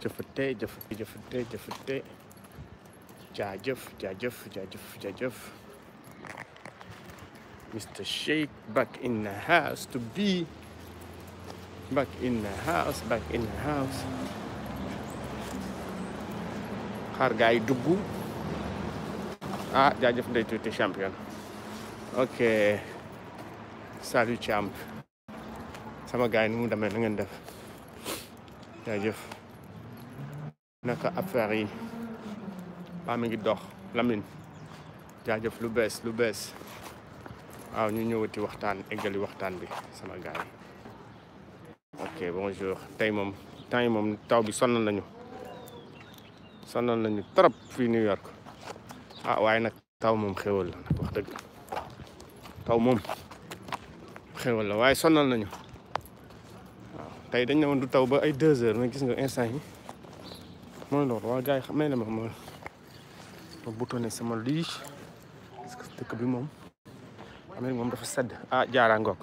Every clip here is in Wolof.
Jefete, jefete, jefete, jefete. Jajef, Jajef, Jajef, Jajef. Mr. Sheikh back in the house to be. Back in the house, back in the house. Hargai debu. Ah, Jajef dari The champion. Oke. Okay. Salut champ. Sama gay nu udah ngeen def Jajef naka affaire yi ba mi ngi dox Lamine jaajëf lu bes lu bes aw ñu ñëwati waxtaan eggali waxtaan bi sama gaay ok bonjour tay mom tay mom taw bi sonnal nañu sonnal nañu trop fi New York ah way nak taw mom xewal la nag wax deug taw mom xewal la way sonnal nañu tay dañ ne won du taw ba ay 2 heures mais gis nga instant yi mooy loolu waa gars yi xam nañ ne moom mooy ma boutonné sama lii dëkk bi moom Amérique moom dafa sedd ah jaara ngoog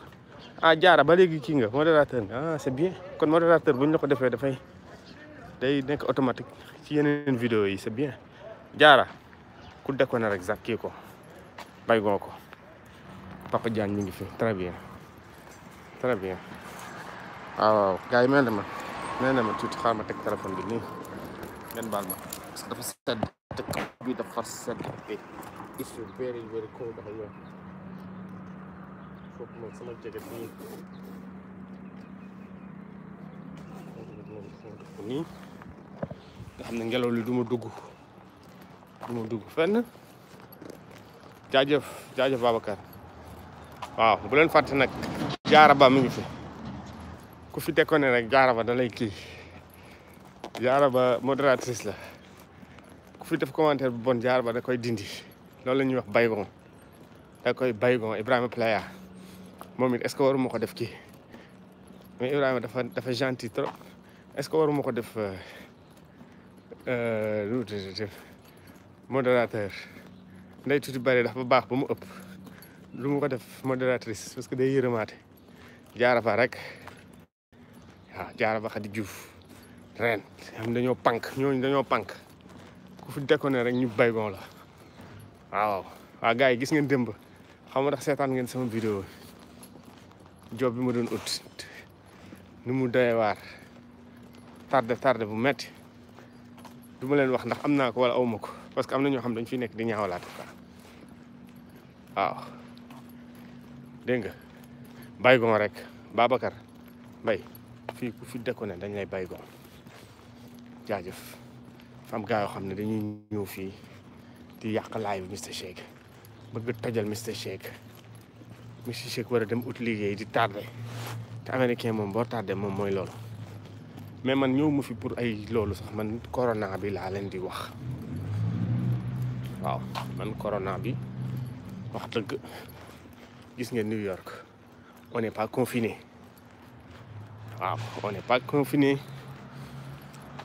ah jaara ba léegi kii nga modérateur nga ah c'est bien kon modérateur bu ñu la ko defee dafay day nekk automatique ci yeneen vidéo yi c'est bien jaara ku dekkoon na rek sax kii ko bay goo ko Papa Diagne mi ngi fi très bien très bien waaw ah, waaw gars yi mel na ma na ma tuuti xaar ma teg téléphone bi nii ngeen baal ma parce que dafa sedd te kaw bi dafa sedd te il faut very very cold dafa ñëw foofu moom sama jege bi nii nga xam ne ngelaw li du ma dugg du ma dugg fenn jaajëf jaajëf Babacar waaw bu leen fàtte nag jaara ba mi ngi fi ku fi dekkoon ne rek jaara ba da lay kii jaara ba modératrice la ku fi def commentaire bu bon jaara ba da koy dindi loolu la ñuy wax baygon da koy baygon Ibrahima Playa moom it est-ce que waruma ko def kii mais Ibrahima dafa dafa gentil trop est-ce que waruma ko def euh, euh, modérateur nday tuuti bari dafa baax ba mu ëpp lu mu ko def modératrice parce que day yërëmaate jaara ba rek waaw ah, jaara ba Xadi Juuf ren am dañu pànk ñoo dañu pànk ku fi déconné rek ñu baygon la waaw wa gaay gis ngeen demb xam nga tax seetaan ngeen sama vidéo job bi ma doon ut ni mu doy war tardé tardé bu metti duma leen wax ndax amna ko wala awmako parce que amna ñoo xam dañ fi nekk di ñaawalaate quoi waaw dégg bay gon rek babakar bay fi ku fi dañ lay gon jaajëf fa am gaa yoo xam ne dañuy ñëw fii di yàq laay bi Mister Shake bëgg tojal Mister Shake Mister Shake war a dem ut liggéey di tardé te américain moom boo tardé moom mooy loolu mais man ñëw ma fi pour ay loolu sax man corona bi laa leen di wax waaw man corona bi wax dëgg gis ngeen New York on pas confiné waaw on pas confiné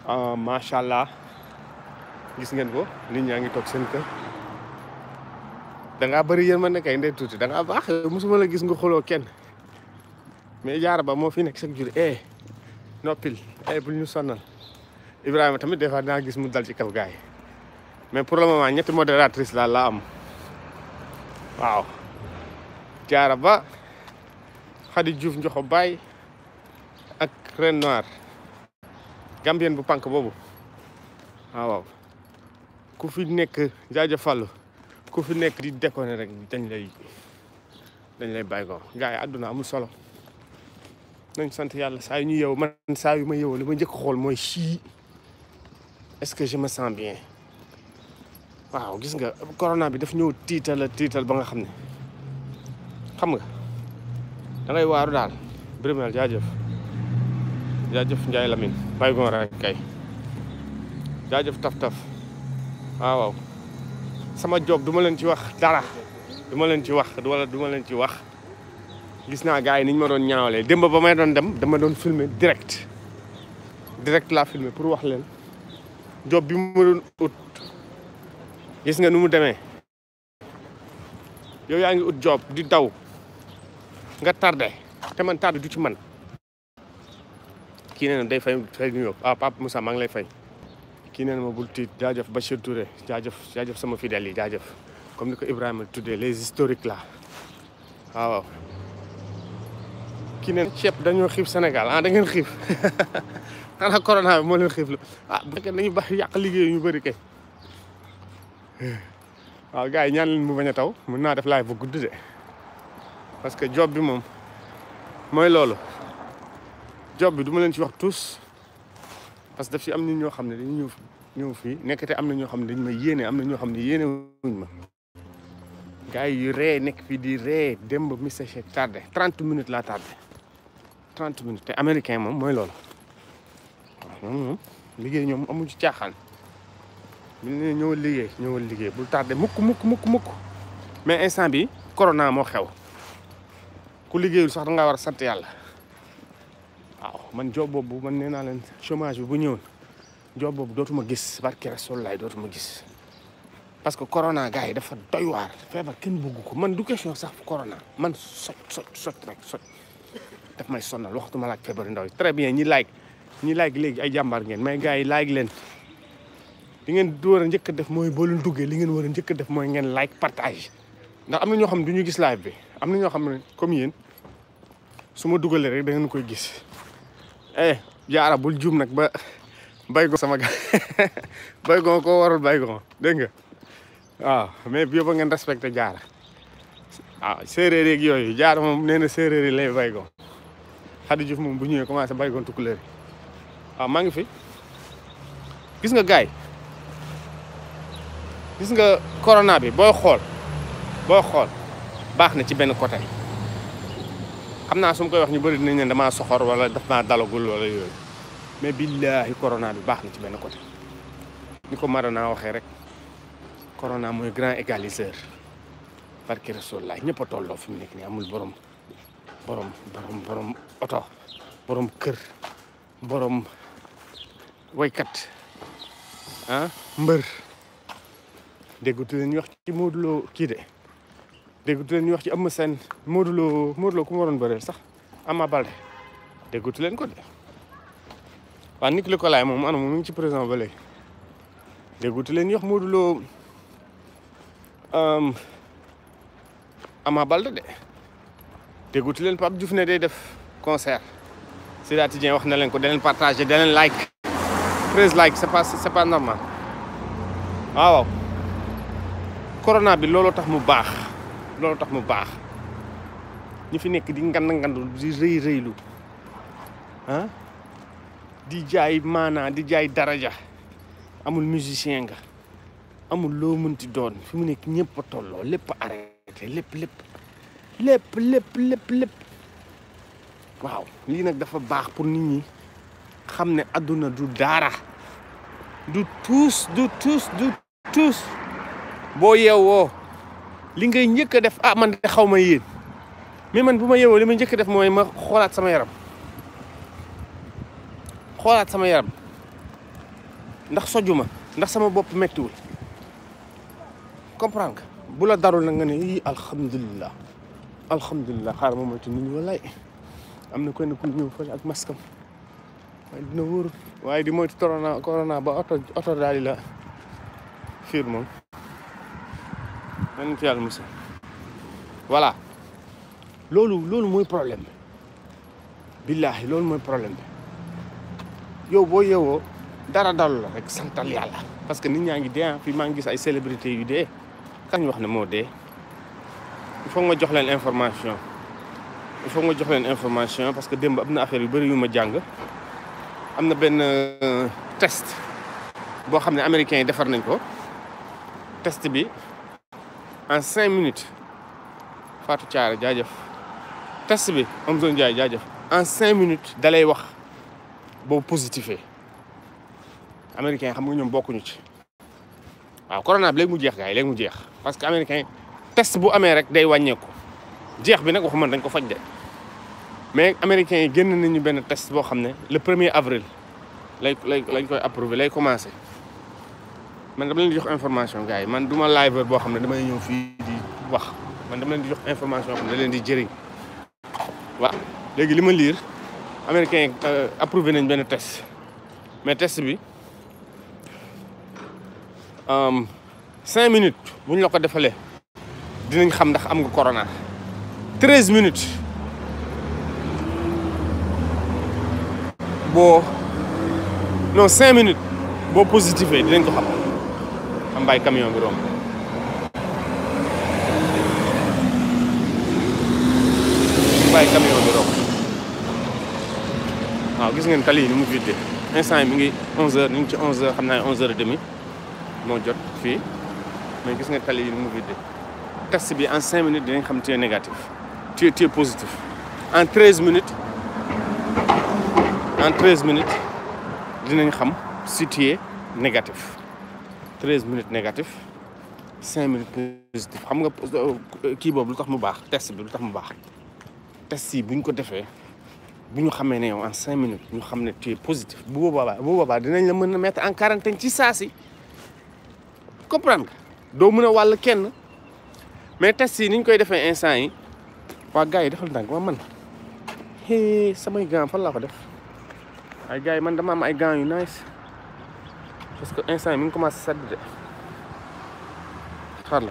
Ah, macha allah gis ngeen ko nit ñaa ngi toog seen kër da ngaa bëri yërmande kay ndey tuuti da ngaa baax mosuma la gis nga xoloo kenn mais jaara ba moo fi nekk chaque jour eh noppil eh bul ñu sonnal Ibrahima tamit des fois dinaa gis mu dal ci kaw gaay yi mais pour le moment ñetti modératrice laa laa am waaw jaara xadi Khady njoxo Ndioxo Baye ak Ren Noir Gambien bu pànk boobu waaw ah, waaw ku fi nekk jaajëfal ku fi nekk di déconné rek dañ lay dañ lay bàyyi yi àdduna amul solo nañ sant yàlla saa yu ñu yeewu man saa yu ma yeewoo li ma njëkk xool mooy sii est-ce que je me sens bien waaw gis nga corona bi daf ñëw tiital tiital ba nga xam ne xam nga da ngay waaru daal. Brimel jaajëf. jaajëf jayalamin Lamine Baye Gora rek kay jaajëf taf-taf ah waaw sama job duma leen ci wax dara duma leen ci wax wala duma leen ci wax gis naa gars yi ni ma doon ñaawalee démb ba may doon dem dama doon filmer direct direct laa filmer pour wax leen job bi mu doon ut gis nga nu mu yow yaa ngi ut job di daw nga tardé te man tardé du ci man kii nee na day fay fay New York ah Pape maa ngi lay fay kii nee na ma bul tiit jaajëf Bachir Touré jaajëf jaajëf sama fidèle yi jaajëf comme ni ko Ibrahima tuddee les historiques là ah, waaw kii nee ceeb dañoo xiif Sénégal ah da ngeen xiif xanaa corona bi moo leen xiif ah, dañu baax yàq liggéey ñu bëri kay waaw gars yi ñaan leen mu bañ a taw mën naa def lay bu gudd de parce que job bi moom mooy loolu job bi du ma leen ci wax tous parce que daf ci am nit ñoo xam ne dañu ñëw ñëw fii am na ñoo xam dañ ma yene am na ñoo xam ne wuñ ma gars yi ree nekk fii di ree démb message tardé trente minutes laa tardé trente minutes te américain moom mooy loolu liggéey ñoom amuñ ci caaxaan ñu liggéey liggéey bul tardé mukk mukk mukk mukk mais instant bi corona moo xew ku liggéeyul sax da ngaa war waaw man job boobu man nee naa leen chômage bi bu ñëwoon job boobu dootuma gis barke Rasuul laay dootuma gis parce que corona gars yi dafa doy waar feebar kenn bëgg ko man du question sax corona man soj soj soj rek soj daf may sonnal waxtuma laaj feebar ndaw yi très bien ñi like ñi like léegi ay jàmbaar ngeen may gars yi like leen li ngeen war a njëkk def mooy boo duggee li ngeen war a njëkk a def mooy ngeen like partage ndax am na ñoo xam ne du ñu gis live bi am na ñoo xam ne comme yeen su ma dugalee rek da ngeen koy gis eh jaara bul juum nag ba baygon sama ga baygon koo warul baygon dégg nga waaw ah, mais bi ba ngeen respecté jaara waaw ah, séeréer yeeg yooyu jaara moom nee na séeréer yi lay baygon Xadi juf moom bu ñëwee commencé baygon tukkuleer yi waaw ah, maa ngi fi gis nga gaay gis nga corona bi booy xool booy xool baax na ci benn côté xam naa su ma koy wax ñu bëri dinañ ne damaa soxor wala daf maa dalagul wala yooyu mais billaahi corona bi baax na ci benn côté ni ko Marana waxee rek corona mooy grand égaliseur barki Rasulullah ñëpp a tolloo fi mu nekk nii amul borom borom oto borom kër borom waykat ah mbër déggatu leen wax ci Modou Lo kii de. déggatu leen ñu wax ci am Sène Modou Lo Modou Lo ku mu waroon bëreel sax Ama Baldé déggatu leen ko de waa Luc Nicolaï moom ana mu ngi ci président bale léegi déggatu leen ñu wax am Lo Ama Baldé de leen Pape Diouf ne day def concert Sida Tidien wax na leen ko da partager partagé da leen like treize like c'est pas c'est pas waaw corona bi looloo tax mu baax. loolu tax mu baax ñu fi nekk di ngand ngand di rëy rëylu ah di jaay mana? di jaay daraja amul musicien nga amul loo mënti doon fi mu nekk ñëpp a tolloo lépp arrêté lépp lépp lépp lépp lépp lépp waaw lii nag dafa baax pour nit ñi xam ne àdduna du daara du tous du tous du tous boo yeewoo li ngay ñëk def ah man de xawma yéen mais man buma yewoo li ma ñëk def mooy ma xoolaat sama yaram xoolaat sama yaram ndax soju ndax sama bopp méttiwul comprendre nga bu la darul na nga ne yii alhamdulilah alhamdulilah xaaral ma moytu nit ñi walaay am na kenn ku ñëw fa ak maskam waaye dina wóorul waaye di moytu corona corona ba oto oto daal di la fiir moom benn yàlla monsieur voilà loolu loolu mooy problème bi billaahi loolu mooy problème bi yow boo yeewoo dara dalu la rek santal yàlla parce que nit ñaa ngi dee fii maa ngi gis ay célébrité yu dee kañ wax ne moo dee il faut nga jox leen information il faut ma jox leen information parce que démb am na affaire yu bëri yu ma jàng am na benn euh, test boo xam ne américains yi defar nañ ko test bi en 5 minutes. Fatou Tiara, Djadjaf. Test B, Amzon Djadjaf, Djadjaf. En 5 minutes, d'aller voir. Bon, positif. Les Américains, ils ont beaucoup de choses. Le corona, c'est ce qu'il y a. Parce que les Américains, test bu amerek day wagné ko jeex bi nak waxuma dañ ko faj dé mais américain yi genn nañu ben test bo xamné le 1er avril lay lay lañ koy approuver lay commencer man dama leen di jox information gars yi man duma ma liveur boo xam ne damay ñëw fii di wax man dama leen di jox information xam ne leen di jëriñ waaw léegi li ma liir américain euh, approuvé nañ benn test mais test bi euh, cinq minutes bu ñu la ko defalee dinañ xam ndax am nga corona treize minutes boo non cinq minutes boo positifé dinañ ko xam am bay camion bi romb bay camion bi romb waaw gis ngeen tali ni mu vidde instant yi mi ngi 11h ñu ngi ci 11h xam 11h30 moo jot fii mais gis nga tali yi ni mu test bi en 5 minutes dinañ xam tu es négatif tu es tu es positif en 13 minutes en 13 minutes dinañ xam si tu es négatif. treize minutes négatif cinq minutes positif xam nga kii boobu lu tax mu baax test bi lu tax mu baax test yi bu ñu ko defee bu ñu xamee ne yow en cinq minutes ñu xam ne tu es positif bu boobaa bu boobaa dinañ la mën a mettre en quarantaine ci saa si comprendre nga doo mën a wàll kenn mais test yi ni koy defee instant yi waa gars yi defal ndànk waa man samay gants fan laa ko def ay gars yi man dama am ay gants yu nice parce que instant yi mi ngi commencé sedd de xaar la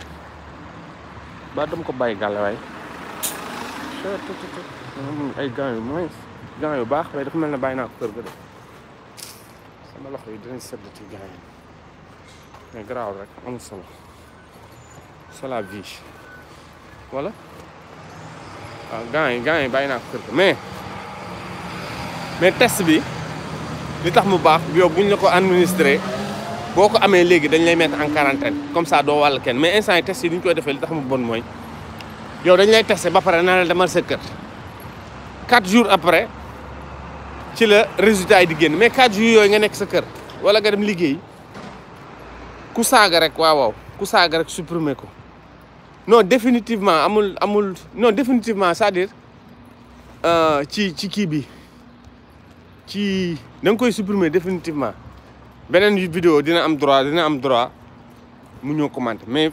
ba dama ko bay gàllawaay ay gants yu moins gants yu baax mais dafa mel ne bàyyi naa ko kër ga de sama loxo yi dinañ sedd ci gants yi mais la vie voilà waaw gants yi gants yi bàyyi naa ko mais mais test bi li tax mu baax yow buñ la ko administré boko amé légui dañ lay mettre en quarantaine comme ça do wal ken mais instant test niñ ni ñu koy defee li tax mo bon moy yow dañ lay tester ba pare na la demal sa kër 4 jours après ci le résultat yi di génn mais 4 jours yoy nga nek sa kër wala nga dem liggéey ku saaga rek waaw waaw ku saaga rek supprimer ko non définitivement amul amul non définitivement c'est-à-dire euh ci ci ki bi ci da koy supprimer définitivement beneen vidéo dina am droit dina am droit mu ñëw commenter mais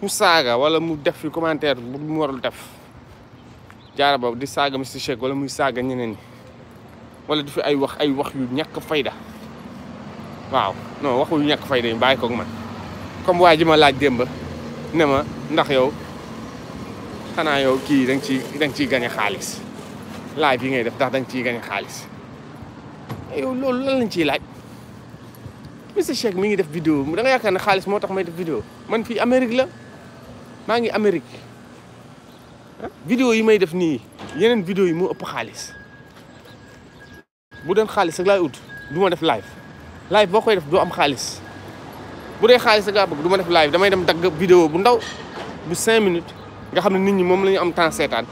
ku saaga wala mu def fi commentaire bu mu warul def jaara boobu di saaga Mister Shake wala muy saaga ñeneen ñi wala di fi ay wax ay wax yu ñàkk fayda waaw non waxu yu ñàkk fayda yi bàyyi koog man comme waa ji ma laaj démb ne ma ndax yow xanaa yow kii da nga ciy da ciy gañe xaalis laaj yi ngay def tax da nga ciy gañe xaalis yow loolu la lañ ciy laaj. Mister Shake mi ngi def vidéo da nga yaakaar ne xaalis moo tax may def vidéo man fii Amérique la maa ngi Amérique ah vidéo yi may def nii yeneen vidéo yi moo ëpp xaalis bu doon xaalis rek laay ut du ma def live live boo koy def doo am xaalis bu dee xaalis rek laa bëgg du ma def live damay dem dagg vidéo bu ndaw bu cinq minutes nga xam ne nit ñi moom la ñu am temps seetaan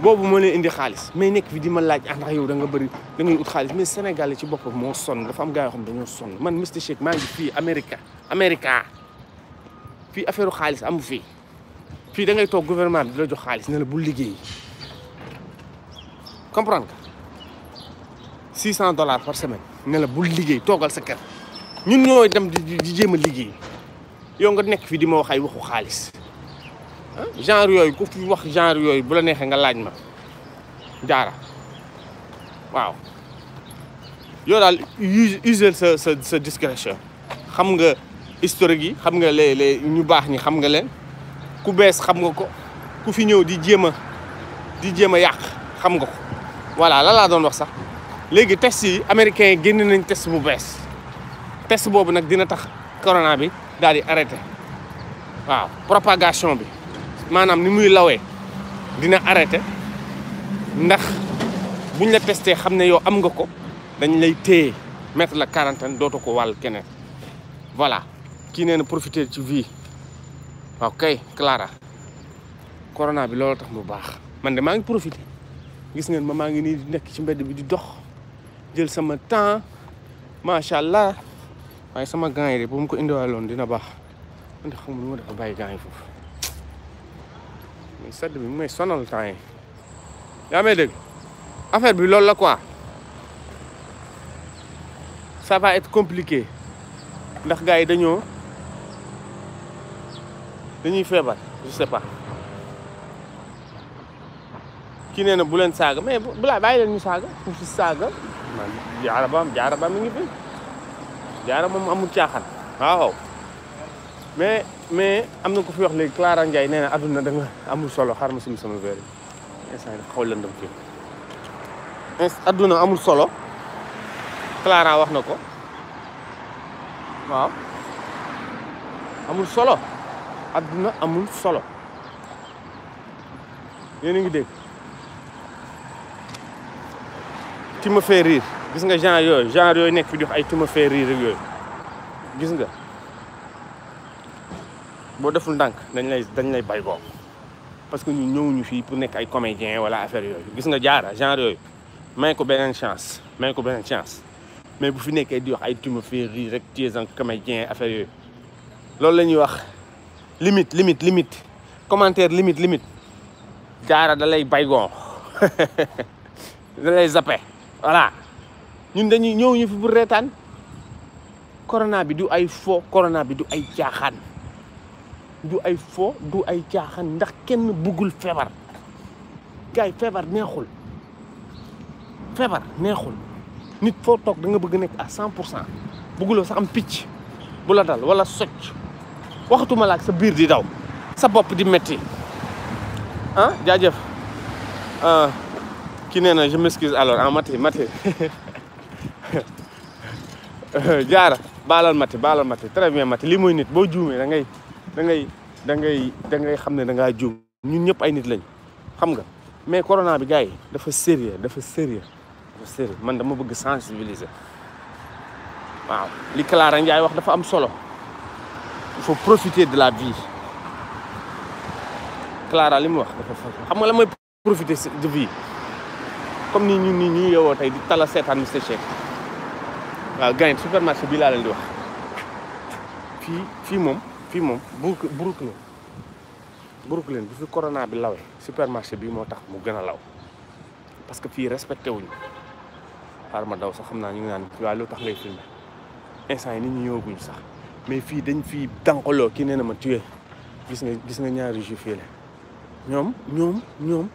boobu moo lay indi xaalis mais nekk fi di ma laaj ah ndax yow da nga bëri da ngay ut xaalis mais Sénégal yi ci boppam moo sonn dafa am gars yoo xam dañoo sonn man mr Shake maa ngi fii america america fii affaire xaalis amu fii fii da ngay toog gouvernement bi di la jox xaalis ne la bu liggéey comprendre nga 600 dollars par semaine ne la bu liggéey toogal sa kër ñun ñooy dem di jéem a liggéey yow nga nekk fii di ma wax ay waxu xaalis. genre yoy ko fi wax genre yoy bu la que nga laaj ma jaara waaw yo dal user que ce xam nga historique yi xam nga les les ñu baax ñi xam nga len ku xam nga ko ku fi di voilà la doon wax sax américains yi nañ test bu que test bobu corona bi di propagation bi maanaam ni muy lawee dina arrêté ndax buñ la testé xam ne yow am nga ko dañ lay téye mettre la quarantaine dootoo ko wàll keneen voilà ki nee na profiter ci vie waaw kay Clara corona bi loolu tax mu baax man de maa ngi profité gis ngeen ma maa ngi nii di nekk ci mbedd bi di dox jël sama temps macha allah waaye sama gants yi de bu mu ko indiwaaloon dina baax man de xam lu ma dafa bàyyi gants yi foofu sedd bi mu may sonal temps yi yaa may dégg affaire bi loolu la ko ça va être compliqué ndax gars yi dañoo dañuy feebar je sais pas ki nee na bu leen saaga mais bu laa bàyyi leen ñu saaga fu si saaga jaara ba jaara ba mi ngi fi jaara moom amul caaxaan waaw mais mais am na ko fi wax léegi Clara Ndiaye nee na àdduna da nga amul solo xaar ma simi sama verre yi instant yi dafa xaw lëndëm fii àdduna amul solo Clara wax na ko waaw amul solo àdduna amul solo yéen ngi dégg tu me fais rire gis nga genre yooyu genre yooyu nekk fi di wax ay tu me fais rire ak gis nga bo deful ndànk dañ lay dañ lay bay boobu parce que ñu ñëwuñu fi pour nek ay comédien wala affaire yooyu gis nga jaara genre yooyu may ko benen chance may ko benen chance mais bu fi nekkee di wax ay tu me fais rire rek tu es un comédien affaire yooyu loolu lañuy wax limite limite limite commentaire limite limite jaara da lay bay baygon da lay zappe voilà ñun dañuy ñëw fi pour reetaan corona bi du ay faux corona bi du ay caaxaan du ay fo du ay tiaxan ndax kenn bugul febar gay febar neexul febar neexul nit fo tok da nga bëgg nek à 100% bugulo sax am pitch bu la dal wala socc waxtuma laak sa bir di daw sa bop di metti ah jaajëf ah, ki neena je m'excuse alors en ah, mati mati jaara balal mati balal mati très bien mati li moy nit bo juumee da ngay da ngay da ngay da ngay xam ne da ngaa juum ñun ñëpp ay nit lañ xam nga mais corona bi gars yi dafa sérieux dafa sérieux dafa man dama bëgg sensibiliser waaw li Clara Ndiaye wax dafa am solo il faut de la vie Clara li mu wax dafa xam nga la mooy profiter de comme ni ñun ni ñuy yeewoo tey di tala seetaan Mister Shake waaw gars yi supermarché bii laa leen di wax fii fii moom fii moom Brooklyn Brooklyn bi fi corona bi lawee supermarché bi moo tax mu gën a law parce que fii respecté wuñu xaar ma daw sax xam naa ñu ngi naan waaye lu tax ngay filmé instant yi nit ñi ñëwaguñu sax mais fii dañ fii tànqaloo ki nee na ma tuye gis nga gis nga ñaari juif yi la ñoom ñoom ñoom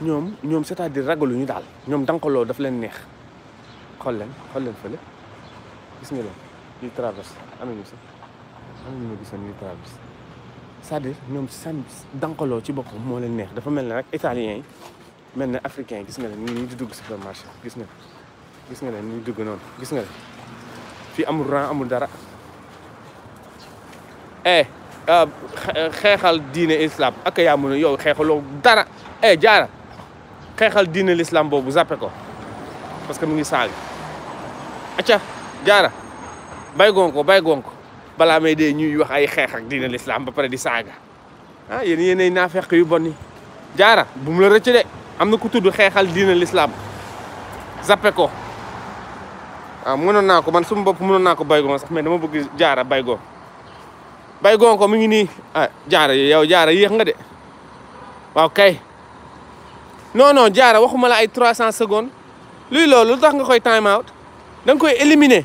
ñoom ñoom c'est-à-dire ñu daal ñoom tànqaloo daf leen neex xool leen xool leen fële gis nga leen ñuy traversé amuñu sax xam nga ma gisoon littoral bi cest seen dankaloo ci boppam moo leen neex dafa mel ne rek mel ne africain gis nga leen ñu di dugg supermarché gis nga gis nga leen ñu dugg noonu gis nga fii amul rang amul dara eh ah, xeexal diine islam ak yaa mun yow xeexaloo dara eh jaara xeexal diine l'islam boobu zappe ko parce que mu ngi saali acca jaara bay gon ko bay gon ko balaa may dee ñuy wax ay xeex ak diine lislaam ba pare di saaga ah yéen naa naafeq yu bon jaara bu mu la rëcc de am na ku tudd xeexal diine lislaam zappe ko waaw ah, mënoon naa ko man suma bopp mënoon naa ko baygoon sax mais dama bëgg jaara baygoon baygoon ko mu ngi nii ah jaara yow jaara yéex nga de waaw kay non non jaara waxuma la ay 300 secondes luy loolu lu tax nga koy time out da koy élimine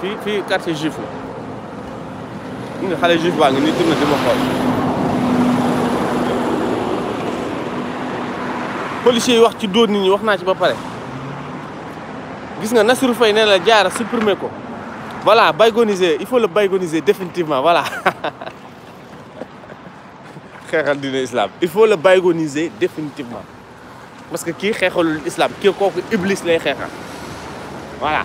fii fii quartier juif la ñu nga xale juif baa ngi ni tourné di ma xool policiers yi wax ci dóor nit ñi wax naa ci ba pare gis nga Nassirou Faye nee la jaara supprimer ko voilà baygoniser il faut le baygoniser définitivement voilà xeexal dina islam il faut le baygoniser définitivement parce que kii xeexalul islam kii kooku iblis lay xeexal voilà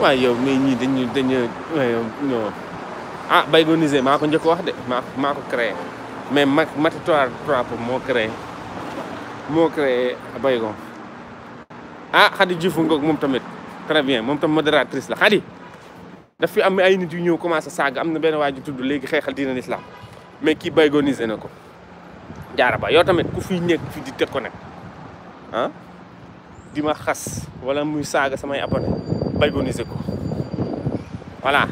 waaye yow mais ñii dañu dañu non ah Baygonisé maa ko njëkk wax de maa ko créé mais ma Matatoire Trapp moo créé moo créé Baygon ah Khady Diouf Ngok moom tamit très bien moom tam modératrice la Khady daf am ay nit yu ñëw commencé saaga am na benn waa ji tudd léegi xeexal diina l'islam mais kii Baygonisé na ko jaara ba yow tamit ku fi nekk fi di teg ko nag ah di ma xas walla muy saaga samay abonné baygoniser ko voilà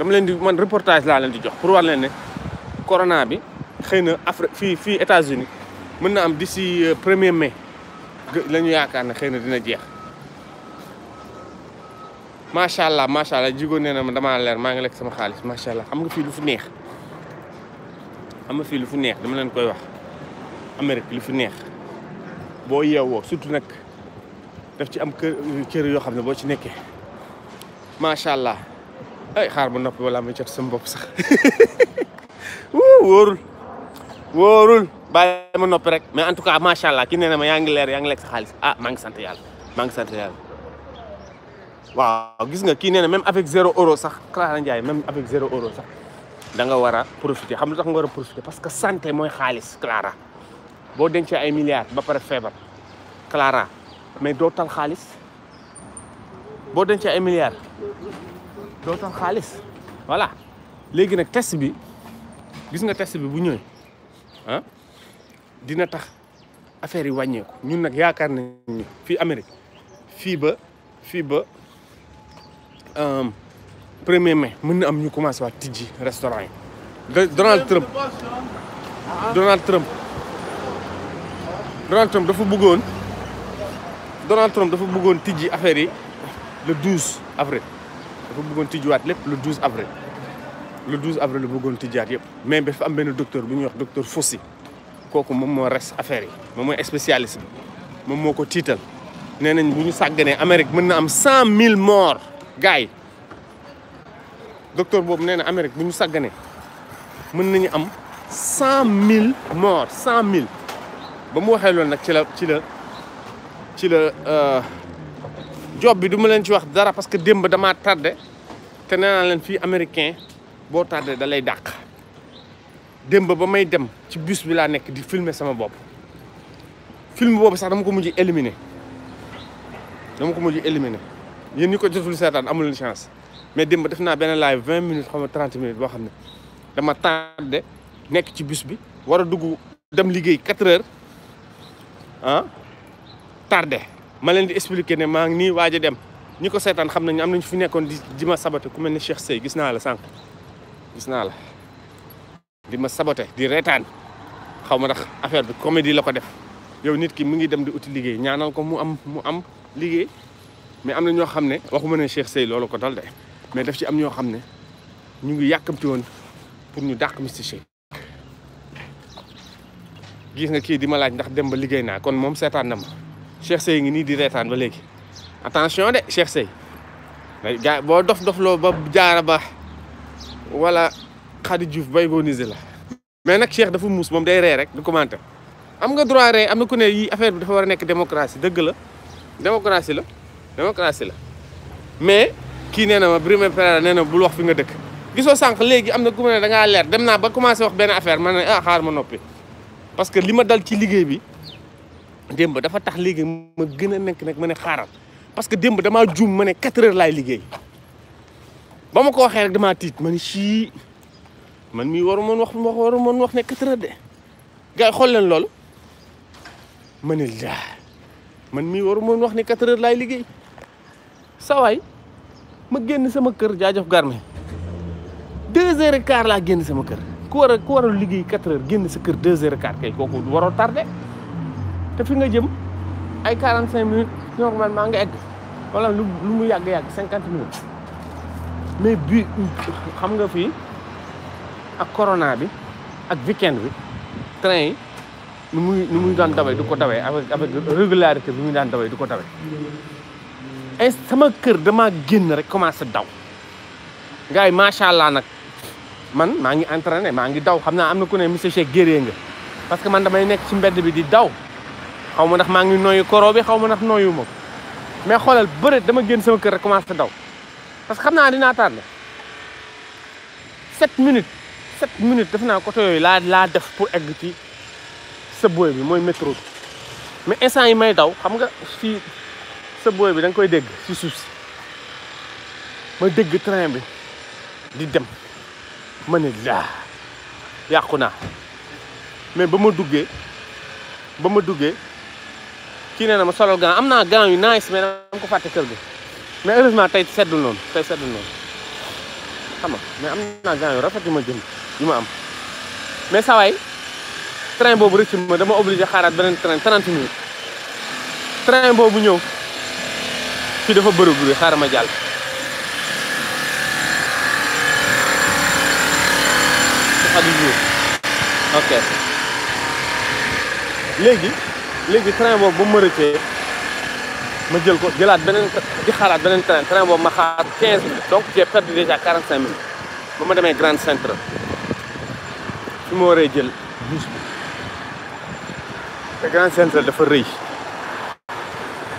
dama len di man reportage la len di jox pour war len ne corona bi xeyna na Afrique fi fii États-Unis mën na am d'ici 1er mai lañu ñu yaakaar ne xeyna dina jeex macha allah macha allah jigo neena ma dama leer ma ngi lek sama xaalis macha allah xam nga fi lu fu neex xam nga fii lu fu neex dama len koy wax Amérique lu fu neex bo yewoo surtout nak daf ci am kër yoo xam ne boo ci nekkee macha allah ay eh, xaar ma noppi wala ma jot sama bopp sax wóorul wóorul bàyyi ma noppi rek mais en tout cas macha allah ki nee na ma yaa ngi leer yaa ngi lekk sa xaalis ah maa ngi sant yàlla maa ngi sant yàlla waaw gis nga kii nee na même avec zéro euro sax Clara Ndiaye même avec zéro euro sax da nga war a profiter xam lu tax nga war profiter parce que santé mooy xaalis Clara boo dencee ay milliards ba pare feebar Clara mais doo tal xaalis boo dencee ay milliards doo xaalis voilà léegi nag test bi gis nga test bi bu ñëwee ah dina tax affaire yi wàññeeku ñun nag yaakaar nañu fii Amérique fii ba fii ba euh, premier mais mën na am ñu commencé waat tijji restaurant yi. Donald Trump Donald Trump dafa buggoon Donald Trump dafa bëggoon tijji affaire yi le 12 avril dafa bëggoon tijjiwaat lépp le 12 avril le 12 avril la bëggoon tijjiwaat yëpp. mais dafa am benn docteur bu ñuy wax docteur Fossi kooku moom moo res affaire yi moom mooy spécialiste moom moo ko tiital nee nañ bu ñu sagganee Amérique mën na am 100000 morts gars yi docteur boobu nee na Amérique bu ñu sàgganee mën nañu am 100000 morts 100000 ba mu waxee loolu nag ci la ci la. ci la euh, job bi du ma leen ci wax dara parce que démb damaa tardé te nee leen fii américain boo tàddee da lay dàq démb ba may dem ci bus bi laa nekk di filmer sama bopp film boobu sax dama ko mujj éliminer dama ko mujj éliminer yéen ñi ko jotul seetaan amul leen chance mais démb def naa benn live vingt minutes xaw ma trente minutes boo xam ne dama tardé nekk ci bus bi war a dugg dem liggéey quatre heures ah. tardé ma leen di expliquer ne maa ngi nii waaj a dem ñi ko seetaan xam nañu am nañu fi nekkoon di di ma saboté ku mel ne Cheikh Seye gis la sànq gis naa la di ma saboté di reetaan xaw ma ndax affaire bi comédie la ko def yow nit ki mi ngi dem di uti liggéey ñaanal ko mu am mu am liggéey mais am na ñoo xam ne waxuma ne Cheikh Seye loolu ko dal mais daf ci am ñoo xam ne ñu ngi yàkkamti woon pour ñu dàq Mister Shake kii di ma laaj ndax dem ba liggéey naa kon moom seetaan na ma Cheikh sey ngi ni di retane ba legi attention de Cheikh sey bo dof dof lo ba jaara ba wala khadi Diouf bay gonise la mais nak Cheikh dafa mous mom day ré rek du commenter am nga droit ré am na ku ne yi affaire bi dafa wara nek démocratie deug la démocratie la démocratie la mais ki néna ma Birima frère néna bu wax fi nga dëkk gisoo sànq léegi am na ku ma ne da ngaa leer dem naa ba commencé wax benn affaire ma ne ah xaar ma noppi parce que li ma dal ci liggéey bi démb dafa tax léegi ma gëna nek nekk mané xaaral parce que démb dama juum mané 4 heures lay liggéey ba ma ko waxee rek dama tit man ci man mi waru mon wax mo waru mon wax nek 4 heures dé gars xol xool leen mané la man mi waru mon wax nek 4 heures laay liggéey sawaay ma génn sama kër jaajëf garmé 2 heures quart la génn sama kër ko wara ko wara war a liggéey quatre heures génn sa kër 2 heures quart kay koku waro tardé te fi nga jëm ay 45 minutes maa nga egg wala lu lu mu yàgg-yàgg 50 minutes mais bi xam nga fi ak corona bi ak weekend bi train yi nu muy nu muy daan dawee du ko dawee avec avec régularité bi muy daan dawee du ko dawee ay sama kër damaa génn rek commencé daw gars yi macha nag man maa ngi entraîné maa ngi daw xam naa am na ku ne monsieur Cheikh guerrier nga parce que man damay nekk ci mbedd bi di daw xaw ma ndax maa ngi nooyu koro bi xaw ma ndax nooyu ma mais xoolal bëreet dama génn sama kër rek commencé daw parce que xam naa dinaa tardé set minutes sept minutes def naa côté yooyu laa laa def pour egg ci subway bi mooy métro mais instant yi may daw xam nga fii subway bi da koy dégg si suuf si ma dégg train bi di dem ma ne laa yàqu naa mais ba ma duggee ba ma duggee kii nee na ma solal gant am naa gant yu nice mais dama ko fàtte kër ga mais heureusement tey seddu noonu tey seddul noonu xam nga mais am naa gant yu rafet yu ma jënd yu ma am mais saway train boobu rëcc ma dama obligé xaaraat beneen train 30 minutes train boobu ñëw fii dafa bëri bëri xaaral ma jàll ok léegi léegi train boobu ba mu rëccee ma jël ko jëlaat beneen di xaaraat beneen train train boobu ma xaar 15 minutes donc j'ai perdu déjà 45 ba ma demee Grand Central su ma waree jël bus bi te dafa rëy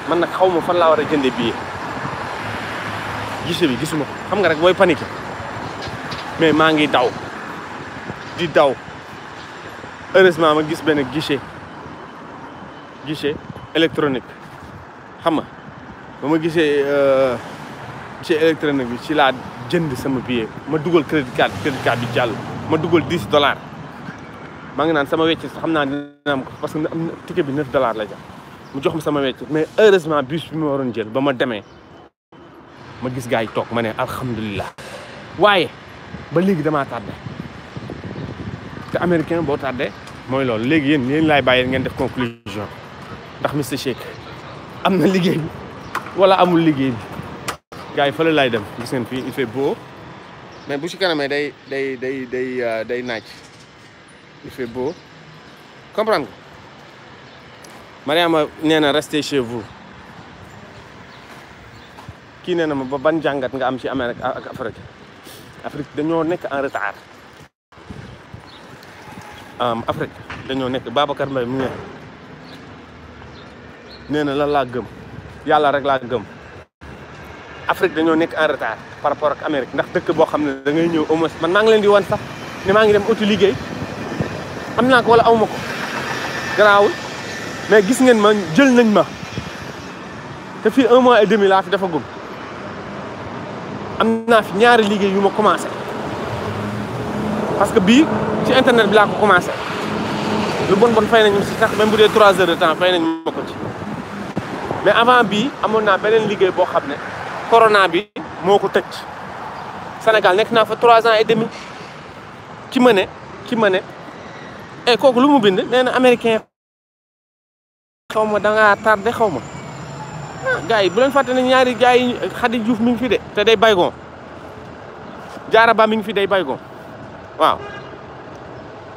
man nag xaw ma fan laa war a jënde billet gise bi gisuma ko xam nga rek booy paniqué mais maa ngi daw di daw heureusement ma gis benn guichet guichet électronique xam nga ba ma gisee guichet euh, électronique bi ci laa jënd sama billet ma dugal crédit card crédit card bi jàll ma dugal 10 dollars maa ngi naan sama wecc xam naa dina am ko parce que am bi 9 dollars la jar mu jox ma sama wecc mais heureusement bus bi ma waroon jël ba ma demee ma gis gars yi toog ma ne alhamdulilah waaye ba léegi damaa tardé te américain boo tardé mooy loolu léegi yéen yéen laay bàyyi ngeen def conclusion ndax Mister Shake am na liggéey bi wala amul liggéey bi gars yi fële laay dem gis ngeen fii il fait beau mais bu ci kanamee day day day day euh, day naaj il fait beau comprendre nga Mariama nee chez vous kii nee na ma ba ban jàngat nga am ci Amérique ak Afrique Afrique dañoo nekk en retard Afrique dañoo nekk Babacar Mbaye mu ne nee na lan laa gëm yàlla rek laa gëm Afrique dañoo nekk en retard par rapport ak Amérique ndax dëkk boo xam ne da ngay ñëw au moins man maa ngi leen di wan sax ne maa ngi dem uti liggéey am naa ko wala awma ko garaawul mais gis ngeen ma jël nañ ma te fii un mois et demi laa fi dafa gum am naa fi ñaari liggéey yu ma commencé parce que bii ci internet bi laa ko commencé lu bon bon fay nañ ma si tax même bu dee trois heures de temps fay nañ ma ko ci mais avant bii amoon naa beneen liggéey boo xam ne corona bi moo ko tëj Sénégal nekk naa fa trois ans et demi ci ma ne ki ma ne e kooku lu mu bind nee na américain xaw ma dangaa tardé xaw ma ah yi bu fàtte ne ñaari gars yi Khady Diouf mi ngi fi de te day baygon Diarra Ba mi ngi fi day baygon waaw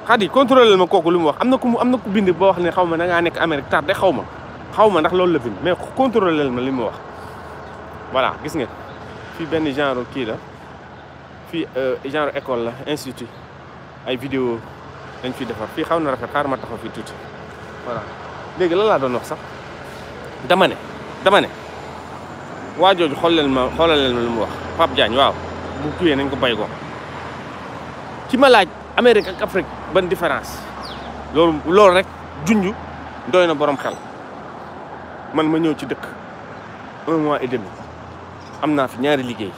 Khady contrôlé ma kooku lu mu wax am na ku am na ku bind boo wax ne xaw ma dangaa nekk Amérique tardé xaw ma xaw ma ndax loolu la bind mais contrôler ma li mu wax voilà gis nga fii benn genre kii la fii euh, genre école la institut ay vidéo dañ fi defar fii xaw na rafet xaar ma taxaw tuuti voilà léegi lan laa doon wax sax dama waa jooju xool leen ma xoolal leen ma lu mu wax Pape Diagne waaw bu tuyee nañ ko bay ko ci ma laaj Amérique ak Afrique ban différence loolu loolu rek junj doy na boroom xel man ma ñëw ci dëkk un mois et demi am naa fi ñaari liggéey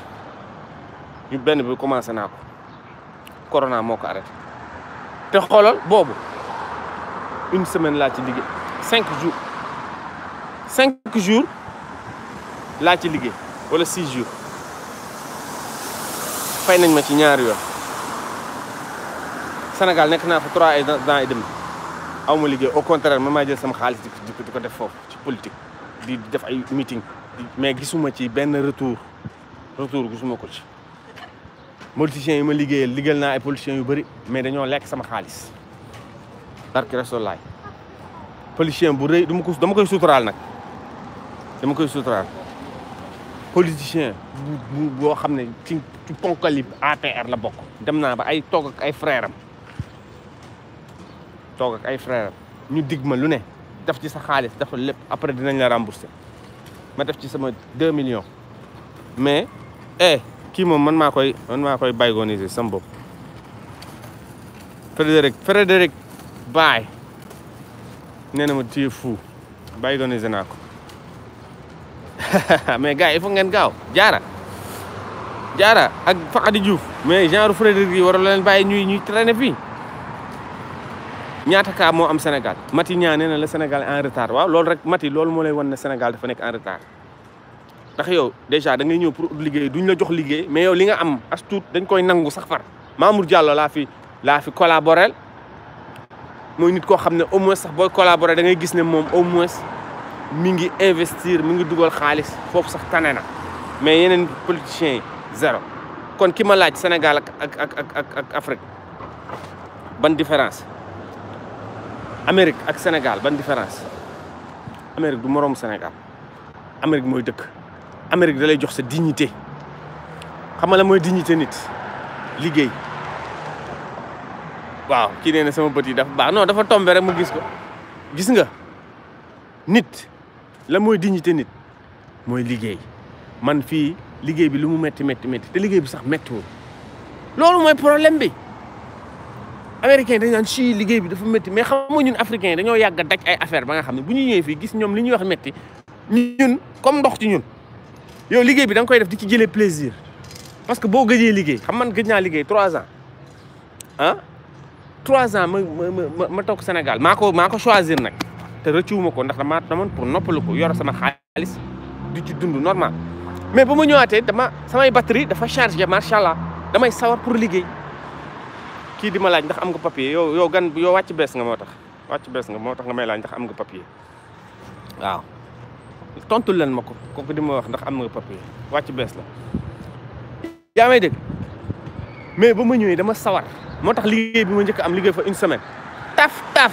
benn bi commencé naa ko corona moo ko arrêté te xoolal boobu une semaine laa ci liggéey cinq jours cinq jours laa ci liggéey wala six jours fay nañ ma ci ñaari yoon Sénégal nekk naa fa trois ans et demi aw ma liggéey au contraire man maa jël sama xaalis di di ko def foofu. politique di def ay meeting mais gisuma ci benn retour gisuma ko ci politiciens yi ma liggéeyal liggéeyal naa ay politiciens yu bari mais dañoo lekk sama xaalis barki rasulaay politicien bu rëy dama ko dama koy suturaal nag dama koy suturaal politicien bu boo xam ne ci ci ponkali APR la bokk dem naa ba ay toog ak ay frère am toog ak ay frère ñu dig ma lu ne def ci sa xaalis def lépp après dinañ la rembourser ma def ci sama 2 millions mais eh kii moom man maa koy man maa koy baygoniser sama bopp Frédéric Frédéric Baye nee na ma téye fou baygoniser naa ko mais gars yi il faut gaaw jaara jaara ak Faqadi Diouf mais genre Frédéric yi waroon la bàyyi ñuy ñuy traîner fii ñaata kaa moo am Sénégal Mati ñaa nee na la Sénégal en retard waaw loolu rek Mati loolu moo lay wan ne Sénégal dafa nekk en retard ndax yow dèjà da ngay ñëw pour liggéey duñ la jox liggéey mais yow li nga am as tuut dañ koy nangu sax far Mamour Diallo laa fi laa fi collaborel mooy nit koo xam ne au moins sax booy collaboré da ngay gis ne moom au moins mi ngi investir mu ngi dugal xaalis foofu sax tane na mais yeneen politiciens yi zéro kon ki ma laaj Sénégal ak ak ak ak ak Afrique ban différence Amérique ak Sénégal ban différence Amérique du le Sénégal Amérique est Amérique sa dignité que la dignité nit la waaw Wow, sama que dafa petit non dafa tombé rek mu ko nit la la dignité nit mooy liggéey man fii liggéey bi C'est problème américain dañ naan ci liguey bi dafa metti mais xamou ñun africain dañu dañoo daj ay affaire ba nga xamni bu ñu ñëw fi gis ñom li ñu wax metti ñun comme ndox ci ñun yow liguey bi dang koy def di ci jëlé plaisir parce que bo gëjé liguey xam man gëjna liguey 3 ans hein ah? 3 ans ma ma ma toog Sénégal maa ko maa ko choisir nak té rëccuwuma ko ndax dama tamoon pour noppalu ko yor sama xaalis di ci dund normal mais ba ma ñëwaatee dama sama batterie dafa chargé macha allah damay sawar pour liguey ki di ma laaj ndax am nga papier yow yow gan yow wacc bes nga motax wacc bes nga motax nga may laaj ndax am nga papier waaw tontul len mako ko kooku di ma wax ndax am nga papier wacc bes la yaa may dégg mais ba ma ñëwee dama sawar motax tax liggéey bi ma njëkk am liggéey fa une semaine taf taf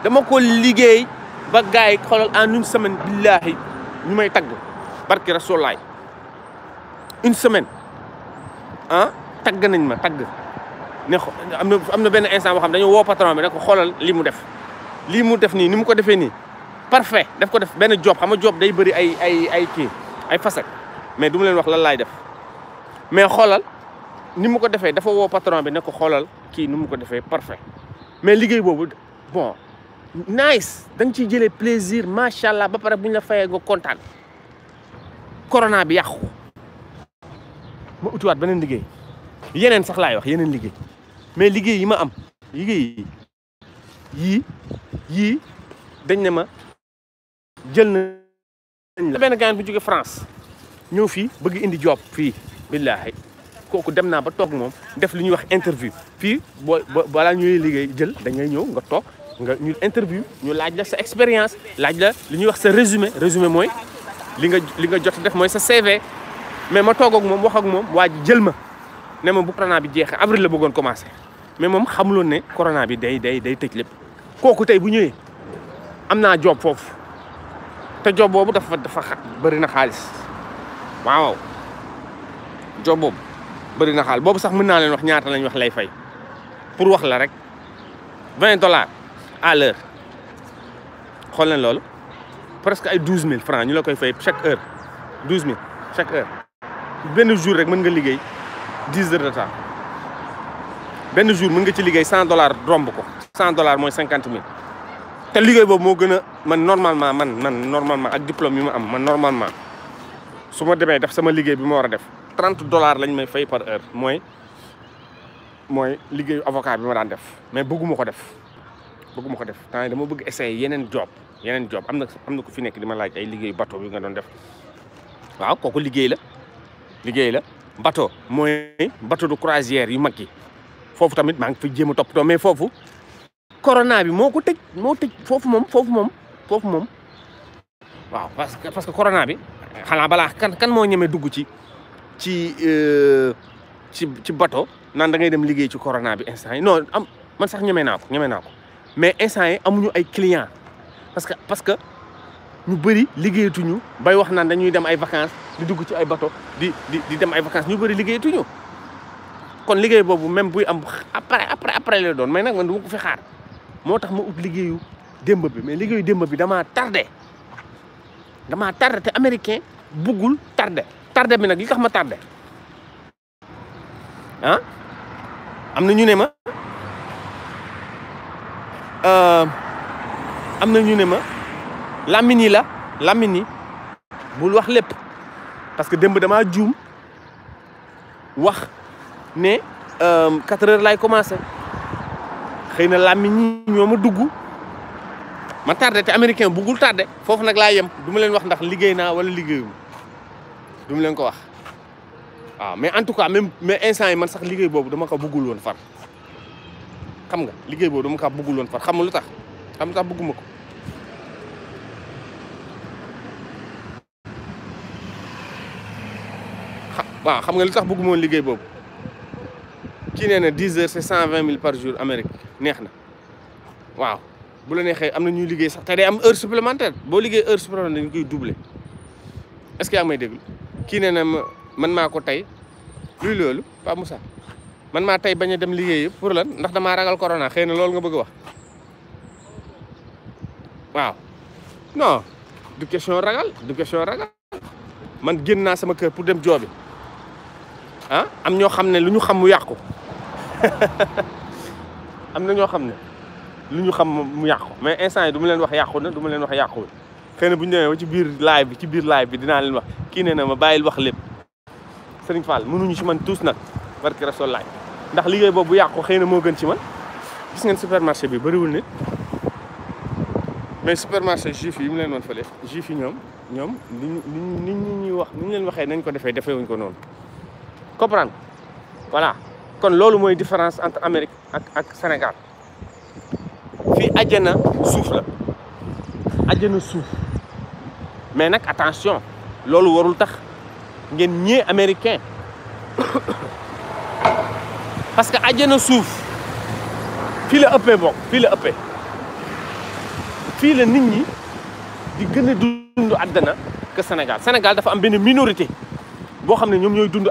dama ko liggéey ba gaay xolal en une semaine billahi ñu may tag barki rasulaay une semaine hein ah, tag nañ ma tag ne am na am na benn instant boo xam dañu woo patron bi ko xoolal li mu def lii mu def nii ni mu ko defee nii parfait daf ko def benn job xam nga day bëri ay ay ay kii ay facettes mais du mu wax lan laay def mais xoolal ni mu ko defee dafa woo patron bi ne ko xoolal kii ni mu ko defee parfait mais liggéey boobu bon nice da nga ciy jëlee plaisir macha allah ba pare bu ñu la fayee nga kontaan corona bi yàqu ma utiwaat beneen liggéey yeneen sax laay wax yeneen liggéey mais liggéey yi ma am liggéey yi yi dañ ne ma jël na ben gaay bu joge France ñëw fi bëgg indi job fi billahi koku dem na ba tok mom def li ñuy wax interview fi boo balaa ñuy liggéey jël dañ ngay ñew nga tok nga ñu interview ñu laaj la sa experience, laaj la li ñuy wax sa résumé résumé moy li nga li nga jot def moy sa CV mais ma toog ak moom wax ak mom waa jël ma ne ma bu corona bi jeexee avril la bëggon commencer mais moom xamuloon ne corona bi day day day tëj lépp kooku tey bu ñëwee am naa job foofu te job boobu dafa dafa bëri na xaalis waaw job boobu bëri na xaalis boobu sax mën naa leen wax ñaata lañ wax lay fay pour wax la rek vingt dollars à l'heure xool leen loolu presque ay douze mille francs ñu la koy fay chaque heure douze mille chaque heure benn jour rek mën nga liggéey dix heures de temps benn jour mun nga ci liggéey cent dollars romb ko cent dollars mooy cinquante mille te liggéey boobu moo gën a man normalement man man normalement ak diplôme yi ma am man normalement su ma demee def sama liggéey bi ma war a def trente dollars lañ may fay par heure mooy mooy liggéeyu avocat bi ma daan def mais bëgguma ko def bëgguma ko def temps dama bëgg essayer yeneen job yeneen job am na am na ku fi nekk di ma laaj ay liggéeyu bato bi nga doon def waaw kooku liggéey la liggéey la bateau mooy bateau de yu mag yi foofu tamit maa ngi fi jéem a toppatoo mais foofu corona bi moo ko tëj moo tëj foofu moom foofu moom foofu moom waaw parce que parce que corona bi xanaa balaa kan kan moo ñemee dugg ci ci euh, ci ci bato naan da ngay dem liggéey ci corona bi instant yi non am man sax ñemee naa ko ñeme naa ko mais instant yi amuñu ay client parce que parce que ñu bëri liggéeyatuñu bay wax naan dañuy dem ay vacances di dugg ci ay bato di di dem ay vacances ñu bëri liggéeyatuñu kon liggéey boobu même buy am après après après lay doon mais nag man du ma ko fi xaar moo tax ma ut liggéeyu démb bi mais liggéeyu démb bi dama tardé dama tardé te américain bugul tardé tardé bi nag li tax ma tardé ah am na ñu ne ma euh, am na ñu ne ma lamine la lamini bul wax lépp parce que démb dama juum wax ne euh, 4 heures laay commencé xëy na làmmi ñi ñoo ma dugg ma tarde te américain buggul tardé foofu nag laa yem du leen wax ndax liggéey naa wala liggéeyum du ma ko wax waaw mais en tout cas même mais instant yi man sax liggéey boobu dama ko buggul woon far xam nga liggéey boobu dama ko buggul woon far xam nga lu tax xam lu tax bugguma ko waaw xam nga lu tax bugguma woon liggéey boobu kii nee na 10 heures c' est 120 000 par jour Amérique neex na waaw bu la neexee am na ñuy liggéey sax te day am heure supplémentaire boo liggéey heure supplémentaire dañ koy doubler est ce que yaa may déglu kii nee na man maa ko tey luy loolu Pa Moussa man maa tey bañ a dem liggéeyi pour lan ndax damaa ragal corona xëy na loolu nga bëgg wax waaw non du question ragal du question ragal man génn naa sama kër pour dem joobi am ñoo xam ne lu ñu xam mu yàqu am na ñoo xam ne lu ñu xam mu yàqu mais instant yi du ma leen wax yàqu na du ma leen wax yàquwul xëy na bu ñu demee ba ci biir live bi ci biir live bi dinaa leen wax kii nee na ma bàyyil wax lépp Serigne Fall mënuñu ci man tous nag barki Rasoul laay ndax liggéey boobu bu yàqu xëy na moo gën ci man gis ngeen supermarché bi bëriwul nit mais supermarché juif yi mu leen woon fële juif yi ñoom ñoom ni ñu ñuy wax ni ñu leen waxee nañ ko defee defee wuñ ko noonu. comprendre voilà kon lolu différence entre Amérique et Sénégal Les adjana souffrent. la àjjana souf mais attention lolu warul tax américain parce que àjjana souf fi la uppé bok fi la di a que Sénégal Sénégal dafa am minorité bo xamné ñom ñoy dundu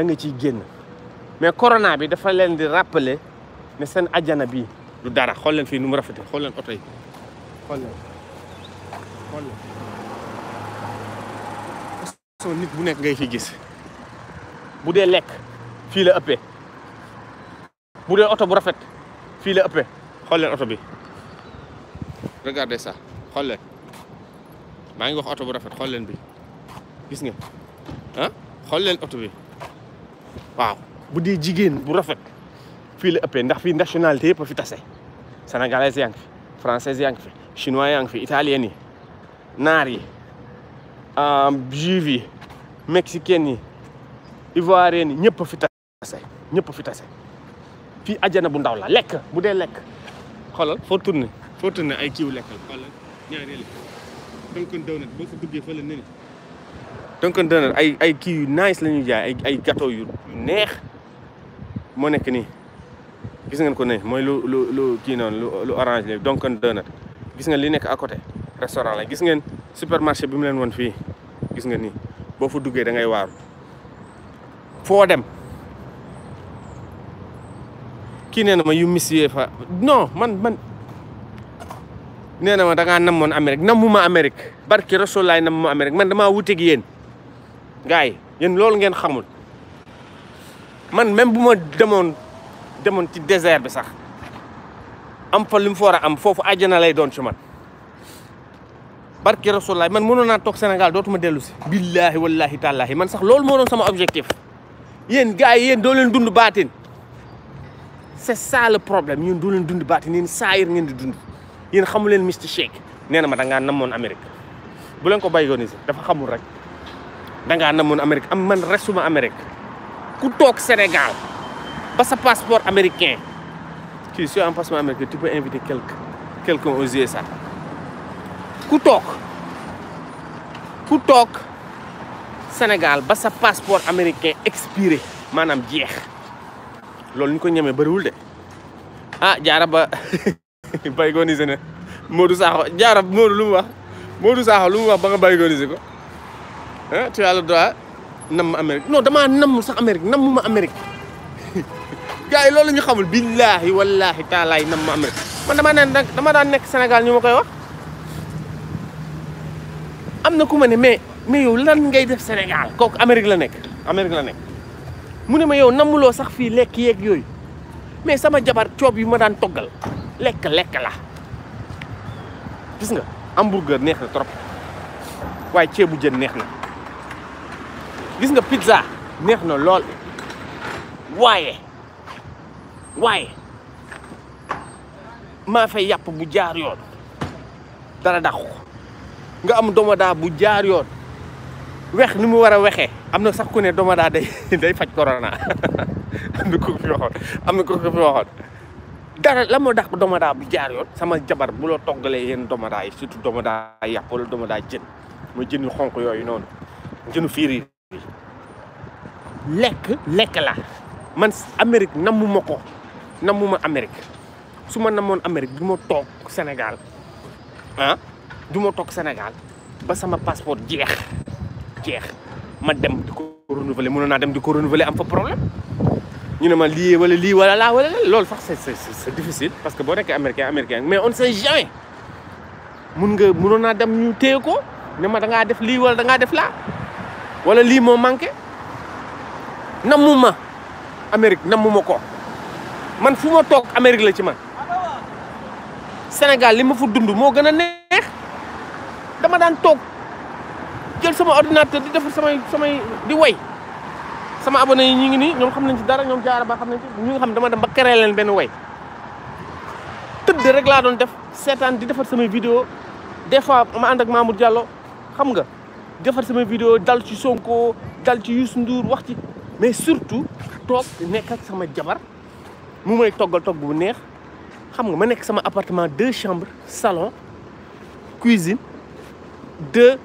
da nga ciy génn mais corona bi dafa leen di ràppale ne seen ajana bi lu dara xool leen fii nu mu rafetee xool leen oto yi bu nekk ngay fi gis bu dee lekk fii la ëppee bu dee oto bu rafet fii la ëppee xool leen oto bi regardez sax xool leen maa ngi wax oto bu rafet xool leen bi gis nga xool leen oto bi waaw bu dee jigéen bu rafet fii la ëppee ndax fii nationalité yëpp a fi tase sénégalais yaa ngi fi français yaa ngi fi chinois yaa ngi fi italien yi naar yi juif yi mexicain yi ivoirien yi ñëpp a fi tase ñëpp fi tase fii ajana bu ndaw la lekk bu dee lekk xoolal foo tourné foo tourné ay kiiw lekk la xoolal ñaari Dunkin Donuts ay ay kii yu nice la jaay ay ay gâteau yu neex moo nekk nii gis ngeen ko ne mooy lu lu lu kii noonu lu orange la Dunkin Donuts gis ngeen li nekk a côté restaurant la gis ngeen supermarché bi mu leen woon fii gis ngeen nii boo fa duggee da ngay waaru foo dem kii nee na ma yu miss fa no man man nee na ma da ngaa namoon Amérique namuma Amérique barki Rasul laay nammuma Amérique man damaa wuteeg yéen gars yi yéen loolu ngeen xamul man même bu ma demoon demoon ci désert bi sax am fa li mu fa am foofu àjjana lay doon ci man barki rasulaay man mënoon naa toog Sénégal dootuma dellu si billaahi wallaahi tàllaahi man sax loolu moo doon sama objectif yéen gars yi yéen doo leen dund baatin c'est ça le problème yéen doo leen dund baatin yéen saayir ngeen di dund yéen xamu leen Mister Shake nee na ma da namoon Amérique bu leen ko béyoon dafa xamul rek da namun Amerika, amerique am man resuma Senegal, ku tok senegal ba sa passeport américain tipe si un passeport américain tu peux inviter quelqu'un quelqu'un aux USA ku tok ku tok senegal ba sa passeport américain expiré manam diex loolu ni ko ñemee bëriwul de ah jaara ba baygonise na Modou sax jaara Modou lu wax Modou sax lu wax ba nga ko ah tu as le droit nam ma Amérique non damaa namm sax Amérique namm ma Amérique gars yi loolu ñu xamul billaahi wallaahi taalaay nam ma Amérique man dama naan dama daan nekk Sénégal ñu ma koy wax am na ku ma ne mais mais yow lan ngay def Sénégal kooku Amérique la nekk Amérique la nekk mu ne ma yow nammuloo sax fii lekk yeeg yooyu mais sama jabar coob yu ma daan toggal lekk lekk la gis nga hamburger neex na trop waaye ceebu jën neex na gis nga pizza neex na lool waaye waaye maa fay yàpp bu jaar yoon dara dàqu nga am domoda bu jaar yoon wex ni mu war a wexe am na sax ko ne domoda day day faj corona am na ko fi waxoon am ko fi waxoon dara la moo domoda bu jaar yoon sama jabar bu la toggalee yéen domoda yi surtout domoda yàpp wala domoda jën mooy jënu xonq yooyu noonu jënu fiir Lek, lek la man amerique namu ko namu Amerik. Suman ma Amerik. Amérique du ma duma tok ah du ma toog Sénégal ba sama passeport jeex jeex ma dem diko renouveler mënoon dem diko renouveler am fa problème ñu ne ma li wala li wala la wala lool sax c'est c'est difficile parce que bo américain américain mais on sait jamais mun nga mënoon dem ñu téye ne ma da nga def li wala da nga def la wala li mo manké namuma Amérique namuma ko man fuma tok toog Amérique la ci man Sénégal limu fu fa dund moo gën neex dama dan tok jël sama ordinateur di def sama sama di way sama abonné yi ñi ngi ni ñom xam nañ ci dara ñom jaara ba xam nañ ci ñu nga xam dama dem ba créer leen ben way tëdd rek la doon def sétane di defal sama vidéo des fois ma and ak Mamour Diallo xam nga defar sama vidéo dal ci Sonko dal ci Youssou Ndour wax ci mais surtout toog nekk ak sama jabar mu may toggal togg bu neex xam nga ma nekk sama appartement deux chambres salon cuisine de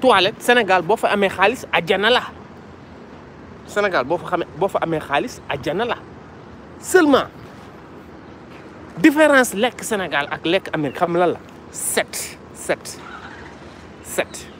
toilettes Sénégal boo fa amee xaalis jana la Sénégal boo fa xamee boo fa amee xaalis àjjana la seulement différence lekk Sénégal ak lekk Amérique xam lan la set set set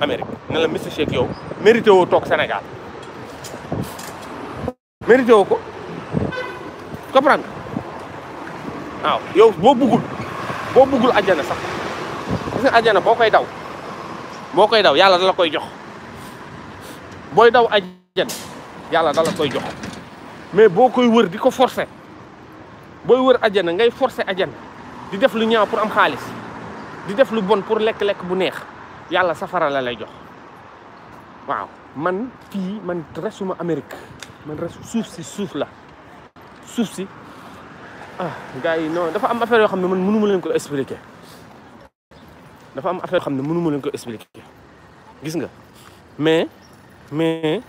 Amérique ne la Mister yow mérité woo toog Sénégal mérité woo ko comprendre nga waaw yow boo buggul boo buggul àjjana sax gis nga boo koy daw boo koy daw yàlla dala koy jox booy daw àjjana yàlla dala koy jox mais boo koy wër di ko forcé booy wër àjjana ngay forcer àjjana di def lu ñaaw pour am xaalis di def lu bon pour lekk-lekk bu neex yàlla safara la lay jox waaw man fii man resuma Amérique man resu suuf si suuf la suuf si ah gars yi non dafa am affaire yoo xam ne man mënu ma leen ko expliquer dafa am affaire yoo xam ne ma leen ko expliquer gis nga mais mais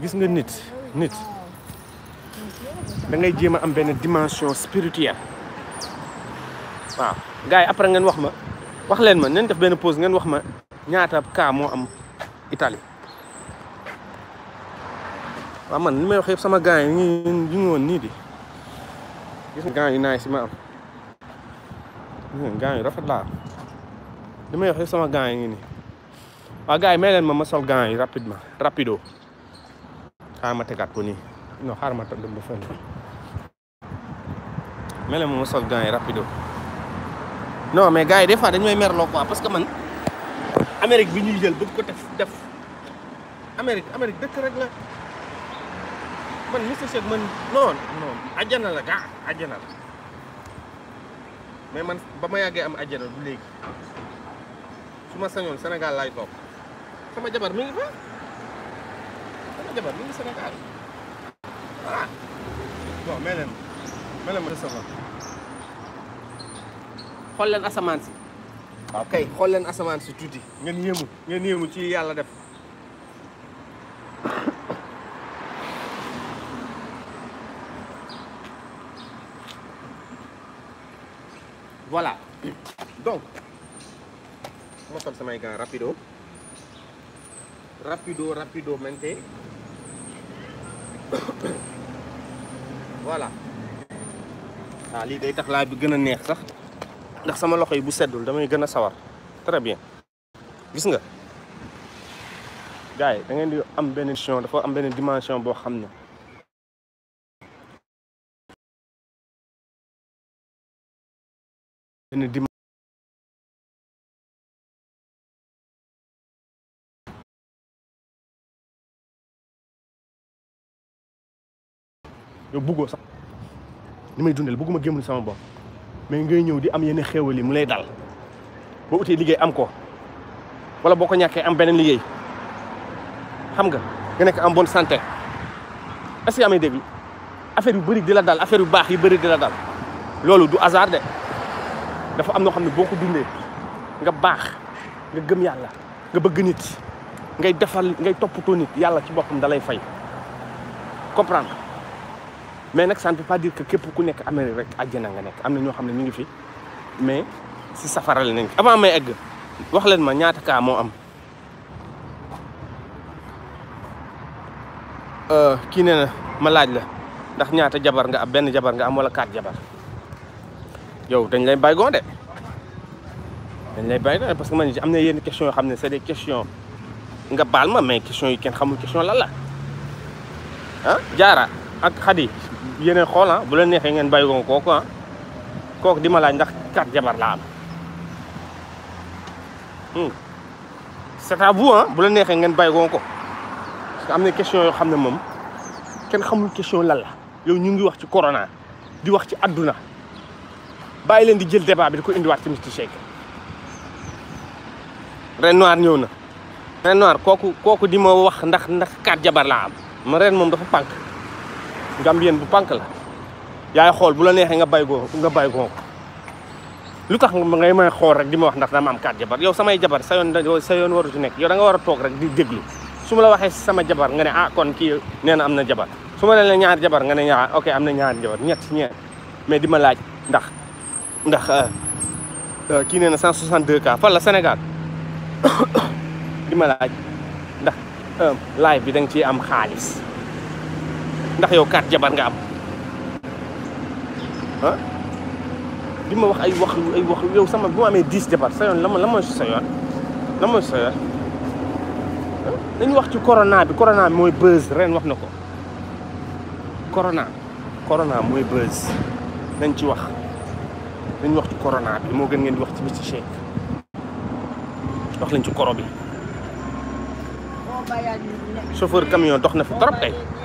gis nga nit nit da ngay jéem a am benn dimension spirituelle waaw gars yi après ngeen wax ma. wax leen ma nañ def benn pause ngeen wax ma ñaata cas moo am Italie waaw man li may wax yëpp sama gars yi ñu nii di gis nga gars yu naay si ma am gars yu rafet laa li may wax yëpp sama gars yi ngi nii waaw gars yi may leen ma ma sol gants yi rapidement rapido xaaral ma tegaat ko nii non xaaral ma tëdd ba fenn ma sol gants yi rapido non mais gars yi des fois dañ may merloo quoi parce que man Amérique bi ñuy jël bëgg ko def def Amérique Amérique dëkk rek la man Mister Shake man non non àjjana la gaa àjjana la mais man ba ma yàggee am àjjana du léegi su ma sañoon Sénégal laay toog sama jabar mi ngi fa sama jabar mi ngi Sénégal voilà ah. bon mais leen mais leen xool leen asamaan si. waaw kay xool leen asamaan si tuuti. ngeen yéemu ngeen yéemu ci yàlla def. voilà donc ma sol samay gants rapido rapido rapido mente voilà. waaw ah, lii de tax laa bi gën a neex sax. ndax sama loxo yi bu seddul damay gën a sawar très bien gis nga gars yi di am beneen dimension dafa am benn dimension boo xam ne benn dimension yow buggoo sax ni may dundal bugguma gémmul sama bopp mais ngay ñëw di am yenn xéewal yi mu lay dal boo utee liggéey am ko wala boo ko ñàkkee am beneen liggéey xam nga nga nekk en bonne santé est-ce que yaa may déglu affaire yu bëri di la dal affaire yu baax yu bëri di la dal loolu du hasard de dafa am noo xam ne boo ko dundee nga baax nga gëm yàlla nga bëgg nit ngay defal ngay toppatoo nit yàlla ci boppam da lay fay comprendre mais nag ça ne veut dire que képp ku nekk Amérique rek àjjana nga nekk am na ñoo xam ne ñu ngi fi mais si safara la nañ avant may egg wax leen ma ñaata kaamoo moo am. Euh, kii nee na ma laaj la ndax ñaata jabar nga am benn jabar nga am wala quatre jabar yow dañ lay bàyyi de dañ lay bàyyi góode parce que man am na yenn question yoo xam ne c'est des question nga baal ma mais question yi kenn xamul question lan la ah jaara ak xadi yéen a ah, bu la neexee ngeen bàyyi ko kooku ah kooku di ma laaj ndax quatre jabar laa am hmm. c'est à vous ah, bu la neexee ngeen bàyyi ko parce que am na question yoo xam ne moom kenn xamul question lan la yow ñu ngi wax ci corona di wax ci adduna bàyyi leen di jël débat bi di ko indiwaat ci Mister Shake Reine Noire ñëw na Reine Noire kooku kooku di ma wax ndax ndax quatre jabar la am ma ren moom dafa pànk gambien bu pank la yaay xol bu la nexe nga bay go nga bay go lutax ngay may xor rek di wax ndax dama am kat jabar yow samay jabar Sayon, sayon waru ci nek yow da nga war tok rek di deglu suma wahai la waxe sama jabar nga ne ah kon ki neena na jabar suma ma la jabar nga ne ñaar ah, ok am ñaar jabar ñet ñet mais di laaj ndax ndax euh ki neena 162 ka fa la senegal di laaj ndax euh, live bi dang ci am xaalis ndax yow kaat jabar nga am ah bi ma wax ay wax ay wax yow sama bu ma amee dix jabar sa yoon la ma la sa yoon la mooy sa yoon dañu wax ci corona bi corona mooy buzz ren wax na ko corona corona mooy buzz dañ ci wax dañ wax ci corona bi moo gën ngeen di wax ci Mister Shake wax lañ ci koro bi chauffeur camion dox na fi trop tey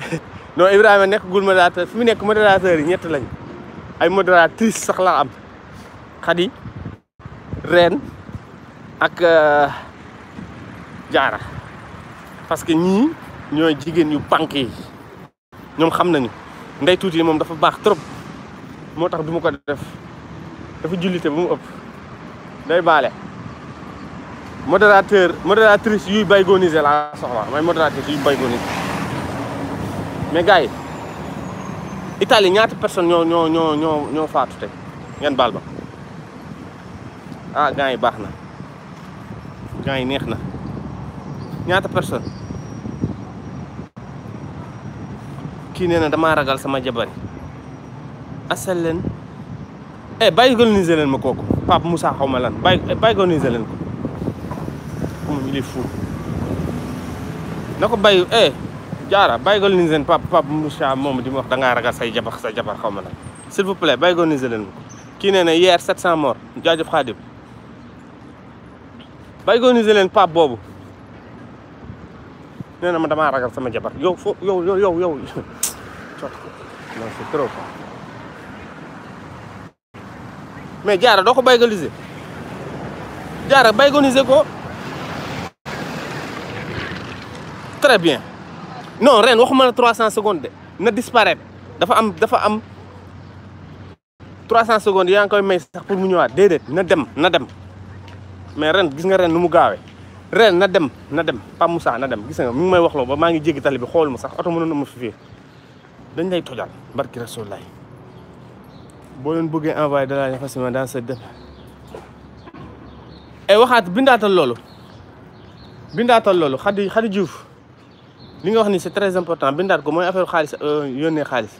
non Ibrahima nekk gul modérateur fu mu nekk modérateur yi ñett lañ ay modératrice sax la am Khady Reine ak jaara euh, parce que ñii ñooy jigéen yu pànk yi ñoom xam nañu ndey tuuti moom dafa baax trop moo tax du ma ko def dafa jullite ba mu ëpp day baale modérateur modératrice yuy baygoniser laa soxla mooy modératrice yuy baygoniser mais gars yi Italie ñaata personne ñoo ñoo ñoo ñoo ñoo faatu tey ngeen baal ba ah gars yi baax na gars yi neex na ñaata personne kii nee na damaa ragal sama jabar yi asal leen eh bàyyigoniser leen ma kooku Pape Moussa xaw lan bàyyigoniser eh, leen ko comme il est fou na ko bàyyi eh jaara bàyyigoniser leen pap pap Moussa moom di ma wax da ragal say jabar sa jabar xaw ma nag s'il vous plaît bàyyigoniser leen ko kii nee na hier 700 morts jaajëf xaadim bàyyigoniser leen pap boobu nee na ma damaa ragal sama jabar yow foo yow yow yow yow mais jaara doo ko bàyyigoniser jaara bàyyigoniser ko très bien non ren waxuma la 300 secondes de na disparaître dafa am dafa am 300 secondes yaa ngi koy may sax pour mu ñëwaat déedéet na dem na dem mais ren gis nga ren nu mu gaawee ren na dem na dem Pape sax na dem gis nga mi may wax loo ba maa ngi jéggi tali bi xool ma sax oto mënoon na ma fi fii dañ lay tojal barki Rasulullah boo leen bëggee envoyé dalaa ne facilement dans sa dem ay eh, waxaat bindaatal loolu bindaatal loolu Xadi Xadi li nga wax ni c'est très important bindaat ko mooy affaire xaalis euh, yónnee xaalis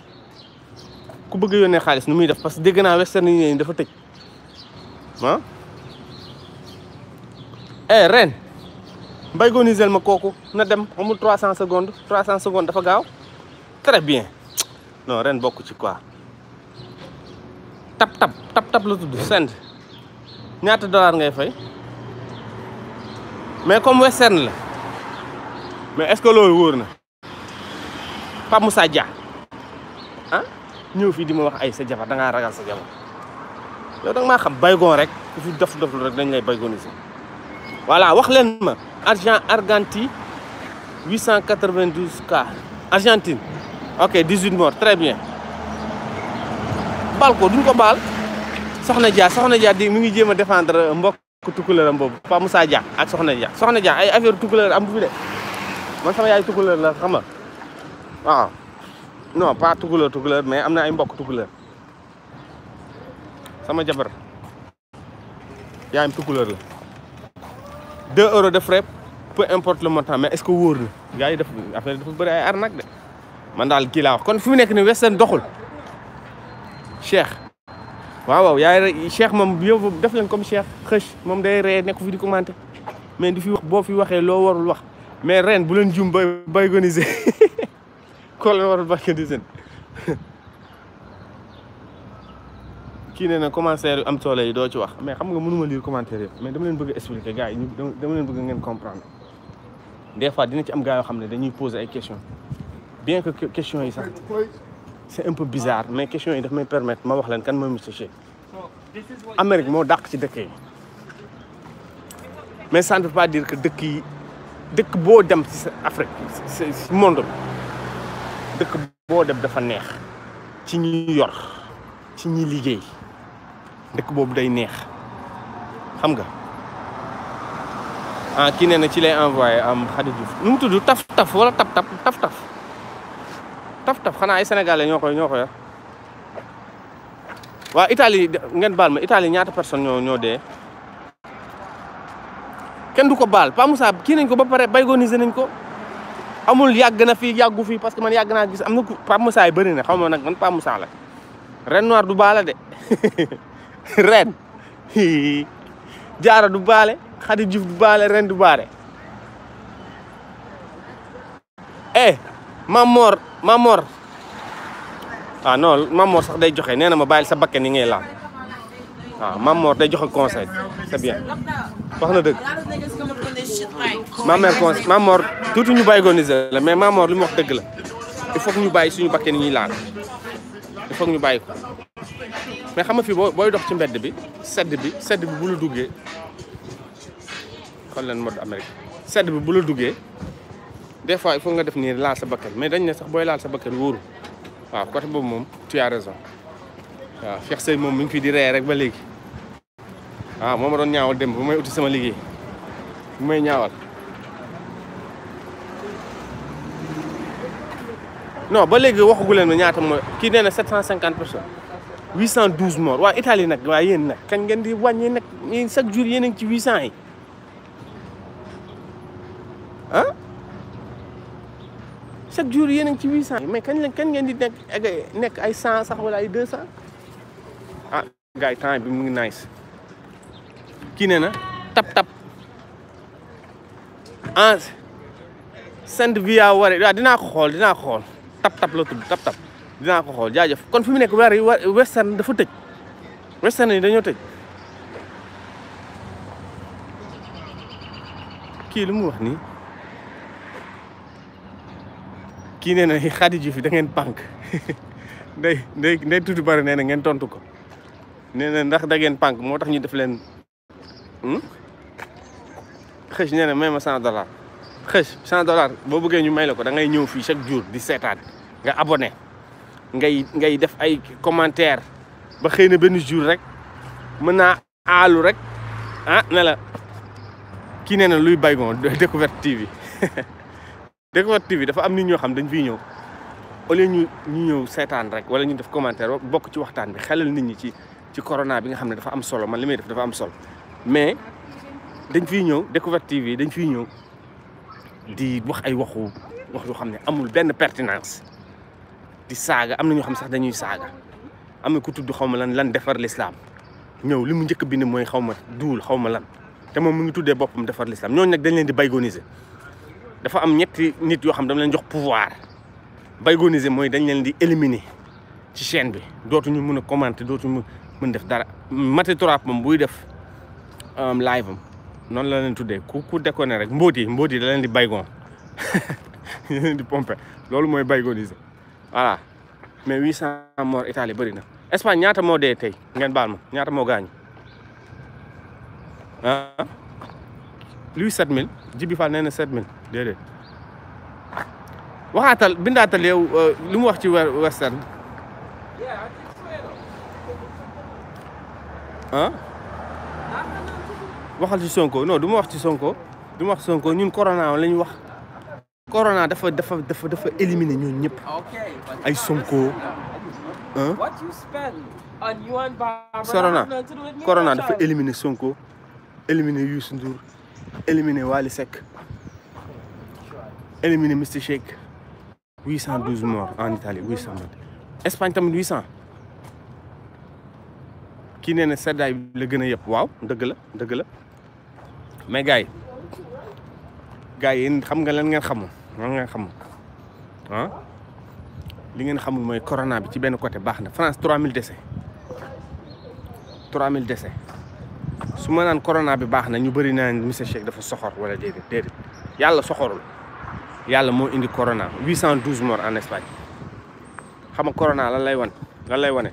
ku bëgg yónnee xaalis nu muy def parce que dégg naa western union yi dafa tëj ah. ren mbay gonisel ma kooku na dem amul 300 secondes 300 secondes dafa gaaw très bien ren bokk ci quoi tap tap tap la tudd send ñaata dollar ngay fay mais comme western la. mais est-ce que loolu wóor na Pape Dia ah ñëw fii di ma wax ay sa jabar da ngaa ragal sa jabar yow da nga maa xam baygoon rek ku fi dof dof rek dañ lay baygoniser voilà wax leen ma argent 892 k Argentine ok 18 morts très bien baal ko duñ ko baal soxna Dia soxna Dia di mi ngi jéem a défendre mbokk tukkuleeram boobu Pape Moussa Dia ak soxna Dia soxna Dia ay affaire tukkuleer am bu fi de man sama yaay tukuleur la xam nga ah. pas tukuleur tukuleur mais am na ay mbokk tukuleur sama jabar yaayam tukuleur la deux euros de frais peu importe le montant mais est ce que wóor na gars def affaire dafa bëri ay arnaque de man daal kii wax kon fu mu nekk ni western doxul cheikh waaw waaw yaay cheikh moom yow def leen comme cheikh xëch moom day ree nekk fi di commenté mais di fi wax boo fi waxee loo warul wax mais reine bu len djum baygoniser baygonise koo leen waral baygonise kii nee na commentaire am tool yi doo ci wax mais xam nga mënuma lire commentaire yëpp mais dama len bëgg expliquer gars yi dama len bëgg ngeen comprendre des fois dina ci am gars yo xam dañuy poser ay questions bien que question yi sax c'est un peu bizarre mais question yi daf may permettre ma wax len kan mooy Mister Shake Amérique mo dakk ci dëkk yi mais ça ne veut pas dire que dëkk yi dëkk boo dem ci sa Afrique ci monde bi dëkk boo dem dafa neex ci ñi yor ci ñi liggéey dëkk boobu day neex xam nga ah kii nee na ci lay envoyé am Khady Diouf nu mu tudd taf taf wala tap tap taf taf taf taf xanaa ay sénégalais ñoo koy ñoo ko yor waa Italie ngeen baal ma Italie ñaata personne ñoo ñoo dee. kenn du ko baal Pa Moussa kii nañ ko ba pare bay baygonisé nañ ko amul yàgg na fii yàggu fii parce que man yàgg naa gis am na Pa Moussa yi bëri na xaw ma nag man Pa Moussa la noir du baala de ren jaara du baale Khady Diouf du baale ren du baale eh Mamor Mamor ah non Mamor sax day joxe nee na ma bàyyil sa bakken ni ngay laal waaw maam Mor day joxe conseil c'est bien wax na dëgg maam Mor conseil maam Mor tuuti ñu bygoniser la mais maam Mor li mu wax dëgg la il faut ñu bàyyi suñu bakkee ni ñuy laal il faut ñu bàyyi ko mais xam nga fii boo booy dox ci mbedd bi sedd bi sedd bi bu la duggee kon leen mode Amérique sedd bi bu la duggee des fois il faut nga def nii laal sa bakkan mais dañ ne sax booy laal sa bakkan wóoru waaw côté boobu moom tu as raison waaw Cheikh Seye moom mi ngi fi di ree rek ba léegi waaw ah, moo ma doon ñaawal dem ba may uti sama liggéey bu may ñaawal non ba léegi waxagu leen ne ñaata mooy kii nee na 750 personnes 812 morts waa Italie nag waaye yéen nag kañ ngeen di wàññi nag yéen chaque jour yéen a ngi ci 800 yi ah chaque jour yéen a ngi ci 800 yi mais kañ la kañ ngeen di nekk nekk ay 100 sax wala ay 200. ah gars bi mu ngi nice kii nee na tap tap en ah, send via wari waaw dinaa ko xool dinaa ko xool tap tap la tudd tap tap dinaa ko xool jaajëf kon fi mu nekk wari western dafa tëj western yi dañoo tëj kii lu mu wax nii kii nee na xaati ji fi da ngeen pànk nday nday nday tuuti bari nee na ngeen tontu ko nee na ndax da ngeen pànk moo tax ñu def leen hmm? xëj nee na may ma cent dollars xëj boo bëggee ñu may la ko da ngay ñëw fii chaque jour di seetaan nga abone ngay ngay def ay commentaire ba xëy na benn jour rek mën naa aalu rek ah ne la kii nee na luy baygon découverte TV découverte TV dafa am nit ñoo xam dañ fiy ñëw au ñu ñu ñëw seetaan rek wala ñu def commentaire bokk ci waxtaan bi xelal nit ñi ci ci corona bi nga xam ne dafa am solo man li may def dafa am solo mais dañ fiy ñëw découverte TV dañ fiy ñëw di wax ay waxu wax yoo xam ne amul benn pertinance di saaga am na ñoo xam sax dañuy saaga am na ku tudd xaw ma lan lan defar l'islam ñëw li mu njëkk bind mooy xaw ma duul xaw ma lan te moom mu ngi tuddee boppam defar l'islam ñooñ nag dañ leen di baygoniser dafa am ñetti nit yoo xam dam lañ jox pouvoir baygoniser mooy dañ leen di éliminer ci chaîne bi dootuñu mun a commenter dootuñu mën def dara Mati Tourap moom buy def um, live am noonu la leen tuddee ku ku déconné rek mbóot yi mbóot yi da leen di baygon da leen di loolu mooy baygoniser voilà mais 800 morts Italie bëri na Espagne ñaata moo dee tey ngeen baal ma ñaata moo gaañu ah luy 7000 Jibi Fall nee na 7000 déedéet waxaatal bindaatal yow euh, li mu wax ci western ah. waxal ci Sonko non du ma wax ci Sonko du ma wax Sonko ñun corona la ñu wax. corona dafa dafa dafa dafa éliminer ñooñu ñëpp ay Sonko ah. Sorona corona dafa éliminer Sonko éliminer Youssou Ndour éliminer Wally sek éliminer mr Shake 812 morts en Italie 800 Espagne tamit 800. kii nee na seddaay bi la gën a yëpp waaw dëgg la dëgg la mais gars yi gars yi xam nga lan ngeen xamul lan ngeen xamul ah li ngeen xamul mooy corona bi ci benn côté baax na France 3000 décès 3000 décès su ma naan corona bi baax na ñu bëri naan monsieur Cheikh dafa soxor wala déedéet déedéet yàlla soxorul yàlla moo indi corona 812 morts en Espagne xam nga corona lan lay wan lan lay wane.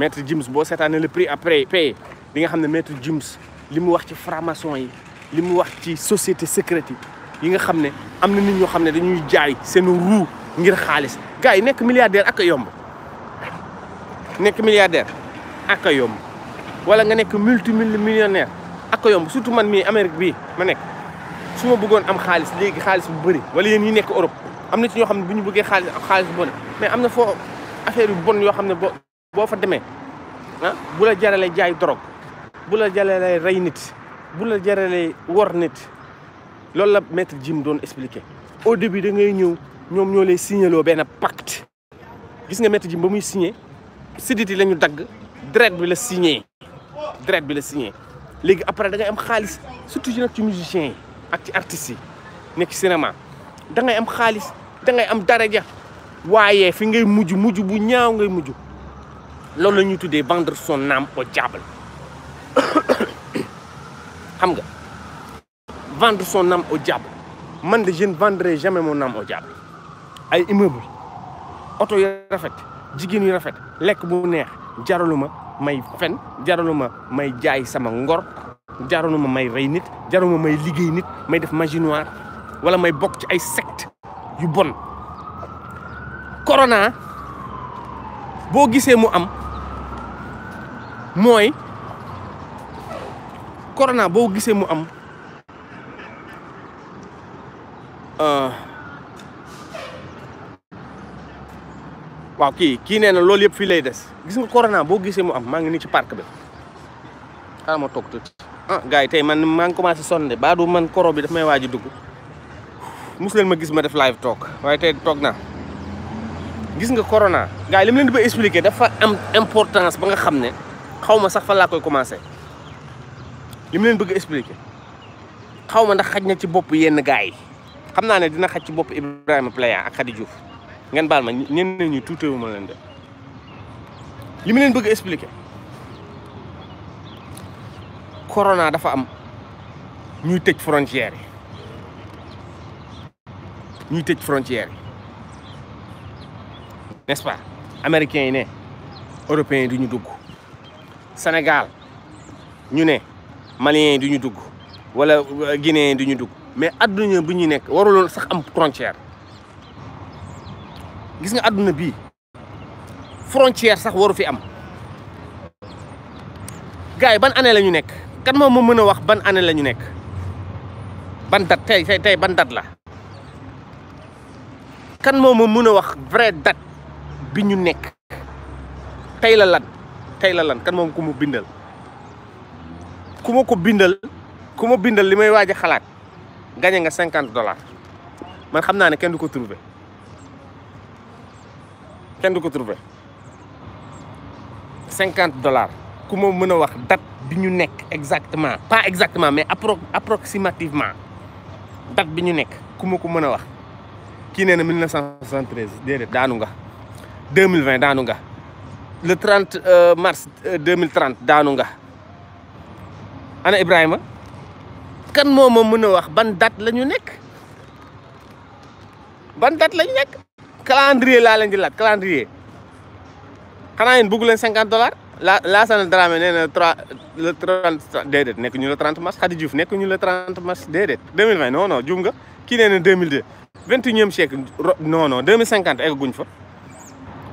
maître Gims boo seetaanee le prix après payé bi nga xam ne maître Gims li mu wax ci franc yi li mu wax ci société secrète yi nga xam ne am na nit ñoo xam ne dañuy jaay seen ruu ngir xaalis gars yi nekk milliardaire ak yomb nekk milliardaire ak a yomb wala nga nekk multi millionnaire ak a surtout man mii Amérique bi ma nekk su ma bëggoon am xaalis léegi xaalis bu bëri wala yéen ñi nekk Europe am na ci ñoo xam ne bu ñu bëggee xaalis ak mais am na foo affaire bon yoo xam ne bo fa demé ah bu la jaralé jaay drogue bu la jaralé ray nit bu la jaralé wor nit don la maître Jim doon expliquer au début da ngay ñew ñom ñolé lay signaloo benn pacte gis nga maître Jim ba muy signer sidit yi lañu dag dread dret bi la signer dret bi la signer légui après da ngay am xaliss surtout ci nak ci musiciens ak ci artistes nek cinéma da ngay am xaliss da ngay am daraja waaye fi ngay muju muju bu ñaaw ngay muju loolu la ñuy tuddee vendre son âme au diable xam nga vendre son âme au diable man de je ne vendrai jamais mon âme au ay immeuble oto yu rafet jigéen yu rafet lekk bu neex ma may fen ma may jaay sama ngor lu ma may rey nit jaraluma may liggéey nit may def magie noire wala may bokk ci ay secte yu bon korona boo gisee mu am mooy corona boo gisee mu am euh, waaw kii kii nee na loolu yëpp fii lay des gis nga korona boo gisee mu am maa ngi nii ci parc bi xaaral ma toog tuuti ah gars yi tey man maa ngi commencé sonn de baadu man koro bi daf may waaj a dugg mos ma gis ma def live toog waaye tey toog naa. gis nga corona gars yi li mu leen ba expliquer dafa am importance ba nga xam ne xaw ma sax laa koy commencé li mu bëgg expliquer xaw ma ndax xaj na ci bopp yenn gars yi xam naa ne dina xaj ci bopp Ibrahima Pleya ak Khady Diouf ngeen baal ma ñenn nañu tuutewu ma leen de li mu bëgg expliquer corona dafa am ñuy tëj frontières yi ñuy tëj frontières yi n'est-ce pas américains yi ne européens yi du ñu dugg Sénégal ñu ne maliens du ñu dugg wala euh, guinéens du ñu dugg mais adduna bu ñu nekk waruloon sax am frontière gis nga adduna bi frontière sax waru fi am gars yi ban année la ñu nekk kan moom moo mën a wax ban année la ñu nekk ban date tey tey ban date la kan moom moo a wax vraie date bi ñu nekk tey la lan tey la lan kan moom ku mu bindal ku ma ko bindal ku ma bindal li may waaj a xalaat gañe nga cinquante dollars man xam naa ne kenn du ko trouvé kenn du ko trouvé cinquante dollars ku ma mën a wax date bi ñu nekk exactement pas exactement mais appro approximativement date bi ñu nekk ku ma ko mën a wax kii nee na 1973 déedéet daanu nga 2020 daanu nga le 30 euh, mars 2030 euh, daanu nga ana Ibrahima kan moo ma mën a wax ban date la ñu nekk ban date la ñu nekk calendrier laa leen di laaj calendrier xanaa yéen bëggu leen 50 dollars la Lassana Dramé nee na 3 le 30 déedéet nekk ñu le 30 mars Khady Diouf nekk ñu le 30 mars déedéet 2020 non non juum nga kii nee na 2002 21e siècle non non 2050 eggaguñ fa.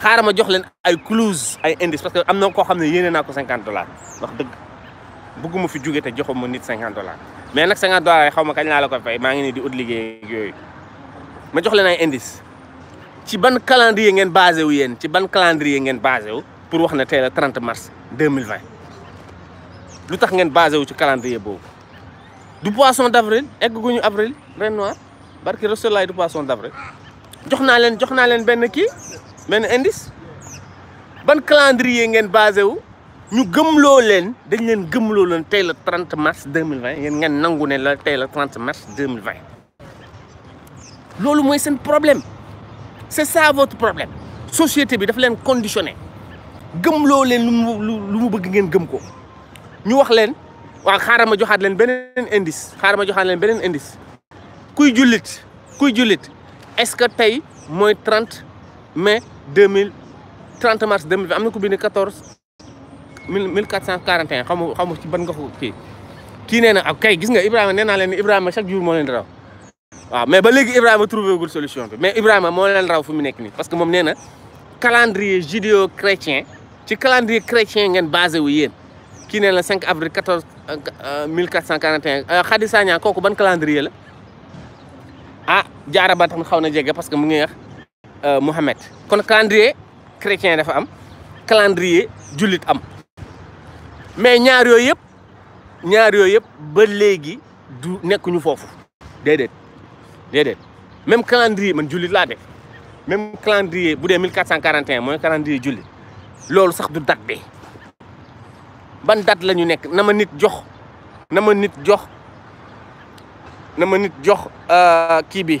xaaral ma jox leen ay clues ay indice parce que am na koo xam ne yéene naa ko cinquante dollars wax dëgg bëgguma fi jóge te joxuma nit cinquante dollars mais nag cinquante dollars yi xaw ma kañ laa la ko fay maa ngi nii di ut yooyu ma jox leen ay indice ci ban calendrier ngeen basé wu yéen ci ban calendrier ngeen basé wu pour wax ne tey la 30 mars 2020 lu tax ngeen basé wu ci calendrier boobu du poisson d'avril egguñu avril ren noir barki restolay du poisson d'avril jox naa leen jox naa leen benn kii benn indice ban calendrier ngeen basé wu ñu loo leen dañ leen gëmloo leen tey la 30 mars 2020 ngeen ngeen nangu ne la tey la 30 mars 2020 loolu mooy seen problème c'est ça votre problème société bi dafa leen conditionné gëmloo leen lu mu bëgg ngeen gëm ko ñu wax leen waaw xaaral ma joxaat leen beneen indice xaaral ma joxaat leen beneen indice kuy jullit kuy jullit est-ce que tey mooy 30 mais deux mille trente mars deux mille am na ku bind quatorze mille quatre cent quarante et un xamu xamu ci ban nga ko kii kii nee na ak kay gis nga Ibrahima nee naa leen Ibrahima chaque jour moo leen raw waaw mais ba léegi Ibrahima trouvé gul solution bi mais Ibrahima moo leen raw fu mu nekk nii parce que moom nee na calendrier judéo chrétien ci calendrier chrétien ngeen basé wu yéen kii nee na 5 avril 14 1441 euh, euh, Khady Sagna kooku ban calendrier la ah jaara ba tamit xaw na jege parce que mu ngi wax Euh, Mohamed kon calendrier chrétien dafa am calendrier jullit am mais ñaar yooyu yëpp ñaar yooyu yëpp ba léegi du nekkuñu foofu déedéet déedéet même calendrier man jullit laa def même calendrier bu dee 1441 mooy calendrier jullit loolu sax du date bi ban date la ñu nekk na ma nit jox na ma nit jox na nit jox euh, kii bi.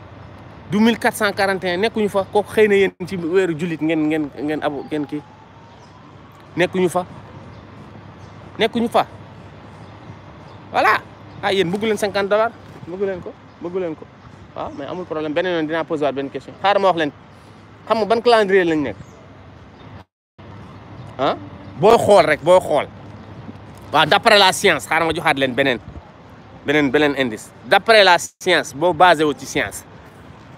2441 1441 nekkuñu fa ko xeyna yeen ci weeru julit ngén ngén ngén abu ngén ki nekkuñu fa nekkuñu fa voilà ah yéen bëggu leen 50 dollars bëggu leen ko bëggu leen ko waaw ah, mais amul problème benen yoon dina poser waat benn question xaar ma wax len xam ban calendrier lañ nek ah boy xol rek boy xol wa d'après la science xaar ma joxaat len benen benen benen indice d'après la science bo basé wu ci science.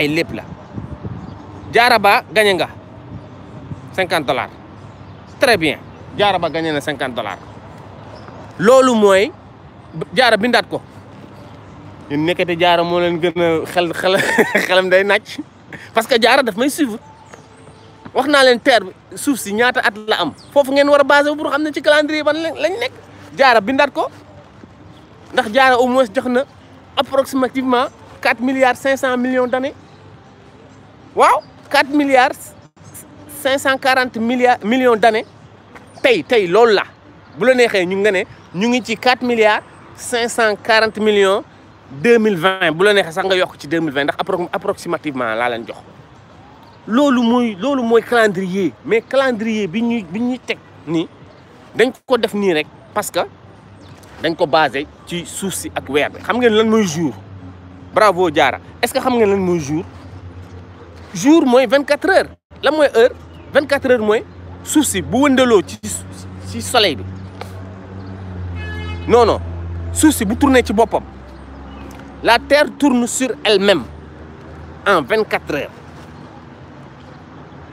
ay lepp la jaaraba gagné nga 50 dollars très bien jaaraba gagné na 50 dollars loolu moy jaara bindat ko ñu nekkati jaara mo leen gëna xel xel xelam day nacc parce que jaara daf may suivre wax leen terre bi suuf si ñaata at la am fofu ngeen wara baser pour ci calendrier ban lañ nek jaara bindat ko ndax jaara au moins joxna approximativement 4 milliards 500 millions d'années Wow, 4 milliards 540 millions d'années Tay, tay, loolu la bu la neexee ñu nga ñu ngi ci 4 milliards 540 millions 2020 vous la neexee sax nga yokk ci 2020 ndax approximativement la leen jox loolu mooy loolu calendrier mais calendrier bi ñuy bi ñuy teg nii dañ ko def parce que dañ ko basé ci souci si ak weer bi xam ngeen lan mooy jour bravo Diarra est-ce que xam ngeen lan jour jour moins vingt quatre heures la moins heure vingt quatre heures moins souci, si bu wëndaloo ci ci soleil bi non non souci si bu tourné ci boppam la terre tourne sur elle-même en vingt quatre heures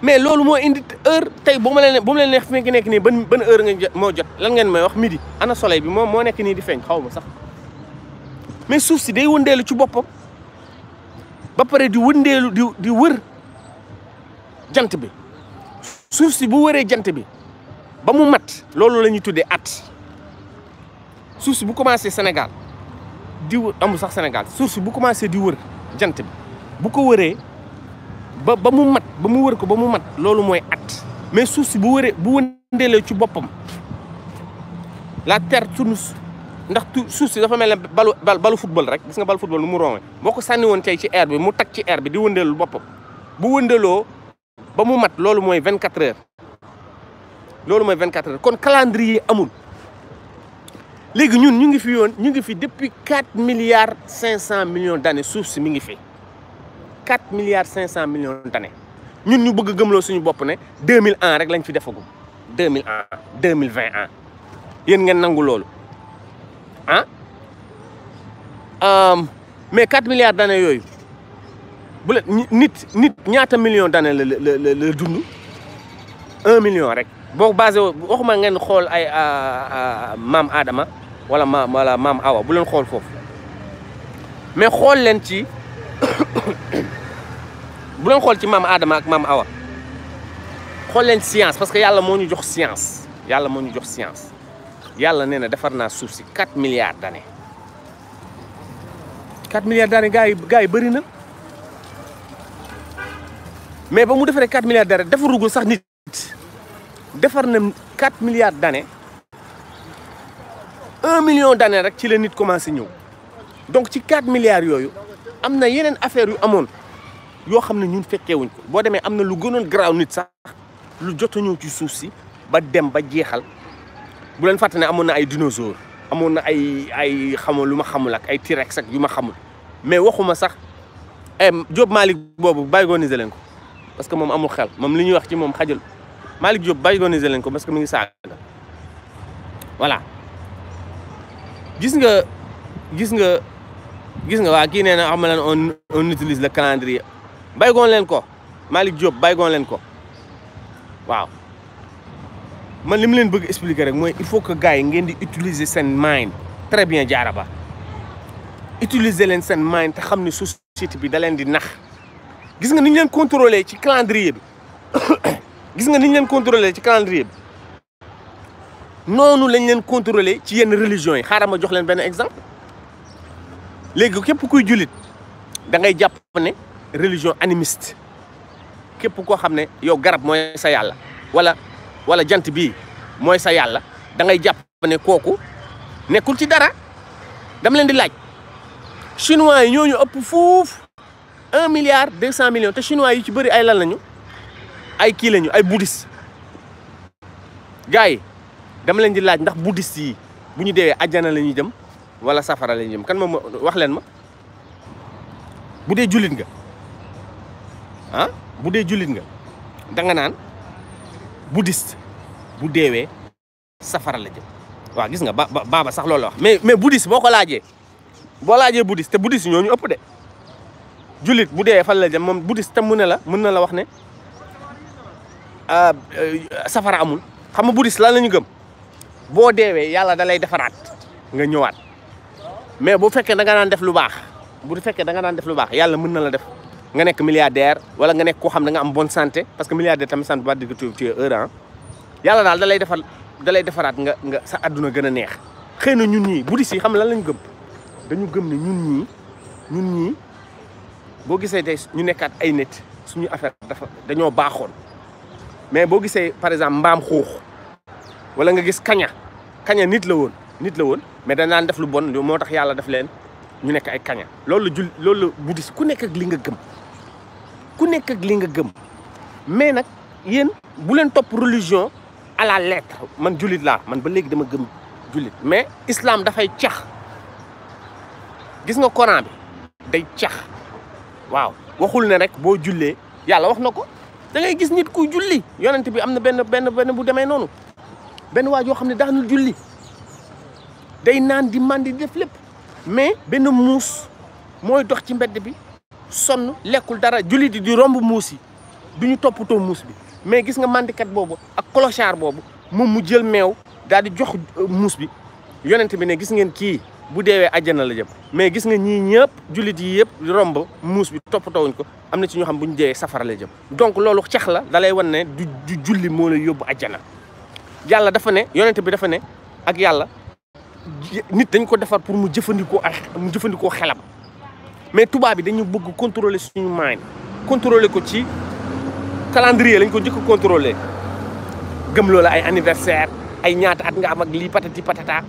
mais lolu mo indi heure tay bu ma leen bu ma leen neex fi ban ban heure nga mo jot lan ngeen may wax midi ana soleil bi mo moo nekk nii di feeñ xawma sax mais suuf si day wëndeelu ci bopam ba pare di wëndeelu di di wër jant bi suuf si bu wëree jant bi ba mu mat loolu lañuy tuddee at suuf si bu commencé Sénégal di wër amul sax Sénégal suuf si bu commencé di wër jant bi bu ko wëree ba ba mu mat ba mu wër ko ba mu mat loolu mooy at mais suuf si bu wëree bu wëndeelee ci boppam la terre tourne ndax tu si dafa mel balu balu football rek gis nga balu football mu roome boo sanni won tay ci air bi mu tak ci air bi di wëndeelu boppam bu wëndelo ba mu mat lolu moy 24 heures lolu moy 24 heures kon calendrier amul légui ñun ñu ngi fi yoon ñu ngi fi depuis 4 milliards 500 millions d'années sous si mi ngi fi 4 milliards 500 millions d'années ñun ñu bëgg gëmlo suñu bop ne 2000 ans rek lañ fi defagum 2000 ans 2020 ans ngeen nangul lolu Hein? Um, mais 4 milliards d'années yooyu un nit nit ñaata million d'années le le 1 million rek Mais basé waxuma ay ah, ah, Adama wala Awa mais xol len ci ci Adama ak Awa xol science parce que yalla le ñu jox science yalla moo ñu jox science. yàlla nee na defar naa suuf si 4 milliare d'années 4 milliards d'années gars yi gars yi bëri na mais ba mu defaree 4 milliards d'années defarugul sax nit defar na 4 milliards d'années un million d'années rek ci la nit commencé ñëw donc ci 4 milliards yooyu am na yeneen affaires yu amoon yoo xam ne ñun fekkeewuñ ko boo demee am na lu gënoon garaaw nit sax lu jot ñëw ci suuf si ba dem ba jeexal bu leen fàtte ne ay dinosaure amoon ay ay xamul luma xamul ak ay T-rex ak yuma xamul mais waxuma sax job malik bobu baygoniser leen ko parce que mom amul xel mom liñu wax ci mom xajal malik job baygoniser leen ko parce que mi ngi saaga voilà gis nga gis nga gis nga wa ki neena na on on utilise le calendrier baygon len ko malik job baygon len ko waaw. man li leen expliquer rek il faut que gars yi ngeen di utiliser mind très bien utiliser leen seen mind te société bi di gis nga contrôler ci calendrier bi gis nga contrôler ci calendrier bi lañ contrôler ci religion yi xaaral ma jox exemple léegi képp kuy da ngay religion animiste képp koo xam ne garab sa wala. wala jant bi moy sa yalla da ngay japp ne koku nekul ci dara dam len di laaj chinois yi ñoñu upp fouf un milliard deux millions te chinois yi ci bari ay lan lañu ay ki lañu ay bouddhiste gay dam len di laaj ndax bouddhiste yi bu ñu deewee ajjana jëm wala safara lañu jëm kan moom wax len ma budé julit nga ah budé julit nga da nga nan bouddhiste bu dewe safara la jëm wa gis nga ba sax lolo wax mais mais bouddhiste boko ko bo boo laajee bouddhiste te bouddhiste ñoo ñu ëpp de julit bu dewe fal la jëm mom bouddhiste tam mu la mën na la wax ne ah, euh, safara amul xam nga bouddhiste lan la ñu gëm bo dewe yalla da lay defaraat nga ñëwaat mais bu fekke da nga naan def lu baax bu fekke da nga naan def lu baax yalla mën na la def nga nek milliardaire wala nga nek ko xam nga am bonne santé parce que milliardaire tamit sant ba baax di tu heure hein yalla dal dalay defal dalay defarat nga nga sa aduna gëna neex xeyna na ñun ñii buddhiste yi xam lan lañu gëm dañu gëm ni ñun ñi ñun ñi bo gisee tey ñu nekkat ay nit suñu affaire dafa dañoo baxoon mais bo gisee par exemple mbam xuux wala nga gis kaña kaña nit la woon nit la woon mais dañ def lu bon leen ñu nekk ay kaña jul ku nekk ak li nga gëm ku nekk ak li nga gëm mais nag yéen buleen leen topp religion à la lettre man jullit laa man ba léegi dama gëm jullit mais islaam dafay cax gis nga Coran bi day cax waaw waxul ne rek boo jullee yàlla wax na ko dangay gis nit ku julli yonent bi am na benn benn benn bu demee noonu benn waa joo xam ne daanul julli day naan di màndi di def lépp mais benn muus mooy dox ci mbedd bi sonu lekul dara julit di rombu musi biñu toputo mus bi mais gis nga mandikat bobu ak clochar bobu moom mu jël mew dal di jox euh, mus bi yonent bi ne gis ngeen ki bu dewe aljana la jëm mais gis nga ñi ñepp julit yi yëpp rombu mus bi wuñ ko amna ci ñu xam buñu dewe safara la jëm donc lolu xex la dalay ne du julli mo lay yobbu aljana yalla dafa ne yonent bi dafa ne ak yalla nit dañ ko defar pour mu jëfëndiko ak mu jëfëndiko xelam mais tubaab bi dañu bëgg contrôler suñu mind contrôler ko ci calendrier lañ ko jëkk a gëm loolu ay anniversaire ay ñaata at nga am ak lii patati patata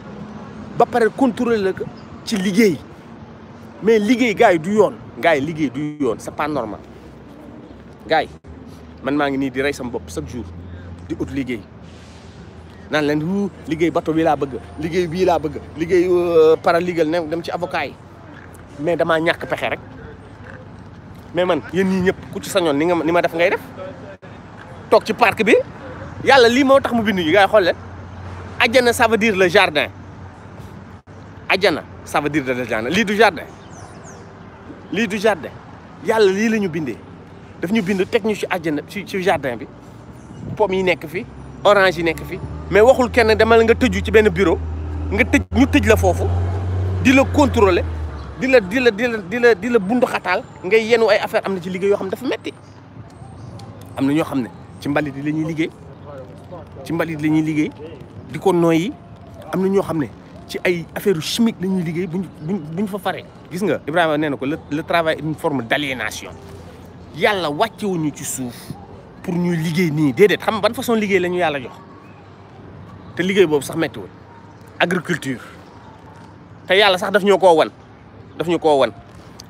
ba pare contrôler la ci liggéey mais liggéey gars yi du yoon gars liggéey du yoon c'est pas normal gars yi man maa ngi nii di rey sama bopp chaque jour di ut liggéey nan leen wu liggéey bato bi laa bëgg liggéey bii laa bëgg liggéey euh, paralegal ne dem ci avocat yi mais damaa ñàkk pexe rek mais man yéen ñii ñëpp ku ci sañoon ni nga ni ma def ngay def toog ci parc bi yàlla lii moo tax mu bind ñu gars yi xool leen ajjana ça le jardin ajjana ça veut dire jardin lii du jardin lii du jardin yàlla lii la ñu bindee daf ñu bind teg ñu ci ajjana ci ci jardin bi pomme yi nekk fi orange yi nekk fi mais waxul kenn demal nga tëju ci benn bureau nga tëj ñu tëj la foofu di la contrôler dila dila dila dila dila bundu khatal ngay yenu ay affaire amna ci liggéey yo xamne dafa metti amna ño xamne ci mbalit la ñuy liggéey ci mbalit la ñuy liggéey di ko nooyi am na ñoo xam ne ci ay affaire chimique lañuy ñuy liggéey buñ fa faré gis nga Ibrahima nee ko le travail une forme d'aliénation yalla yàlla wuñu ci souf pour ñuy liggéey ni déedéet xam ban façon liggéey lañu yalla jox te liggéey bobu sax metti mettiwul agriculture te yalla sax daf ñoko koo daf ñu koo wan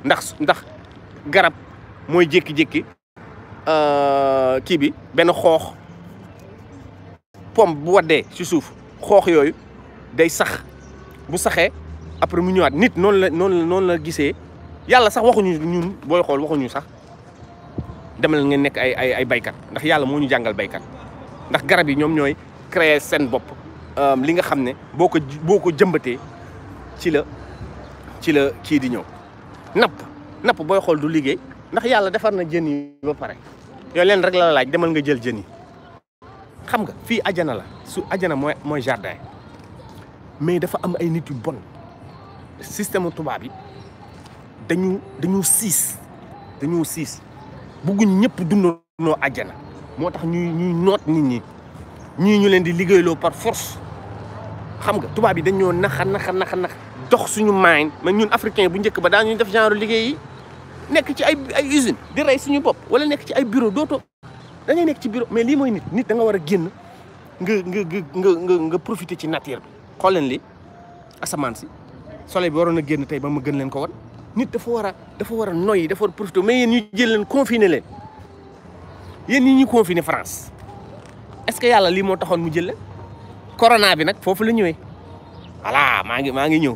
ndax ndax garab mooy jékki-jékki euh, kii bi benn xoox pomme bu waddee ci suuf xoox yooyu day sax bu saxee après mu ñëwaat nit noonu la noonu la noonu la gisee yàlla sax waxuñu ñun booy xool waxuñu sax demal ngeen nekk ay ay ay baykat ndax yàlla moo ñu jàngal baykat ndax garab yi ñoom ñooy créer seen bopp euh, li nga xam ne boo ko boo ko jëmbatee ci la ci la kii di ñëw napp napp booy xool du liggéey ndax yàlla defar na jën yi ba pare yow leen rek la laaj demal nga jël jën yi xam nga fii ajana la su ajana mooy mooy jardin mais dafa am ay nit yu bon système tubaab yi dañu dañu siis dañu siis bugguñ ñëpp dundoo ajana moo tax ñuy ñuy noot nit ñi ñii ñu leen di liggéeyloo par force xam nga tubaab yi dañoo naxa naxa naxa naxa dox suñu mind man ñun africain bu njëkk ba daal ñu def genre liggéey yi nekk ci ay ay usine di rey suñu bopp wala nekk ci ay bureau dootoo da ngay nekk ci bureau mais lii mooy nit nit danga war a génn nga nga nga nga nga ci nature bi xool leen li asamaan si soleil bi waroon a génn tey ba ma gën leen ko wan nit dafa war a dafa war a noyyi dafa war a profiter mais yéen ñu jël leen confiner leen yéen ñi ñu confiner France est-ce que yàlla lii moo taxoon mu jël leen bi nag foofu la ñëwee voilà maa ngi maa ngi ñëw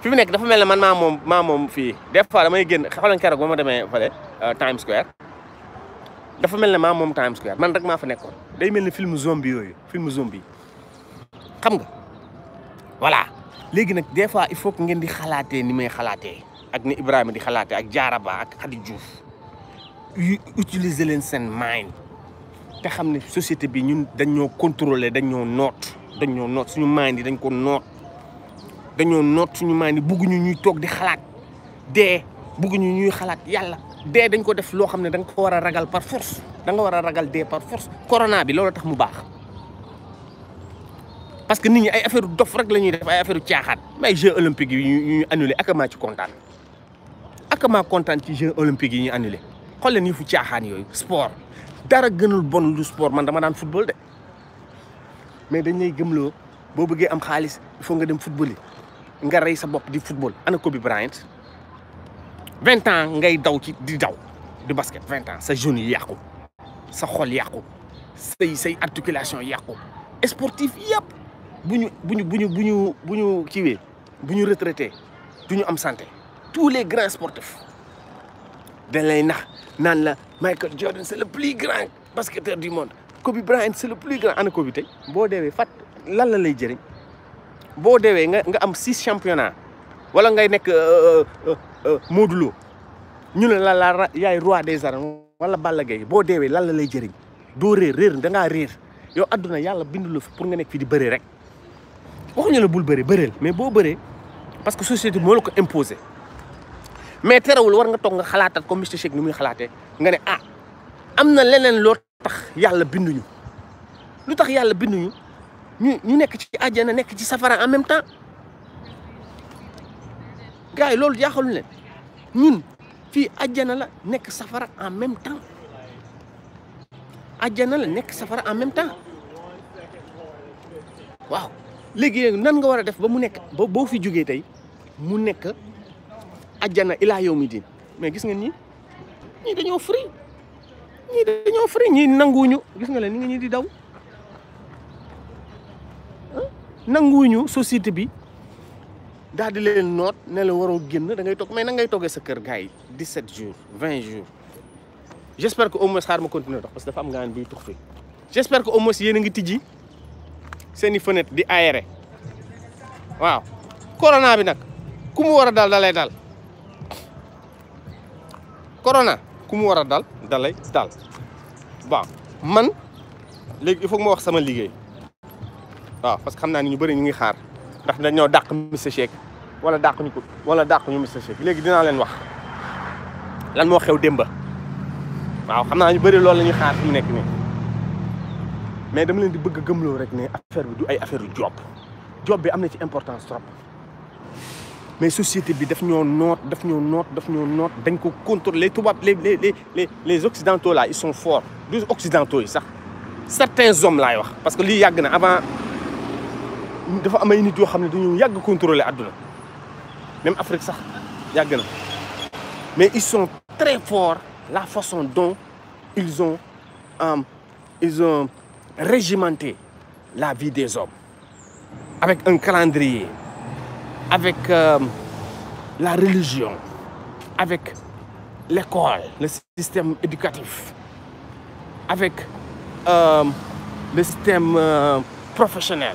fi mu nekk dafa mel ne man maa moom maa moom fii des fois damay génn xoolal keroog ba ma demee fële euh, Times Square dafa mel ne maa moom Times Square man rek maa fa nekkoon day mel ni film zombie yooyu film zombie xam nga voilà léegi nag des fois il faut que ngeen di xalaatee ni may xalaatee ak ni Ibrahima di xalaatee ak Jaaraba ak Khady Diouf utiliser leen seen mind te xam ne société bi ñun dañoo contrôler dañoo noot dañoo noot ñu mind yi dañ ko noot dañoo noot suñu maa ni bugguñu ñuy toog di xalaat dee bugguñu ñuy xalaat yàlla dee dañ ko def loo xam ne da nga ko war a ragal par force danga war a ragal dee par force corona bi loolu tax mu baax parce que nit ñi ay affaire dof rek la ñuy def ay affaire caaxaan mais jeux olympiques yi ñu annulé ak maa ci kontaan ak maa kontaan ci jeux olympiques yi ñu annulé xool leen fu caaxaan yooyu sport dara gënul bon lu sport man dama daan football de mais dañ lay gëmloo boo bëggee am xaalis il nga dem football yi nga rey sa bop di football ana Kobe Bryant vingt ans ngay daw ci di daw di basket vingt ans sa genou yi sa xol yàqu sey sey articulation yàqu sportif yeb buñu buñu buñu buñu buñu ñu bu retraité duñu am santé tous les grands sportifs dañ lay nax nan la Michael Jordan c'est le plus grand basketteur du monde Kobe Bryant c'est le plus grand ana Kobe tey bo déwé fat lan la lay jëriñ boo dewee nga nga am si championnat wala ngay nekk euh, euh, euh, Modou Lo ñu ne la la yaay roi des arènes wala Balla Gaye boo deewee lan la lay jëriñ doo réer réer da ngaa réer yow àdduna yàlla bindu la fi pour nga nekk fi di bëree rek waxuñu la bul bëree bëreel mais boo bëree parce que société moo la ko imposé mais terewul war nga toog nga xalaatat comme Mister Shake ni muy xalaate nga ne ah am na leneen loo tax yàlla binduñu lu tax yàlla binduñu. ñu ñu nekk ci aljana nekk ci safara en même temps gaay ne ñun fi aljana la nekk safara en même temps aljana la nekk safara en même temps waaw legui nan nga wara def ba mu nekk ba bo fi tay mu nekk aljana ila yawmidin mais gis nga ñi dañoo free ñi dañoo free ñi gis nga ni nga ñi di daw nanguwuñu société bi daal di leen noot ne la waroo génn da ngay toog mais na ngay toogee sa kër gars yi 17 jours 20 jours j' espère que au moins xaar ma continuer dox parce que dafa am ngaa ne buy tux fi j' espère que au moins yéen a ngi tijji seen i fenêtre di aéré waaw corona bi nag ku mu war a dal dalay dal corona ku mu war a dal dalay dal waaw man léegi il faut que ma wax sama liggéey waaw parce que xam naa ni ñu bëri ñu ngi xaar ndax dañoo dàq Mister Shake wala dàq ñu ko wala dàq ñu Mister Shake léegi dinaa leen wax lan moo xew démba waaw xam naa ñu bëri loolu la ñuy xaar fi mu nekk nii mais dama leen di bëgg a gëmloo rek ne affaire bi du ay affaire yu job job bi am na ci importance trop mais société bi daf ñoo noot daf ñoo noot daf ñoo noot dañ ko contrôler les tubaab les les les les occidentaux là ils sont forts du occidentaux yi sax certains hommes laay wax parce que lii yàgg na avant. nit yag contrôler même Afrique sax mais ils sont très forts la façon dont ils ont euh, ils ont régimenté la vie des hommes avec un calendrier avec euh, la religion avec l'école le système éducatif avec euh, le système professionnel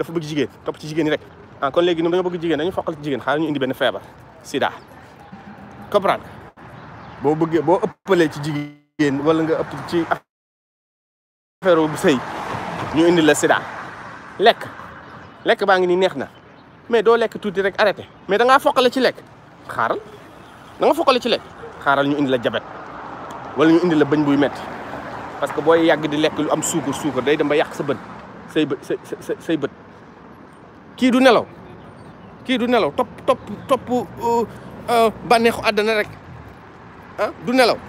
dafa bëgg jigéen topp ci jigéen rek ah kon léegi ñoom dañoo bëgg jigéen dañu foqal ci jigéen xaaral ñu indi benn feebar boo bëggee boo ëppalee ci jigéen wala nga ëpp ci affaire bu sëy ñu indi la sida lekk lekk baa ngi nii neex na mais doo lekk tuuti rek arrêté mais da ngaa foqale ci lekk xaaral da nga ci lekk xaaral ñu indi la jabet wala ñu indi la bëñ buy metti parce que booy yàgg di lekk lu am suukar suukar day dem ba yàq sa bët bët say say bët kii du nelaw kii du nelaw topp topp topp uh, uh, bànneexu àddana rek ah, du nelaw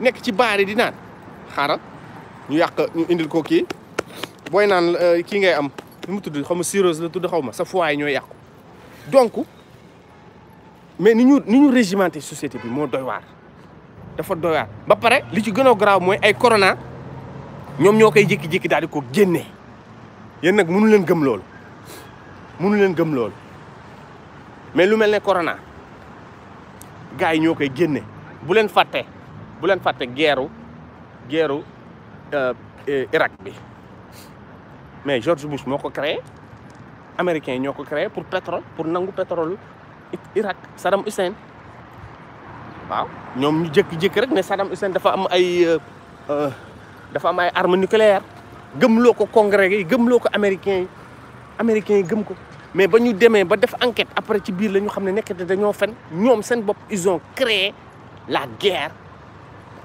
nekk ci baari di naan xaaral ñu yàq ñu indil ko kii booy naan uh, kii ngay am lu mu tudd xaw ma cirrhose la tudd xaw ma sa foie ñooy yàqu donc mais ni ñu ni ñu régimenté société bi moo doy waar dafa doy waar ba pare li ci gën a garaaw mooy ay corona ñoom ñoo koy jëkki jékki daal di ko génnee yéen nag mënu leen gëm loolu mënu leen gëm loolu mais lu mel ne corona gars yi ñoo koy génne bu leen fàtte bu leen fàtte geeru geeru euh, Irak bi mais George Bush moo ko créer américains ñoo ko créé pour pétrole pour nangu pétrole Irak Saddam Hussein waaw ñoom ñu jékki-jékki rek ne Saddam Hussein dafa am ay euh, euh, dafa am ay arme nucléaire gëmloo ko congrès yi gëmloo ko américain américain américains gëm ko mais ba ñu demee ba def enquête après ci biir la ñu xamné nek nekk dañoo fen ñoom seen ils ont créé la guerre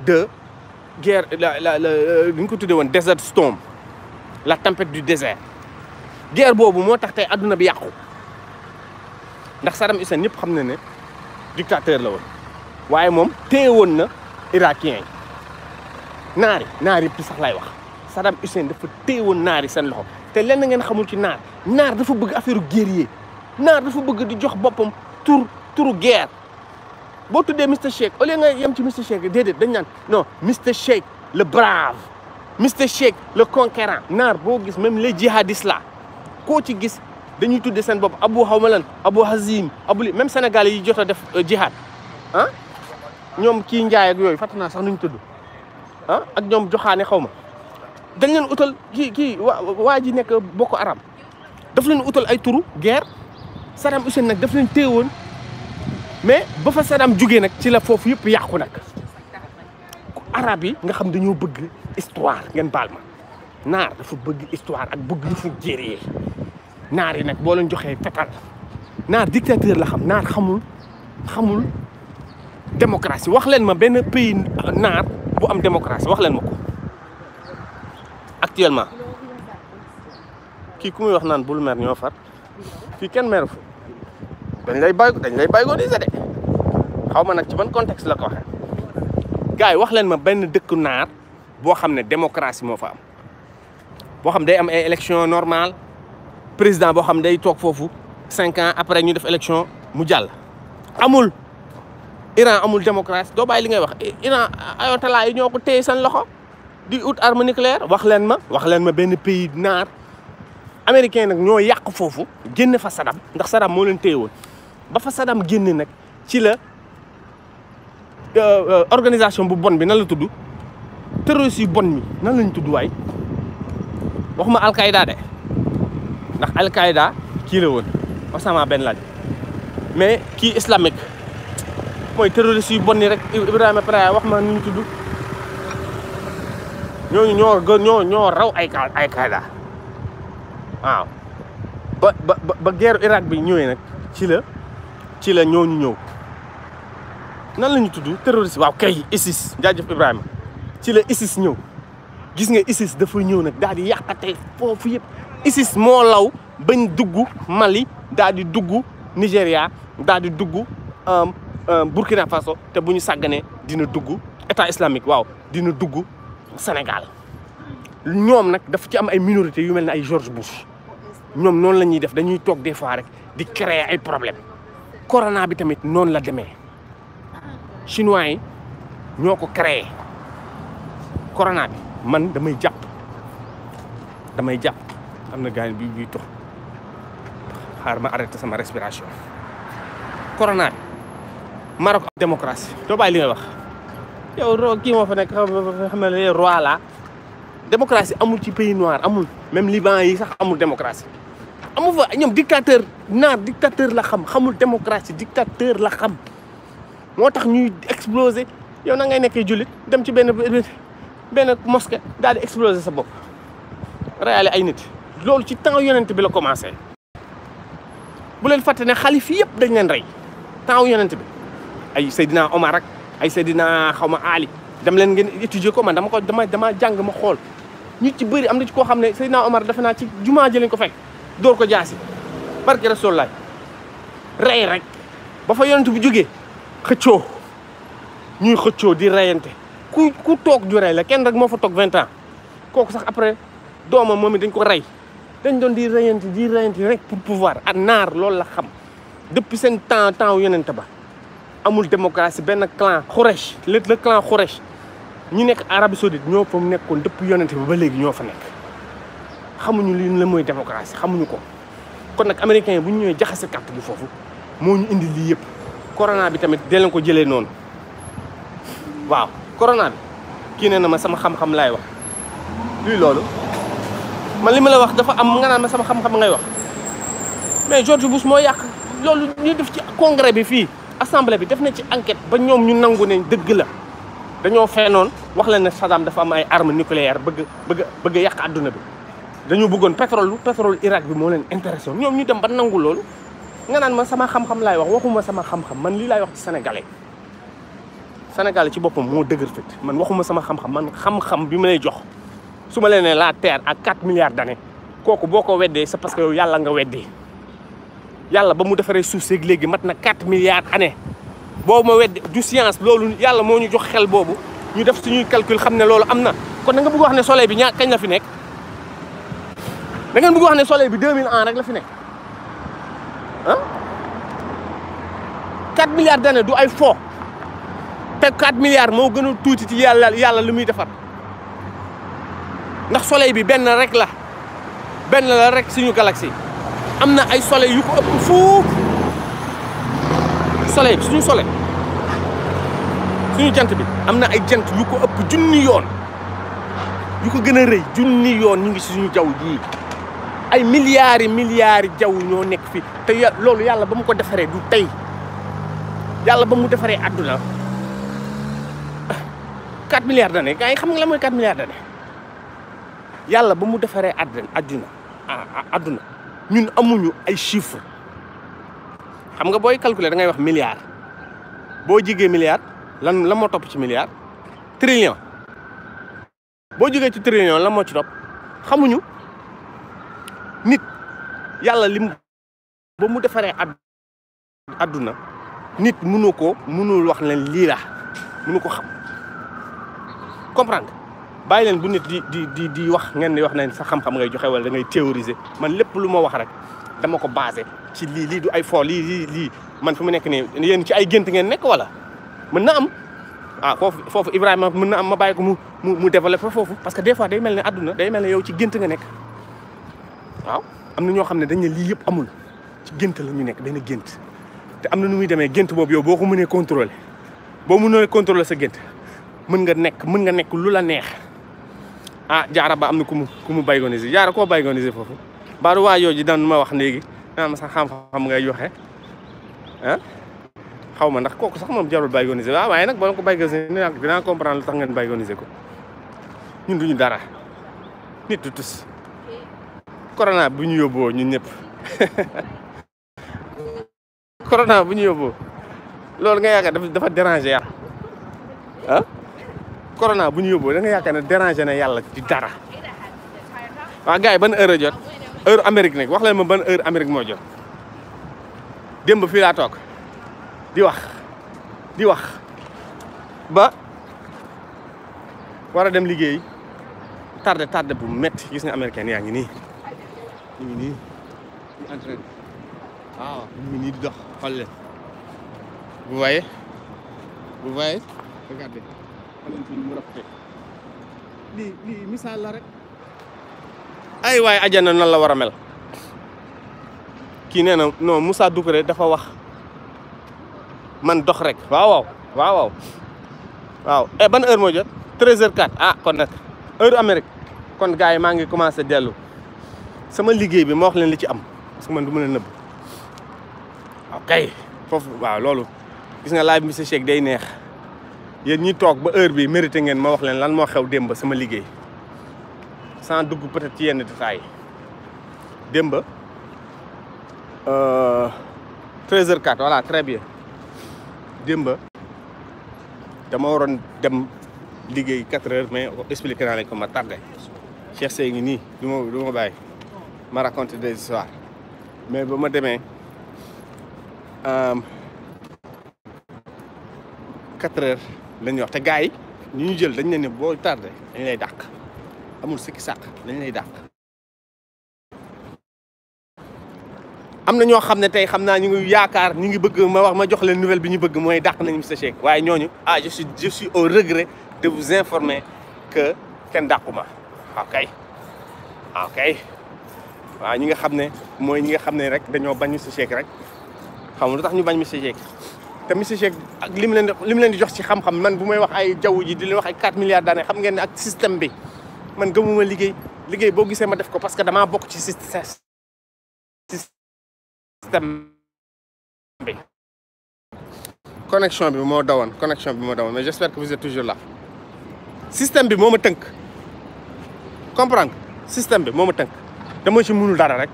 de guerre la la la euh, ñu ko tuddee won desert storm la tempête du désert guerre bobu mo tax tey aduna bi yàqu ndax Saddam Hussein ñep xamné né dictateur la won waye mom téye na irakien N'ari n'ari naari sax lay wax. Saddam ussin dafa téewoon naar yi seen loxo te lenn ngeen xamul ci naar naar dafa bëgg affaire guerrier naar dafa bëgg di jox boppam tur turu guerre boo tuddee Mister Shake au lieu nga yem ci Mister Shake déedéet dañ naan non Mister Shake le brave Mister Shake le conquérant naar boo gis même le jihadistes là koo ci gis dañuy tuddee seen bopp abu xawmalan abu hazim abu li même sénégalais yi jot a def euh, jihad ah ñoom kii njaay ak yooyu fàttali naa sax nu ñu tudd ah ak ñoom joxaane xaw ma dañ leen utal kii kii waa ji nekk bokk aram daf leen utal ay turu guerre Saddam Hussein nag daf leen téye woon mais ba fa Saddam jugee nag ci la foofu yëpp yàqu nag arab yi nga xam dañoo bëgg histoire ngeen baal ma naar dafa bëgg histoire ak bëgg yu fu jëree naar yi nag boo leen joxee fetal naar dictateur la xam naar xamul xamul démocratie wax leen ma benn pays naar bu am démocratie wax leen ma ko actuellement kii ku muy wax naan bul mer ñoo far fii kenn meru fu dañ lay bàyyi dañ lay bàyyi ko di de xaw ma nag ci ban contexte la ko waxee gars yi wax leen ma benn dëkku naar boo xam ne démocratie moo fa am boo xam day am ay élection normale président boo xam day toog foofu cinq ans après ñu def élection mu jàll amul Iran amul démocratie doo bàyyi li ngay wax Iran ayotala yi ñoo ko téye seen loxo di ut arme nucléaire wax leen ma wax leen ma benn pays naar américain nag ñoo yàq foofu génne fa Saddam ndax Saddam moo leen téye woon ba fa Saddam génne nag ci la euh, euh, organisation bu bon bi nan la tudd terroristes yu bon mi nan lañ tudd waay waxuma Al-Qaïda de ndax Al-Qaïda kii la woon Osama Ben Laden mais kii islamique mooy terroristes yu bon ni rek Ibrahima Traoré wax ma nu ñu tudd ñooñu ñoo gën ñoo raw ay ay Qaeda waaw ba ba ba guerre Irak bi ñëwee nag ci la ci la ñooñu ñëw nan lañu tudd terroriste waaw kay ISIS jaajëf Ibrahima ci la ISIS ñëw gis nga ISIS dafa ñëw nag daal di yàqate foofu yëpp ISIS moo law bañ dugg Mali daal di dugg Nigéria daal di dugg euh, euh, Burkina Faso te bu ñu sàgganee dina dugg état islamique waaw dina dugg Sénégal ñoom nag dafa ci am ay minorité yu mel ne ay George Bush ñoom noonu la ñuy def dañuy toog des fois rek di créer ay problème corona bi tamit noonu la demee chinois yi ñoo ko créer corona bi man damay jàpp damay jàpp am na gaañ bi ñuy tox xaar ma arrêté sama respiration corona bi Maroc démocratie doo li nga wax yow kii moo fa nekk xam ne roi la démocratie amul ci pays noir amul même Liban yi sax amul démocratie amul fa ñoom dictateur naar dictateur la xam xamul démocratie dictateur la xam moo tax ñuy exploser yow na ngay nekkee jullit dem ci benn benn mosquée daal di exploser sa bopp reyale ay nit loolu ci temps yonent bi la commencé bu leen fàtte ne xalif yëpp dañ leen rey temps yonent bi ay Seydina Omar ak ay Seydina xaw ma Ali dem leen ngeen étudier ko man dama ko dama dama jàng ma xool ñu ci bëri am na ci koo xam ne naa Omar defe naa ci jumaa jëlee ko fekk door ko jaasi barke Rasulullah rey rek ba fa yonent bu jógee xëccoo ñuy xëccoo di reyante ku ku toog ju la kenn rek moo fa toog vingt ans kooku sax après doomam moom it dañ ko rey dañ doon di reyante di reyante rek pour pouvoir ak naar loolu la xam depuis seen temps temps yonent ba amul démocratie benn clan Khourech le le clan Khourech ñi nekk Arabie Saoudite ñoo fa nekkoon depuis yonent bi ba léegi ñoo fa nekk xamuñu li la mooy démocratie xamuñu ko kon nag américain bu ñu ñëwee jaxase carte bi foofu moo ñu indi lii yëpp corona bi tamit dee ko jëlee noonu waaw corona bi kii nee na ma sama xam-xam laay wax luy loolu ma li ma la wax dafa am nga naan ma sama xam-xam ngay wax mais George Bush moo yàq loolu ñu def ci congrès bi fii assemblée bi def na ci enquête ba ñoom ñu nangu ne dëgg la dañoo feenoon wax la ne Saddam dafa am ay armes nucléaires bëgg bëgg bëgg yàq àdduna bi dañoo bëggoon pétrole lu pétrole bi moo leen intéressé ñoom ñu dem ba nangu loolu nga naan man sama xam-xam laay wax waxuma sama xam-xam man lii laay wax ci sénégalais sénégalais ci boppam moo dëgër fit man waxuma sama xam-xam man xam-xam bi ma lay jox su ma leen ne la terre ak 4 milliards d'années kooku boo ko weddee c'est parce que yow yàlla nga weddee yàlla ba mu defaree suuf seeg léegi mat na 4 milliards année boobu ma wedd du science loolu yàlla moo ñu jox xel boobu ñu def suñuy calcul xam ne loolu am na kon da bugg bëgg wax ne soleil bi ñaa kañ la fi nekk da ngeen bëgg wax ne soleil bi 2000 ans rek la fi nekk ah 4 milliards d'années du ay foo te 4 milliards moo gënul tuuti ci yàlla yàlla li muy defar ndax soleil bi benn rek la benn la rek suñu galaxie am na ay sole yu ko ëpp fuuf soleil suñu sole suñu jant bi am na ay jant yu ko ëpp junni yoon yu ko gën a rëy junni yoon ñu ngi si suñu jaww jii ay milliards yi milliards jaww ñoo nekk fii te loolu yàlla ba mu ko defaree du tey yàlla ba mu defaree àdduna 4 milliards d'années gars yi xam nga la mooy 4 milliards yàlla ba mu defaree àdduna àdduna ah, ñun amuñu ay chiffres xam nga booy calculer da ngay wax milliard boo jigee milliard lan la moo topp ci milliard trillion boo jógee ci trillion la moo ci topp xamuñu nit yàlla lim ba mu defaree àdduna adduna nit mënu ko mënul wax ne lii la mënu ko xam comprendre bàyyi leen bu nit di di di di wax ngeen di wax ne sa xam-xam ngay joxe wala da ngay théoriser man lépp lu ma wax rek dama ko basé ci lii lii du ay fo lii lii lii man fi mu nekk nii yéen ci ay gént ngeen nekk wala mën na am ah foofu foofu Ibrahima mën na am ma bàyyi ko mu mu mu développé foofu parce que des fois day mel ne àdduna day mel ne yow ci gént nga nekk waaw am na ñoo xam ne dañ ne lii yëpp amul ci gént la ñu nekk benn gént te am na nu muy demee gént boobu yow boo ko mënee contrôler boo mënee contrôler sa gént mën nga nekk mën nga nekk lu la neex ah jaara ba amna kumu kumu mu jaara ko baygonise fofu baaru wa yoji dan ma wax legi nan ma sax xam-xam ngay joxe hein ah, xawma ndax koku sax mom jaarul baygonise waaw waaye nag boo ko nak dina comprendre lu tax ngeen baygonise ko ñun duñu dara nit du tous corona buñu yobbo ñun ñep corona buñu yobbo lol nga yaaka dafa déranger ya hein ah? corona buñu yobbo da nga yaakaar ne dérangé na yalla ci dara. wa ah, gay ban heure jot heure amerique nek wax leen ma ban heure amerique mo jot demb fi la tok di wax di wax ba wara dem liggéey tardé tardé bu métti gis nga américain yaa ngi ni ni ngi nii ñu ni waaw di dox xol le vous voyez vous voyez regardez jàppaleen ci misaal la rek ay waaye ajana nan la war a mel kii nee na non Moussa Doucouré dafa wax man dox rek waaw waaw waaw waaw eh, ban heure moo jot 13h04 ah kon nag heure Amérique kon gaa yi maa ngi commencé dellu sama liggéey bi ma wax leen li ci am parce que man du ma leen nëbb ok foofu waaw loolu gis nga laaj bi monsieur Cheikh day neex yéen ñi toog ba heure bi mérité ngeen ma wax leen lan moo xew démb sama liggéey sans dugg peut-être ci yenn détails démb 13h04 euh, voilà très bien démb dama waroon dem liggéey quatre heures mais expliqué naa leen ko ma tardé Cheikh Seye ngi nii du ma ma bàyyi ma raconté des histoires mais ba ma demee 4 euh, heures. la wax te gaa yi ñu ñu jël dañ leen ne boo tardé dañ lay dàq amul sikki sàq dañ lay dàq. am na ñoo xam ne tey xam naa ñu ngi yaakaar ñu ngi bëgg ma wax ma jox leen nouvelle bi ñu bëgg mooy dàq nañu monsieur Cheikh waaye ñooñu ah je suis je suis au regret de vous informer que kenn dàquma waaw ah, ah, kay waaw ñi nga xam ne mooy ñi nga xam ne rek dañoo bañ monsieur Cheikh rek xam lu tax ñu bañ monsieur Cheikh te monsieur Cheikh ak li mu leen li mu leen di jox ci xam-xam man bu may wax ay jaww ji di leen wax ay 4 milliards d'années xam ngeen ak système bi man gëmuma liggéey liggéey boo gisee ma def ko parce que damaa bokk ci système bi. moo dawoon connexion bi moo dawoon mais j'espère que vous bi moo ma tënk comprendre système bi moo ma tënk dama ci mënul dara rek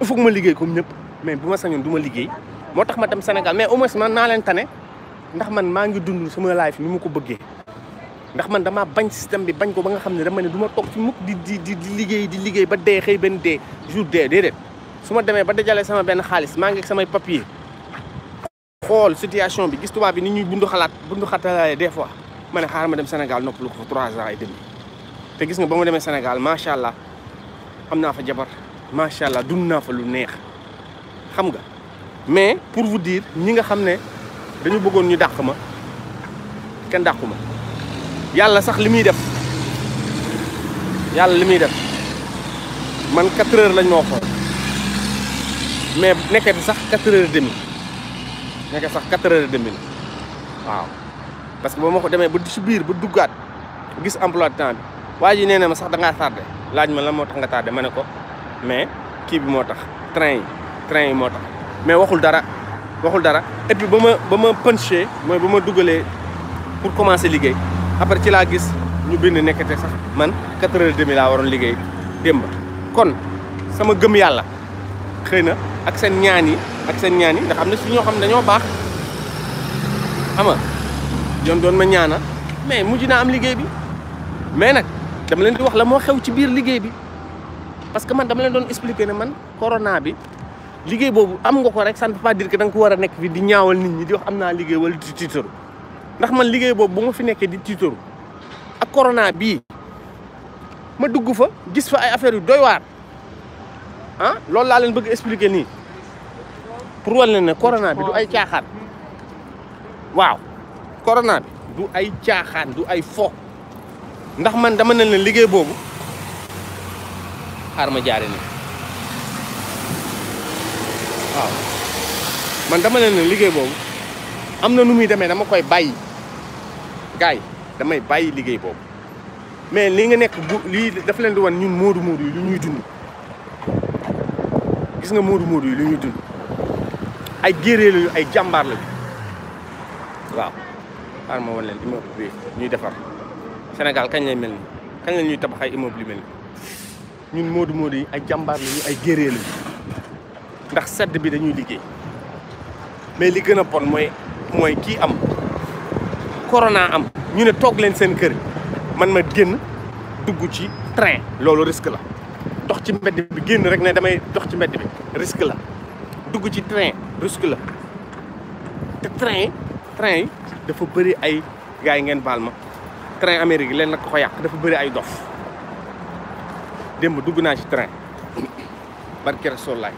il faut ma liggéey comme ñëpp mais bu ma sañoon du ma liggéey. motax ma dem senegal mais au moins man na len tane ndax man ma ngi dund sama life ni mu ko bëggee ndax man dama bañ système bi bañ ko ba nga xam dama ne duma tok ci muk di di di liggéey di liggéey ba dé xey ben dé jour dé dé dé suma démé ba dajalé sama ben xaliss ma ngi ak papier xol situation bi gis tuba bi ni ñuy bundu xalat bundu xatalé des fois mané xaar ma dem Sénégal noppalu ko 3 ans et demi té gis nga ba démé senegal ma sha allah amna fa jabar sha allah fa lu neex xam nga. mais pour vous dire ñi nga nous sommes dañu ñu y a sax man 4 heures lañ mais 4 heures demi sax 4 heures demi demie..! parce que quand je suis demee ba ci biir emploi de temps bi de ma sax da tardé ma la ma ko mais qui bi le train le train mais waxul dara waxul dara et puis bama bama ba ma punché mooy ba ma pour commencer liguey après ci la gis ñu bind nekkate sax man 4h30 la waron liguey démb kon sama gëm yalla xeyna ak sen ñaani ak sen ñaani yi ndax am xam dañoo bax ama yon doon ma ñaana mais mujj am liguey bi mais nak dama leen di wax la mo xew ci biir liguey bi parce que man dama leen doon expliquer ne man corona bi liggéey boobu am nga ko rek ça pas dire que da nga ko war a nekk fi di ñaawal nit ñi di wax am naa liggéey wala di tiitaru ndax man liggéey boobu bu ma fi nekkee di tiitaru ak corona bii ma dugg fa gis fa ay affaire yu doy waar ah loolu laa leen bëgg expliquer nii pour wal leen ne corona bi du ay caaxaan waaw corona bi du ay caaxaan du ay fo ndax man dama ne leen liggéey boobu xaar ma jaare nii waaw man dama leen liggéey boobu am na nu muy demee dama koy bàyyi gars damay bàyyi liggéey boobu mais li nga nekk bu lii dafa leen di wan ñun moodu moodu yi lu ñuy dund gis nga moodu moodu yi lu ñuy dund ay guerrier ay jàmbaar lañu waaw xaaral leen ñuy defar senegal kañ lay mel ni kañ la ñuy tabax ay immeuble yu mel ni ñun moodu moodu yi ay jàmbaar lañu ay guerrier ndax sedd bi dañuy liggéey mais li gën a bon mooy mooy kii am corona am ñu ne toog leen seen kër man ma génn dugg ci train loolu risque la dox ci mbedd bi génn rek ne damay dox ci mbedd bi risque la dugg ci train risque la te train yi dafa bëri ay gars ngeen baal ma train Amérique leen nag ko yàq dafa bëri ay dof démb dugg naa ci train barke Rasuul laay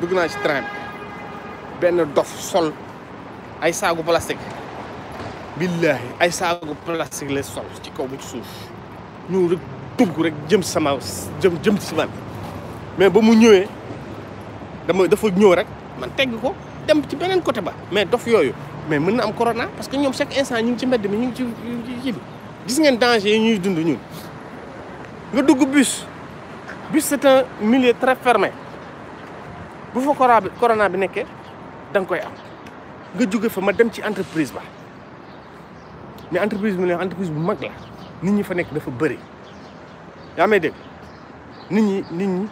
dugg naa ci train benn dof sol ay saagu plastique billahi ay saagu plastique les sol ci kaw ba ci suuf ñu rek dugg rek jëm sama jëm jëm ci man mais ba mu ñëwee dama dafa ñëw rek man tegg ko dem ci beneen côté ba mais dof yooyu mais mën na am corona parce que ñoom chaque instant ñu ngi ci mbedd mi ñu ngi ci kii bi gis ngeen danger yi ñuy dund ñun nga dugg bus bus c'est un milieu très fermé bu fa corona bi corona bi nekkee danga koy am nga jóge fa ma dem ci entreprise ba mais entreprise bi entreprise bu mag la nit ñi fa nekk dafa bëri yaa may dégg nit ñi nit ñi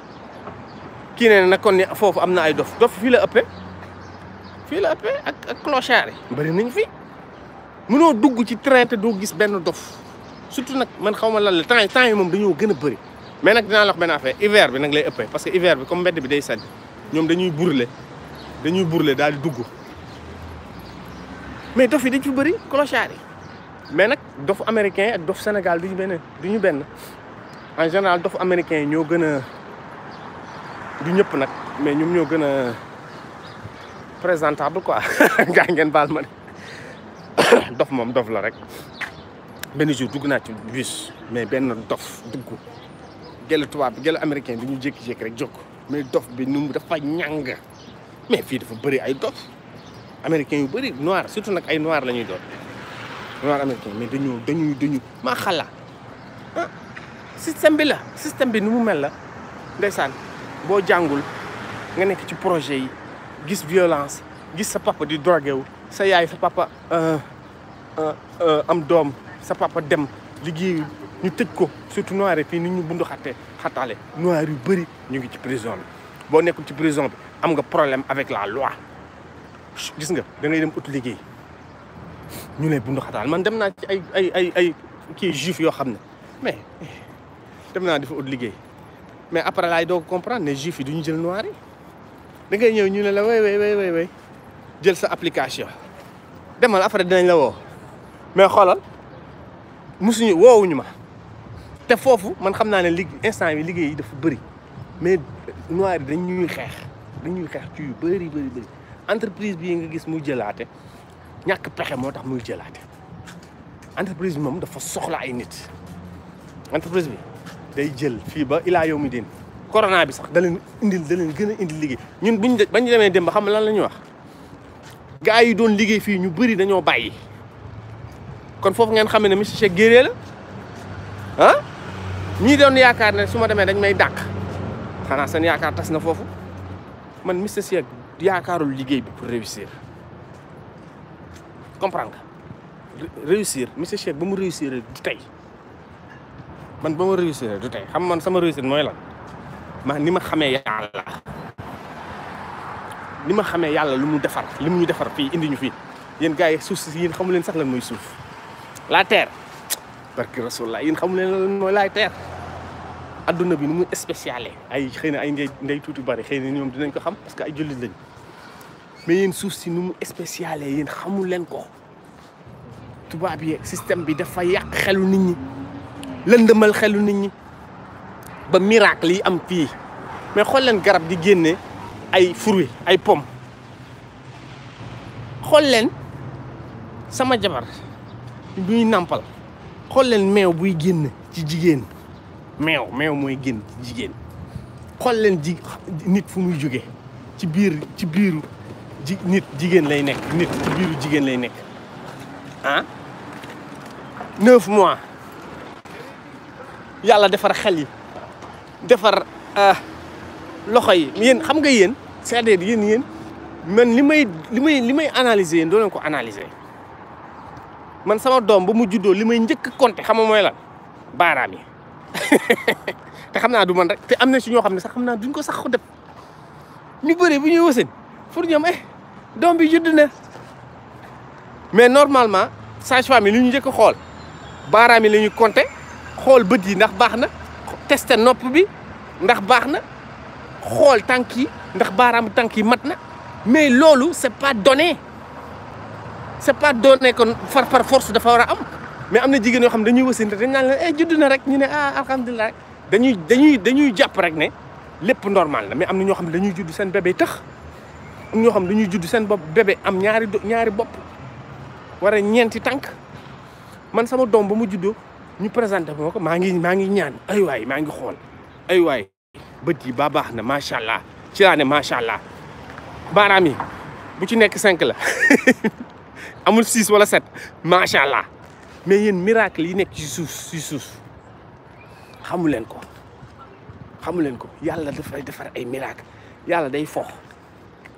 kii nee na kon ni foofu am na ay dof dof fii la ëppee fii la ëppee ak ak clochard yi bëri nañ fi mënoo dugg ci train doo gis benn dof surtout nag man xaw ma lan la temps yi moom dañoo gën a bëri mais nag dinaa la wax benn affaire hiver bi nag lay ëppee parce hiver bi comme mbedd bi day sedd ñom dañuy burle dañuy dal di dugg mais dof yi dañ fi bari clochard mais nak dof américain ak dof Sénégal Ils ben en général dof américain ño sont du ñëpp mais ñom ño sont présentable quoi gaa ngeen bal ma dof mom dof la rek jour dugg ci bus mais ben dof dugg sont bi américain bi ñu jek rek jokk mais dof bi nu dafa ñàng mais fi dafa bëri ay dof américain yu bëri noir surtout nak ay noir lañuy ñuy noir américain mais dañu dañu dañu ma xala ah, système bi la système bi nu mu mel la ndaysan bo jangul nga nekk ci projet yi gis violence gis sa papa di drogué wu sa yaay sa papa euh euh, euh am doom sa papa dem liggéey nous sommes ko surtout noir yi fii ni ñu xattee xattaale noir yu bëri ñu ngi ci prison bi boo ci prison bi am problème avec la loi gis nga da ngay dem ut liggéey ñu man mais dem naa ut mais après laay doo comprendre ne juif yi jël noir da ngay ñëw ñu ne way way way way jël sa application demal après mais te foofu man xam naa ne lig instant bi liggéey yi dafa bëri mais noir yi dañ ñuy xeex dañuy xeex ci yu bëri bëri bëri entreprise bi nga gis muy jëlaate ñàkk pexe moo tax muy jëlaate entreprise bi moom dafa soxla ay nit entreprise bi day jël fii ba ilaa yow mi din corona bi sax da leen indil da leen gën a indil liggéey ñun ñu buñ bañ demee dem ba xam lan la ñuy wax gars yi doon liggéey fii ñu bëri dañoo bàyyi kon foofu ngeen xam ne monsieur Cheikh Guéré la ah ñii doon yaakaar ne su ma demee dañ may dàq xanaa seen yaakaar tas na foofu man Mister Shake yaakaarul liggéey bi pour réussir comprendre nga réussir Mister Shake ba mu réussir du tey man ba ma réussir du tey xam man sama réussir mooy lan ma ni ma xamee yàlla ni ma xamee yàlla lu mu defar li mu ñu defar fii indi ñu fii yéen gars yi suuf si yéen xamu leen sax lan mooy suuf la terre barki rasulullah yéen xamu leen lan mooy laay teer adduna bi ni muy spéciale ay xëy na ay ndey ndey tuuti bari xëy na ñoom dinañ ko xam parce que ay jullit lañ mais yéen suuf si nu mu spéciale yi xamu leen ko tubaab yeeg système bi dafa yàq xelu nit ñi lëndëmal xelu nit ñi ba miracle yi am fii mais xool leen garab di génne ay fruits ay pomme xool leen sama jabar bi ñuy nàmpal xool leen meew buy génn ci jigéen meew meew mooy génn ci jigéen xool leen ji nit fu muy jóge ci biir ci biiru ji nit jigéen lay nekk nit ci biiru jigéen lay nekk ah neuf mois yàlla defar xel yi defar ah, loxo yi yéen xam nga yéen c'est-à-dire yéen yéen man li may li may li may analyser yéen ko analyser man sama dom bu mu juddoo limay may konté compté xam nga mooy lan baaraam yi té xamna du man rek té amna na si ñoo sax xamna duñ ko sax def ñu bëré bu ñuy wasin fur ñoom eh dom bi judd na mais normalement sage-femme yi li ñu njëkk xol baram yi la ñuy compté xool bët yi ndax baxna testé nopp bi ndax baxna xol tanki ndax baram tanki yi mat na mais lolu c'est pas donné c'est pas donné kon far par force dafa wara am mais amna jigen yo xam dañuy wasin dañ naan eh judd na rek ñu né ah alhamdullah dañuy dañuy dañuy japp rek né lepp normal la mais amna ño xam dañuy judd sen bébé tax am ño xam dañuy judd sen bop bébé am ñaari ñaari bop wara ñenti tank man sama dom bu mu juddoo ñu présenté bako ma ngi ma ngi ñaan ay way ma ngi xol ay way beut yi ba bax na machallah ci la né machallah barami bu ci nek 5 la amul six wala sept macha allah mais yéen miracle yi nekk ci suuf ci suuf xamu leen ko xamu leen ko yàlla dafay defar ay miracle yàlla day foo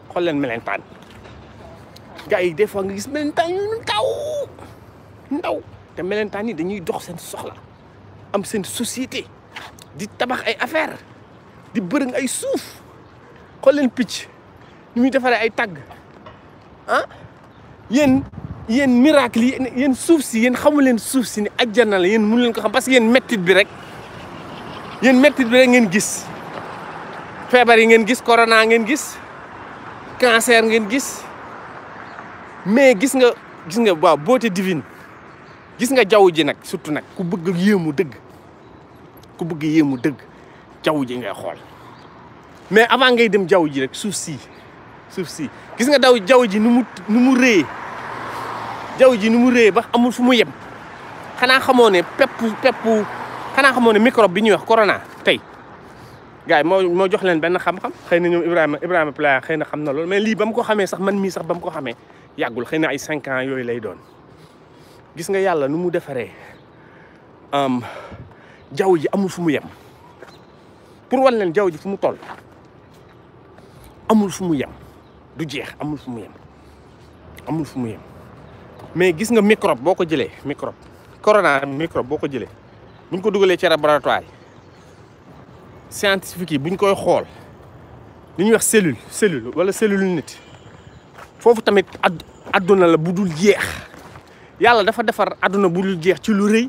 xool leen melentaan gars yi des fois nga gis melentaan yu ndaw ndaw te melentaan yi dañuy dox seen soxla am seen société di tabax ay affaire di bërëng ay suuf xool leen picc ñu muy defaree ay tàgg ah? yéen yéen miracle yi yéen suuf si yéen xamu leen suuf si ni ajjana la yéen mënu leen ko xam parce que yéen mettit bi rek yéen mettit bi rek ngeen gis feebar yi ngeen gis corona ngeen gis cancer ngeen gis mais gis nga gis nga waaw beauté divine gis nga jaww ji nag surtout nag ku bëgg yéemu dëgg ku bëgg yéemu dëgg jaww ji ngay xool mais avant ngay dem jaww ji rek suuf si suuf si gis nga daw jaww ji nu mu nu mu rëyee jaww ji nu mu rëyee ba amul fu mu yem xanaa xamoo ne pepp pepp xanaa xamoo ne microbe bi ñuy wax corona tey gars yi moo moo jox leen benn xam-xam xëy na ñoom Ibrahima Ibrahima Playa xëy na xam na lool mais lii ba mu ko xamee sax man mii sax ba mu ko xamee yàggul xëy na ay cinq ans yooyu lay doon gis nga yàlla nu mu defaree jaww ji amul fu mu yem pour wan leen jaww ji fu mu toll amul fu mu yem du jeex amul fu mu yem amul fu mu yem mais gis nga microbe boko jelle microbe corona microbe boko ko buñ ko dugalee ci laboratoire scientifique yi buñ koy xol li wax cellule cellule wala cellule nit fofu tamit ad la budul ya jeex yalla dafa defar aduna budul jeex ci lu reuy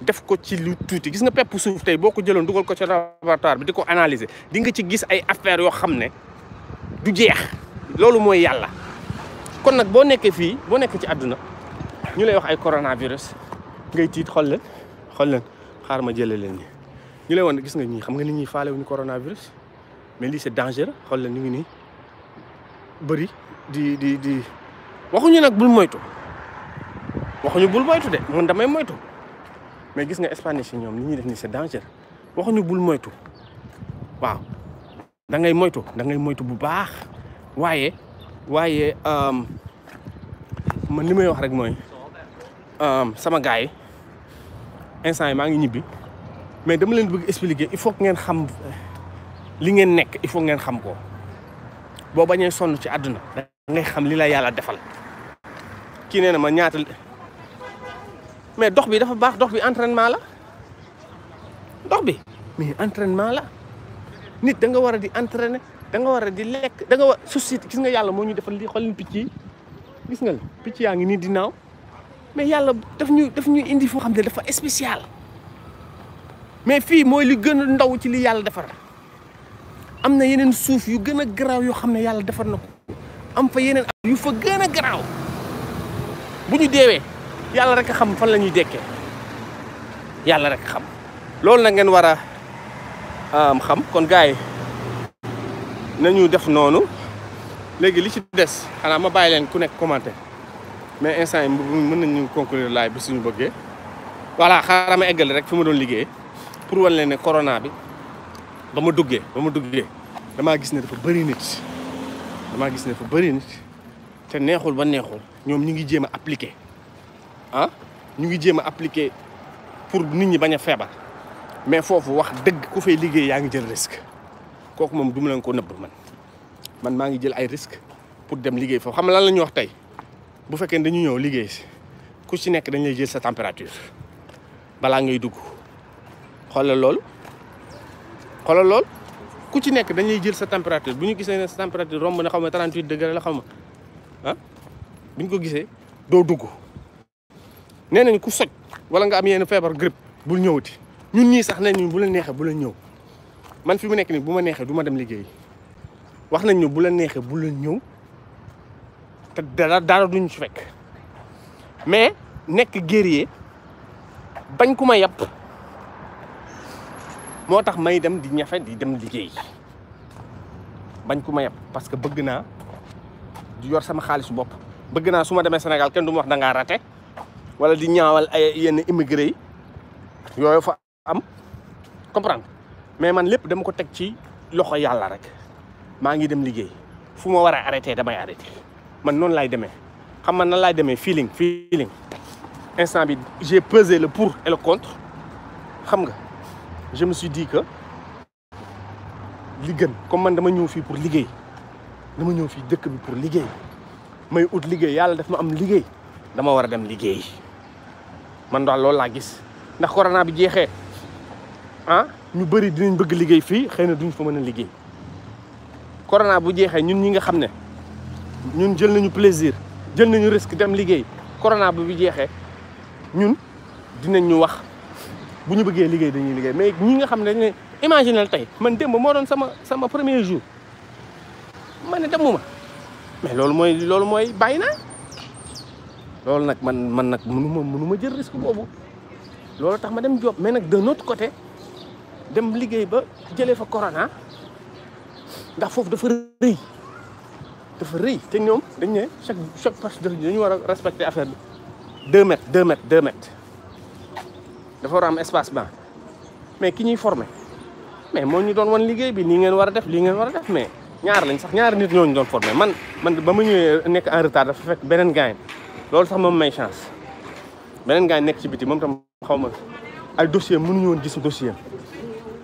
def ko ci lu tuti gis nga pep souf tay boko ko jëloon dugal ko ci laboratoire bi diko analyser di nga ci gis ay affaire yo xamne du jeex loolu mooy yàlla kon nag boo nekkee fii boo nekkee ci àdduna ñu lay wax ay coronavirus ngay tiit xool leen xool leen xaar ma jële leen ñi ñu lay woon gis nga ñii xam nga nit ñi faale wuñu coronavirus mais lii c'est dangereux xool leen ñu ngi nii bëri di di di waxuñu nag bul moytu waxuñu bul moytu de mun damay moytu mais gis nga espagnol si ñoom li ñuy def nii c'est dangereux waxuñu bul moytu waaw da ngay moytu da ngay moytu bu baax. waaye waaye um, man li may wax rek mooy um, sama gars yi instant yi maa ngi ñibbi mais dama leen bëgg expliquer il faut ngeen xam li ngeen nekk il faut ngeen xam ko boo bañee sonn ci àdduna da ngay xam li la yàlla defal ki nee na ma ñaata mais dox bi dafa baax dox bi entrainement la dox bi mais entraînement la nit da nga war a di entraîner danga war a di lekk danga nga war suuf si gis nga yàlla moo ñu defal li xool picc yi gis nga la picc yaa ngi nii di naaw mais yàlla daf ñu daf ñu indi foo xam ne dafa spécial mais fii mooy li gën a ndaw ci li yàlla defar am na yeneen suuf yu gën a garaaw yoo xam ne yàlla defar na ko am fa yeneen yu fa gën a garaaw bu ñu deewee yàlla rek a xam fan la ñuy dekkee yàlla rek xam loolu na ngeen war a xam kon gars yi nañu def noonu légui li ci dess xanaa ma bàyyi leen ku nek commenter mais instant yi mën nañu conclure live bi suñu bëggé voilà xaaral égal rek fuma doon liggé pour wan leen corona bi ba ma duggee ba ma duggee damaa gis né dafa bari nit dama gis né dafa bari nit té neexul ba neexul ñom ñi ngi jéma appliquer ah ñu ngi jéma appliquer pour nit ñi baña a mais fofu wax dëgg ku fay liggé yaa ngi jël risque. koku mom duma leen ko neub man man ma ngi jël ay risque pour dem liggéey fo xam lan lañ wax tay bu fekké dañu ñëw liggéey si ku ci nekk dañ lay jël sa température bala ngay dugg xolal loolu xolal loolu ku ci nekk dañ lay jël sa température buñu gisé gisee sa température romb na xawma 38 degré la xawma ma ah, buñ ko gisé do dugg nenañ ku soj wala nga am yenn fièvre grippe bu ñëwati ñun ñii sax nañ ñu bu la nexé bu la ñëw man fi mu nek ni buma nexé duma dem liggéey wax nañ ñu bu la nexé bu la ñew té dara dara duñ ci fekk mais nek guerrier bañ ku ma yàpp may dem di ñafé di dem liggéey bañ ku ma yàpp parce que bëgg na di yor sama xaalisu bop bëgg na suma démé Sénégal kenn duma wax da nga raté wala di ñaawal ay yenn immigré yi fa am comprendre mais man lépp dama ko teg ci loxo yàlla rek maa ngi dem liggéey fu ma war a arrêté damay arrêté man noonu laay demee xam man na laay demee feeling feeling instant bi j'ai pesé la pour et le contre xam nga je me suis dit que li gën comme man dama ñëw fii pour liggéey dama ñëw fii dëkk bi pour liggéey may ut liggéey yàlla daf ma am liggéey dama war a dem liggéey man daal loolu laa gis ndax corona bi jeexee ah? ñu bëri dinañ bëgg liggéey fii xëy na duñ fa mën a liggéey corona bu jeexee ñun ñi nga xam ne ñun jël nañu plaisir jël nañu risque dem liggéey corona bu bi jeexee ñun dinañ ñu wax bu ñu bëggee liggéey dañuy liggéey mais ñi nga xam ne dañ ne imaginel tey man démb moo doon sama sama premier jour ma ne ma mais loolu mooy loolu mooy bàyyi naa loolu nag man man nag mënuma mënuma jël risque boobu loolu tax ma dem job mais nag d'un autre côté dem liggéey ba jëlee fa corona ndax fofu dafa reuy dafa reuy te ñom dañ ne chaque chaque pas de ñu wara respecter affaire bi 2 mètres 2 mètres 2 mètres dafa wara am espace ba mais ki ñuy former mais mo ñu doon won liggéey bi ni ngeen wara def li ngeen wara def mais ñaar lañ sax ñaar nit ñoo ñu doon former man man ba ma ñëwee nekk en retard dafa fekk benen gaay loolu sax mom may chance benen gaay nekk ci biti mom tam xawma ay dossier mënu ñu won gis dossier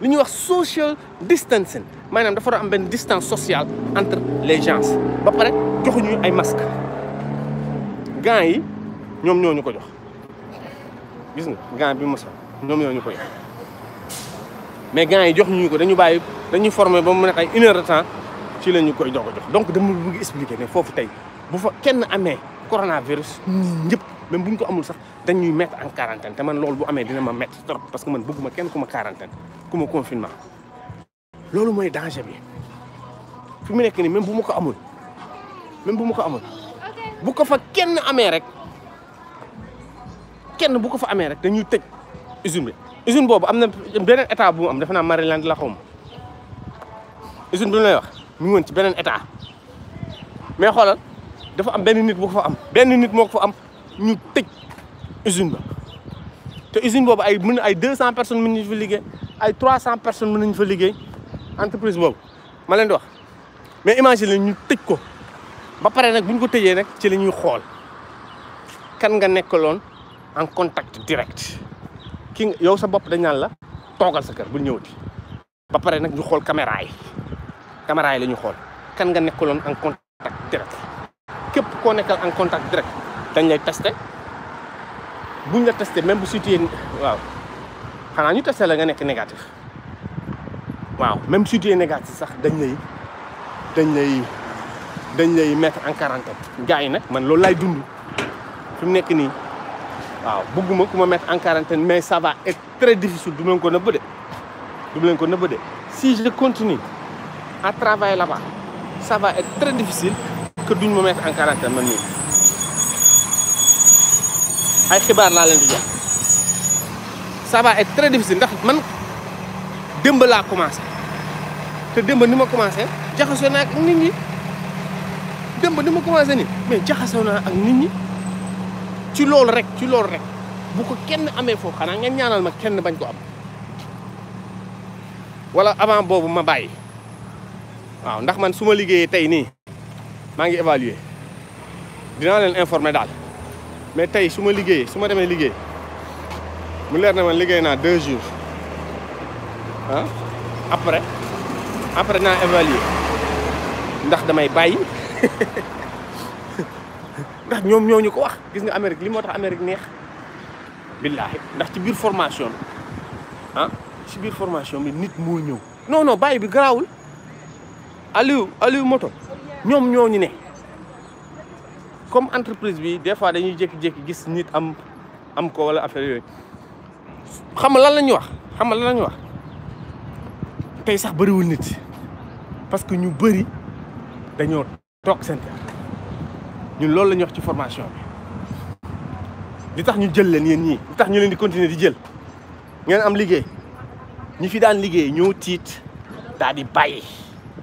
li ñuy wax social distancing maanaam dafa war am benn distance sociale entre les gens ba pare joxuñu ay masque gants yi ñoom ñoo ñu ko jox gis nga gants bi mu sol ñoom ñoo ñu ko jox mais gants yi jox ñu ko dañu bàyyi dañuy former ba mu nekk ay une heure de temps ci la ñu koy jox ko jox donc dama bëgg expliquer ne foofu tey bu fa kenn amee. coronavirus ñun ñëpp même bu ñu ko amul sax dañuy mettre en quarantaine te man loolu bu amee dina ma mettre trop parce que man bëgguma kenn ku ma quarantaine ku ma confinement loolu mooy danger bi fi mu nekk nii même bu ma ko amul même bu ma ko amul bu ko fa kenn amee rek kenn bu ko fa amee rek dañuy tëj usine bi usine boobu am na beneen état bu mu am defe naa Maryland la xaw ma usine bi lay wax mu ngi woon ci beneen état mais xoolal dafa am benn nit bu ko fa am benn nit moo ko fa am ñu tëj usine ba te usine boobu ay mën ay deux cent personnes mën nañu fa liggéey ay trois cent personnes mën nañu fa liggéey entreprise boobu ma leen wax mais imagine ñu tëj ko ba pare nag bu ñu ko tëjee nag ci la ñuy xool kan nga nekkaloon en contact direct ki yow sa bopp dañ naan la toogal sa kër bul ñëwati ba pare nag ñu xool caméra yi caméra yi la xool kan nga nekkaloon en contact direct képp koo nekkal en contact direct dañ lay testé buñ la testé même bu situé waaw xanaa ñu testé la nga nekk négatif waaw même situé négatif sax dañ lay dañ lay dañ lay mettre en quarantaine gars yi nag man loolu lay dund fi mu nekk nii waaw bugguma ku ma mettre en quarantaine mais sava va très difficile du ma leen ko nëbb de du ma leen ko nëbb de si je continue à travailler là-bas ça va très difficile que duñ ma mettre en quarantaine man nii ay xibaar naa leen di jox ça va très difficile ndax man démb laa commencé te démb ni ma commencé jaxasoo naa ak nit ñi démb ni ma commencé nii mais jaxasoo naa ak nit ñi ci loolu rek ci loolu rek bu ko kenn amee foofu xanaa ngeen ñaanal ma kenn bañ ko am wala avant boobu ma bàyyi waaw ndax man su ma liggéeyee tey nii maa ngi évaluer dinaa leen informer daal mais tey su ma liggéeyee su ma demee liggéey mu leer ne man liggéey naa deux jours ah après après naa évaluer ndax damay bàyyi ndax ñoom ñoo ñu ko wax gis nga Amérique li moo tax Amérique neex billaahi ndax ci biir formation bi ah ci biir formation bi nit moo ñëw non non bàyyi bi garaawul Aliou Aliou moto ñom ñoo ñu ne comme entreprise bi des fois dañuy jékki-jékki gis nit am am ko wala affaire nous xam lan wax xam lan nit parce que ñu bëri dañoo toog seen ñun loolu wax ci formation bi li tax ñu jël leen yéen ñii li tax ñu leen di continuer di jël ngeen am liggéey ñi fi daan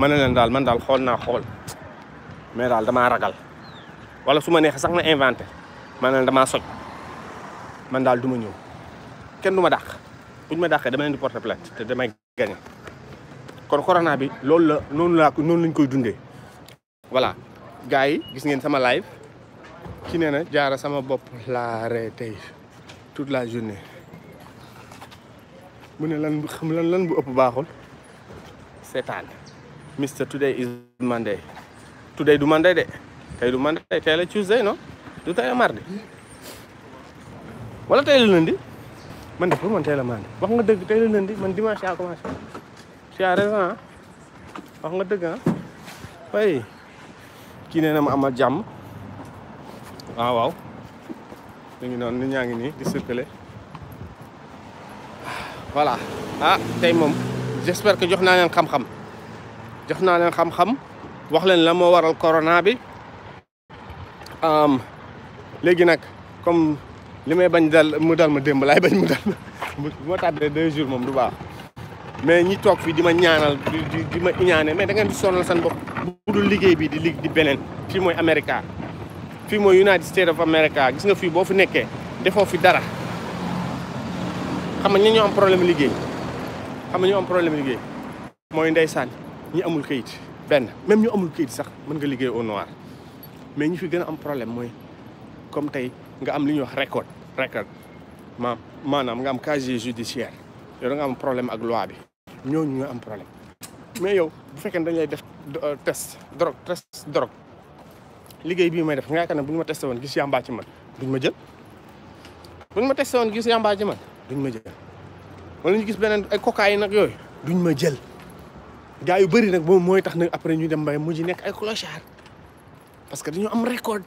man ne leen daal man daal xool naa xool mais daal dama ragal wala su ma neexee sax na inventé ma na leen damaa soj man daal du ma ñëw kenn du ma dàq bu ñu ma dàqee dama leen di porter te damay gagné kon corona bi loolu la noonu laa noonu lañ koy dundee voilà gars yi gis ngeen sama live ki nee na jaara sama bopp laa ree tey toute la journée mu ne lan xam lan lan bu ëpp baaxul setaan Mister today is Monday today du Monday de tey du Monday tey Tuesday non du tey la mardi wala tey la lundi man de pour man tey wax nga dëgg tey la lundi man dimanche a commencé tu as raison wax nga dëgg ah way kii nee na ma amal jàmm waaw ah, waaw ñu noonu nit ñaa ngi nii di circuler voilà ah tey moom j'espère que jox naa leen xam-xam jox naa leen xam-xam wax leen la moo waral corona bi léegi nag comme li may bañ dal mu dal ma démb laay bañ mu dal bu ma tardé deux jours moom du baax mais ñi toog fii di ma ñaanal di ma iñaane mais da ngeen di sonal seen bopp bu dul liggéey bi di lig di beneen fii mooy America fii mooy United States of America gis nga fii boo fi nekkee defoo fi dara xam nga ñi ñoo am problème liggéey xam nga ñoo am problème liggéey mooy ndeysaan ñi amul kayit ben. même ñu amul kayit sax mën nga liggéey au noir mais ñi fi gëna am problème moy comme tay nga am li ñu wax record record ma manam nga am casier judiciaire yow nga am problème ak loi bi ñoo ñu am problème mais yow bu fekkene dañ lay def euh, test drog test drog liggéey bi may def nga kan ne ma testé won gis yamba ci man duñ ma jël bu ma testé won gis yamba ci man duñ ma jël wala ñu gis benen ay cocaïne ak yoy duñ ma jël gaa yu bari nag moom mooy tax nag après ñu dem bay mujj nekk ay clochard parce que dañu am record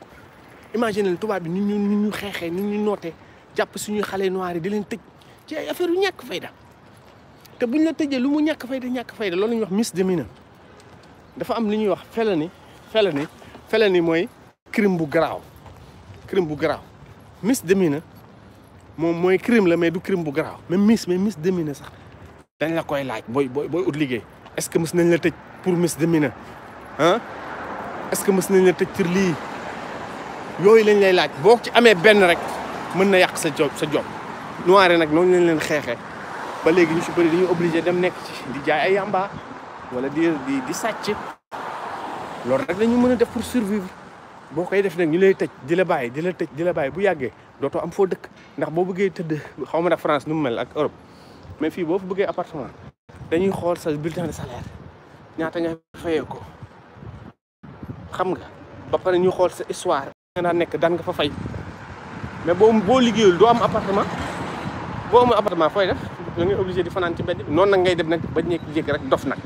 imagine tubaab bi ñu ni ñu xeexee ni ñu nootee jàpp suñuy xale noir yi di leen tëj ci ay affaire yu ñàkk fayda te buñ la tëjee lu mu ñàkk fayda ñàkk fayda loolu la ñuy wax demina dafa am li ñuy wax felony felony felony mooy crime bu garaaw crime bu garaaw misdemeanor moom mooy crime la mais du crime bu garaaw même mis mais misdemeanor sax dañ la koy laaj booy booy booy ut liggéey est-ce que mës nañ la tëj pour misdemeanor ah est-ce que mës nañ la tëj ci lii yooyu lañ lay laaj boo ci amee benn rek mën na yàq sa job sa job noire nag noonu lañ leen xeexee ba léegi ñu si bëri dañuy obligé dem nekk ci di jaay ay yamba wala di di di sàcc loolu rek lañu mën a def pour survivre boo koy def nag ñu lay tëj di la bàyyi di la tëj di la bàyyi bu yàggee dootoo am foo dëkk ndax boo bëggee tëdd xaw ma nag France nu mu mel ak Europe mais fii boo fa bëggee appartement dañuy xool sa bulletin de salaire ñaata nga fayee ko xam nga ba pare ñu xool sa histoire nga daan nekk daan nga fa fay mais boo boo liggéeyul doo am appartement boo amul appartement fooy def da ngay obligé di fanaan ci mbedd bi noonu nag ngay dem nag ba ñekk jékk rek dof nag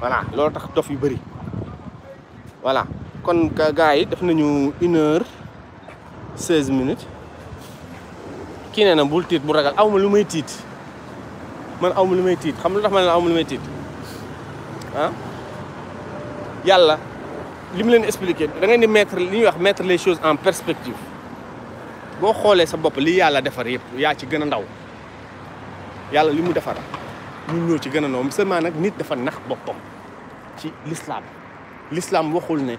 voilà loolu tax dof yu bëri voilà kon gars yi def nañu une heure seize minutes kii nee na bul tiit bu ragal awma lu may tiit man aw ma lu may tiit xam lu tax ma ne aw ma lu may tiit ah? yàlla li mu leen expliqué da ngeen di mettre li ñu wax mettre les choses en perspective boo xoolee sa boppa li yàlla defar yëpp yaa ci gën a ndaw yàlla li mu defar ñun ñoo ci gën a ndaw seulement nag nit dafa nax boppam ci lislaam lislaam waxul ne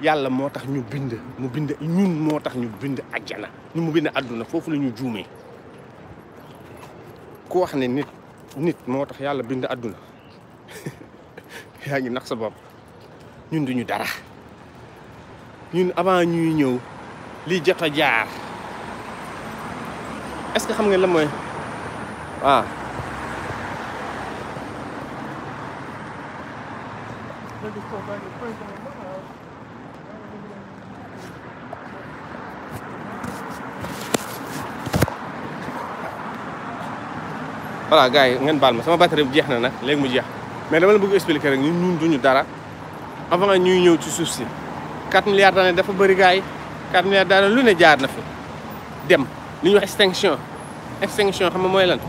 yàlla moo tax ñu bind mu bind ñun moo tax ñu bind ajjana ñu mu bind àdduna foofu la juume ku wax ne nit nit moo tax yàlla bind àdduna yaa ngi nax sa bopp ñun duñu dara ñun avant ñuy ñëw li jot a jaar est-ce que xam nga la mooy waaw ah. voilà gars yi ngeen baal ma sama batterie bi jeex na nag léegi mu jeex mais dama la bëgg expliquer rek ñun ñun duñu dara avant ñuy ñëw ci suuf si 4 milliards d'années dafa bëri gars yi 4 milliards d'années lu ne jaar na fi dem li ñuy wax extinction extinction xam nga mooy lan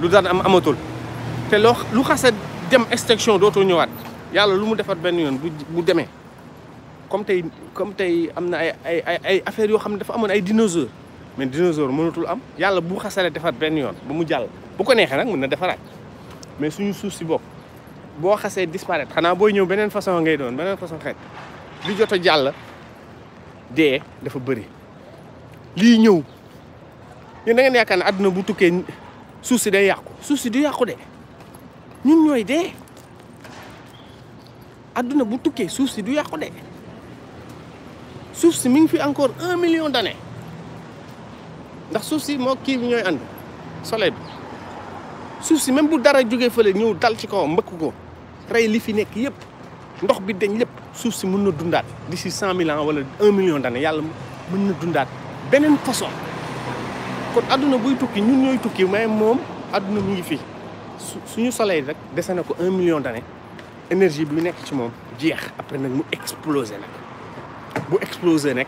lu daan am amatul te loo lu xase dem extinction dootoo ñëwaat yàlla lu mu defar benn yoon bu bu demee comme tey comme tey am na ay ay ay affaires yoo xam ne dafa amoon ay dinosaures mais dinosaures mënatul am yàlla bu xasale defar benn yoon ba mu jàll bu ko neexee nag mën na defaraat mais suñu suuf si bopp boo xasee disparaître xanaa booy ñëw beneen façon ngay doon beneen façon xeet li jot a jàll dee dafa bëri lii ñëw yéen da ngeen yaakaar ne àdduna bu tukkee suuf si day yàqu suuf si du yàqu de ñun ñooy dee àdduna bu tukkee suuf si du yàqu de suuf si mi ngi fi encore un million d'années ndax suuf si moo kii bi ñooy ànd soleil bi souci même bu dara jógee feulé ñëw dal ci kaw mbëkk ko rey li fi nek yépp ndox bi deñ lépp suuf si mën na dundaat d'ici 100 000 ans wala 1 million d'années yalla mëna dundat benen façon kon aduna buy tukki ñun ñoy tukki mais mom aduna mu ngi fi suñu soleil rek dese na ko un million d'années énergie bi nek ci mom jeex après nak mu exploser nak bu exploser nek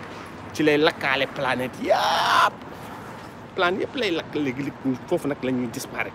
ci lay lakkaale planète yëpp planète yépp lay lakk léegi fofu nak lañuy disparaître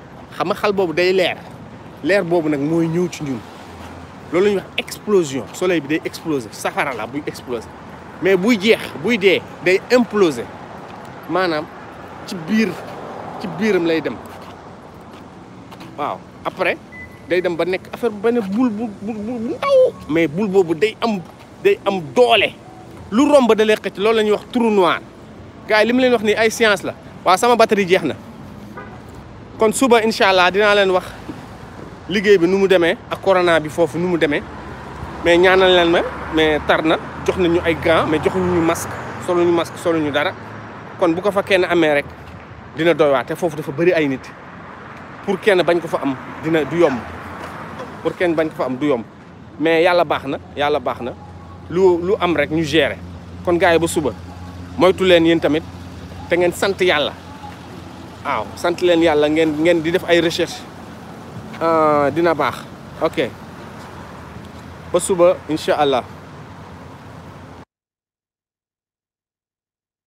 xam nga xal boobu day leer leer boobu nag mooy ñëw ci ñun loolu la wax explosion soleil bi day exploser safara la buy exploser mais buy jeex buy dee day imploser maanaam ci biir ci biiram lay dem waaw après day dem ba nekk affaire ba ne bul bu bu ndaw mais bul boobu day am day am doole lu romb da xëcc loolu la ñuy wax trou noir gars yi li mu leen wax nii ay science la waa sama batterie jeex na kon suba incha allah dinaa leen wax liggéey bi nu mu demee ak corona bi foofu nu mu demee mais ñaanal leen ma mais tar na jox nañu ay gants mais joxuñu ñu masque soluñu masque soluñu dara kon bu ko fa kenn amee rek dina doy waate foofu dafa bëri ay nit pour kenn bañ ko fa am dina du yomb pour kenn bañ ko fa am du yomb mais yàlla baax na yàlla baax na lu lu am rek ñu gérer kon gars ba suba moytu leen yéen tamit te ngeen sant yàlla. aw sant len yalla ngeen ngeen di def ay recherche ah, dina bax ok ba suba inshallah allah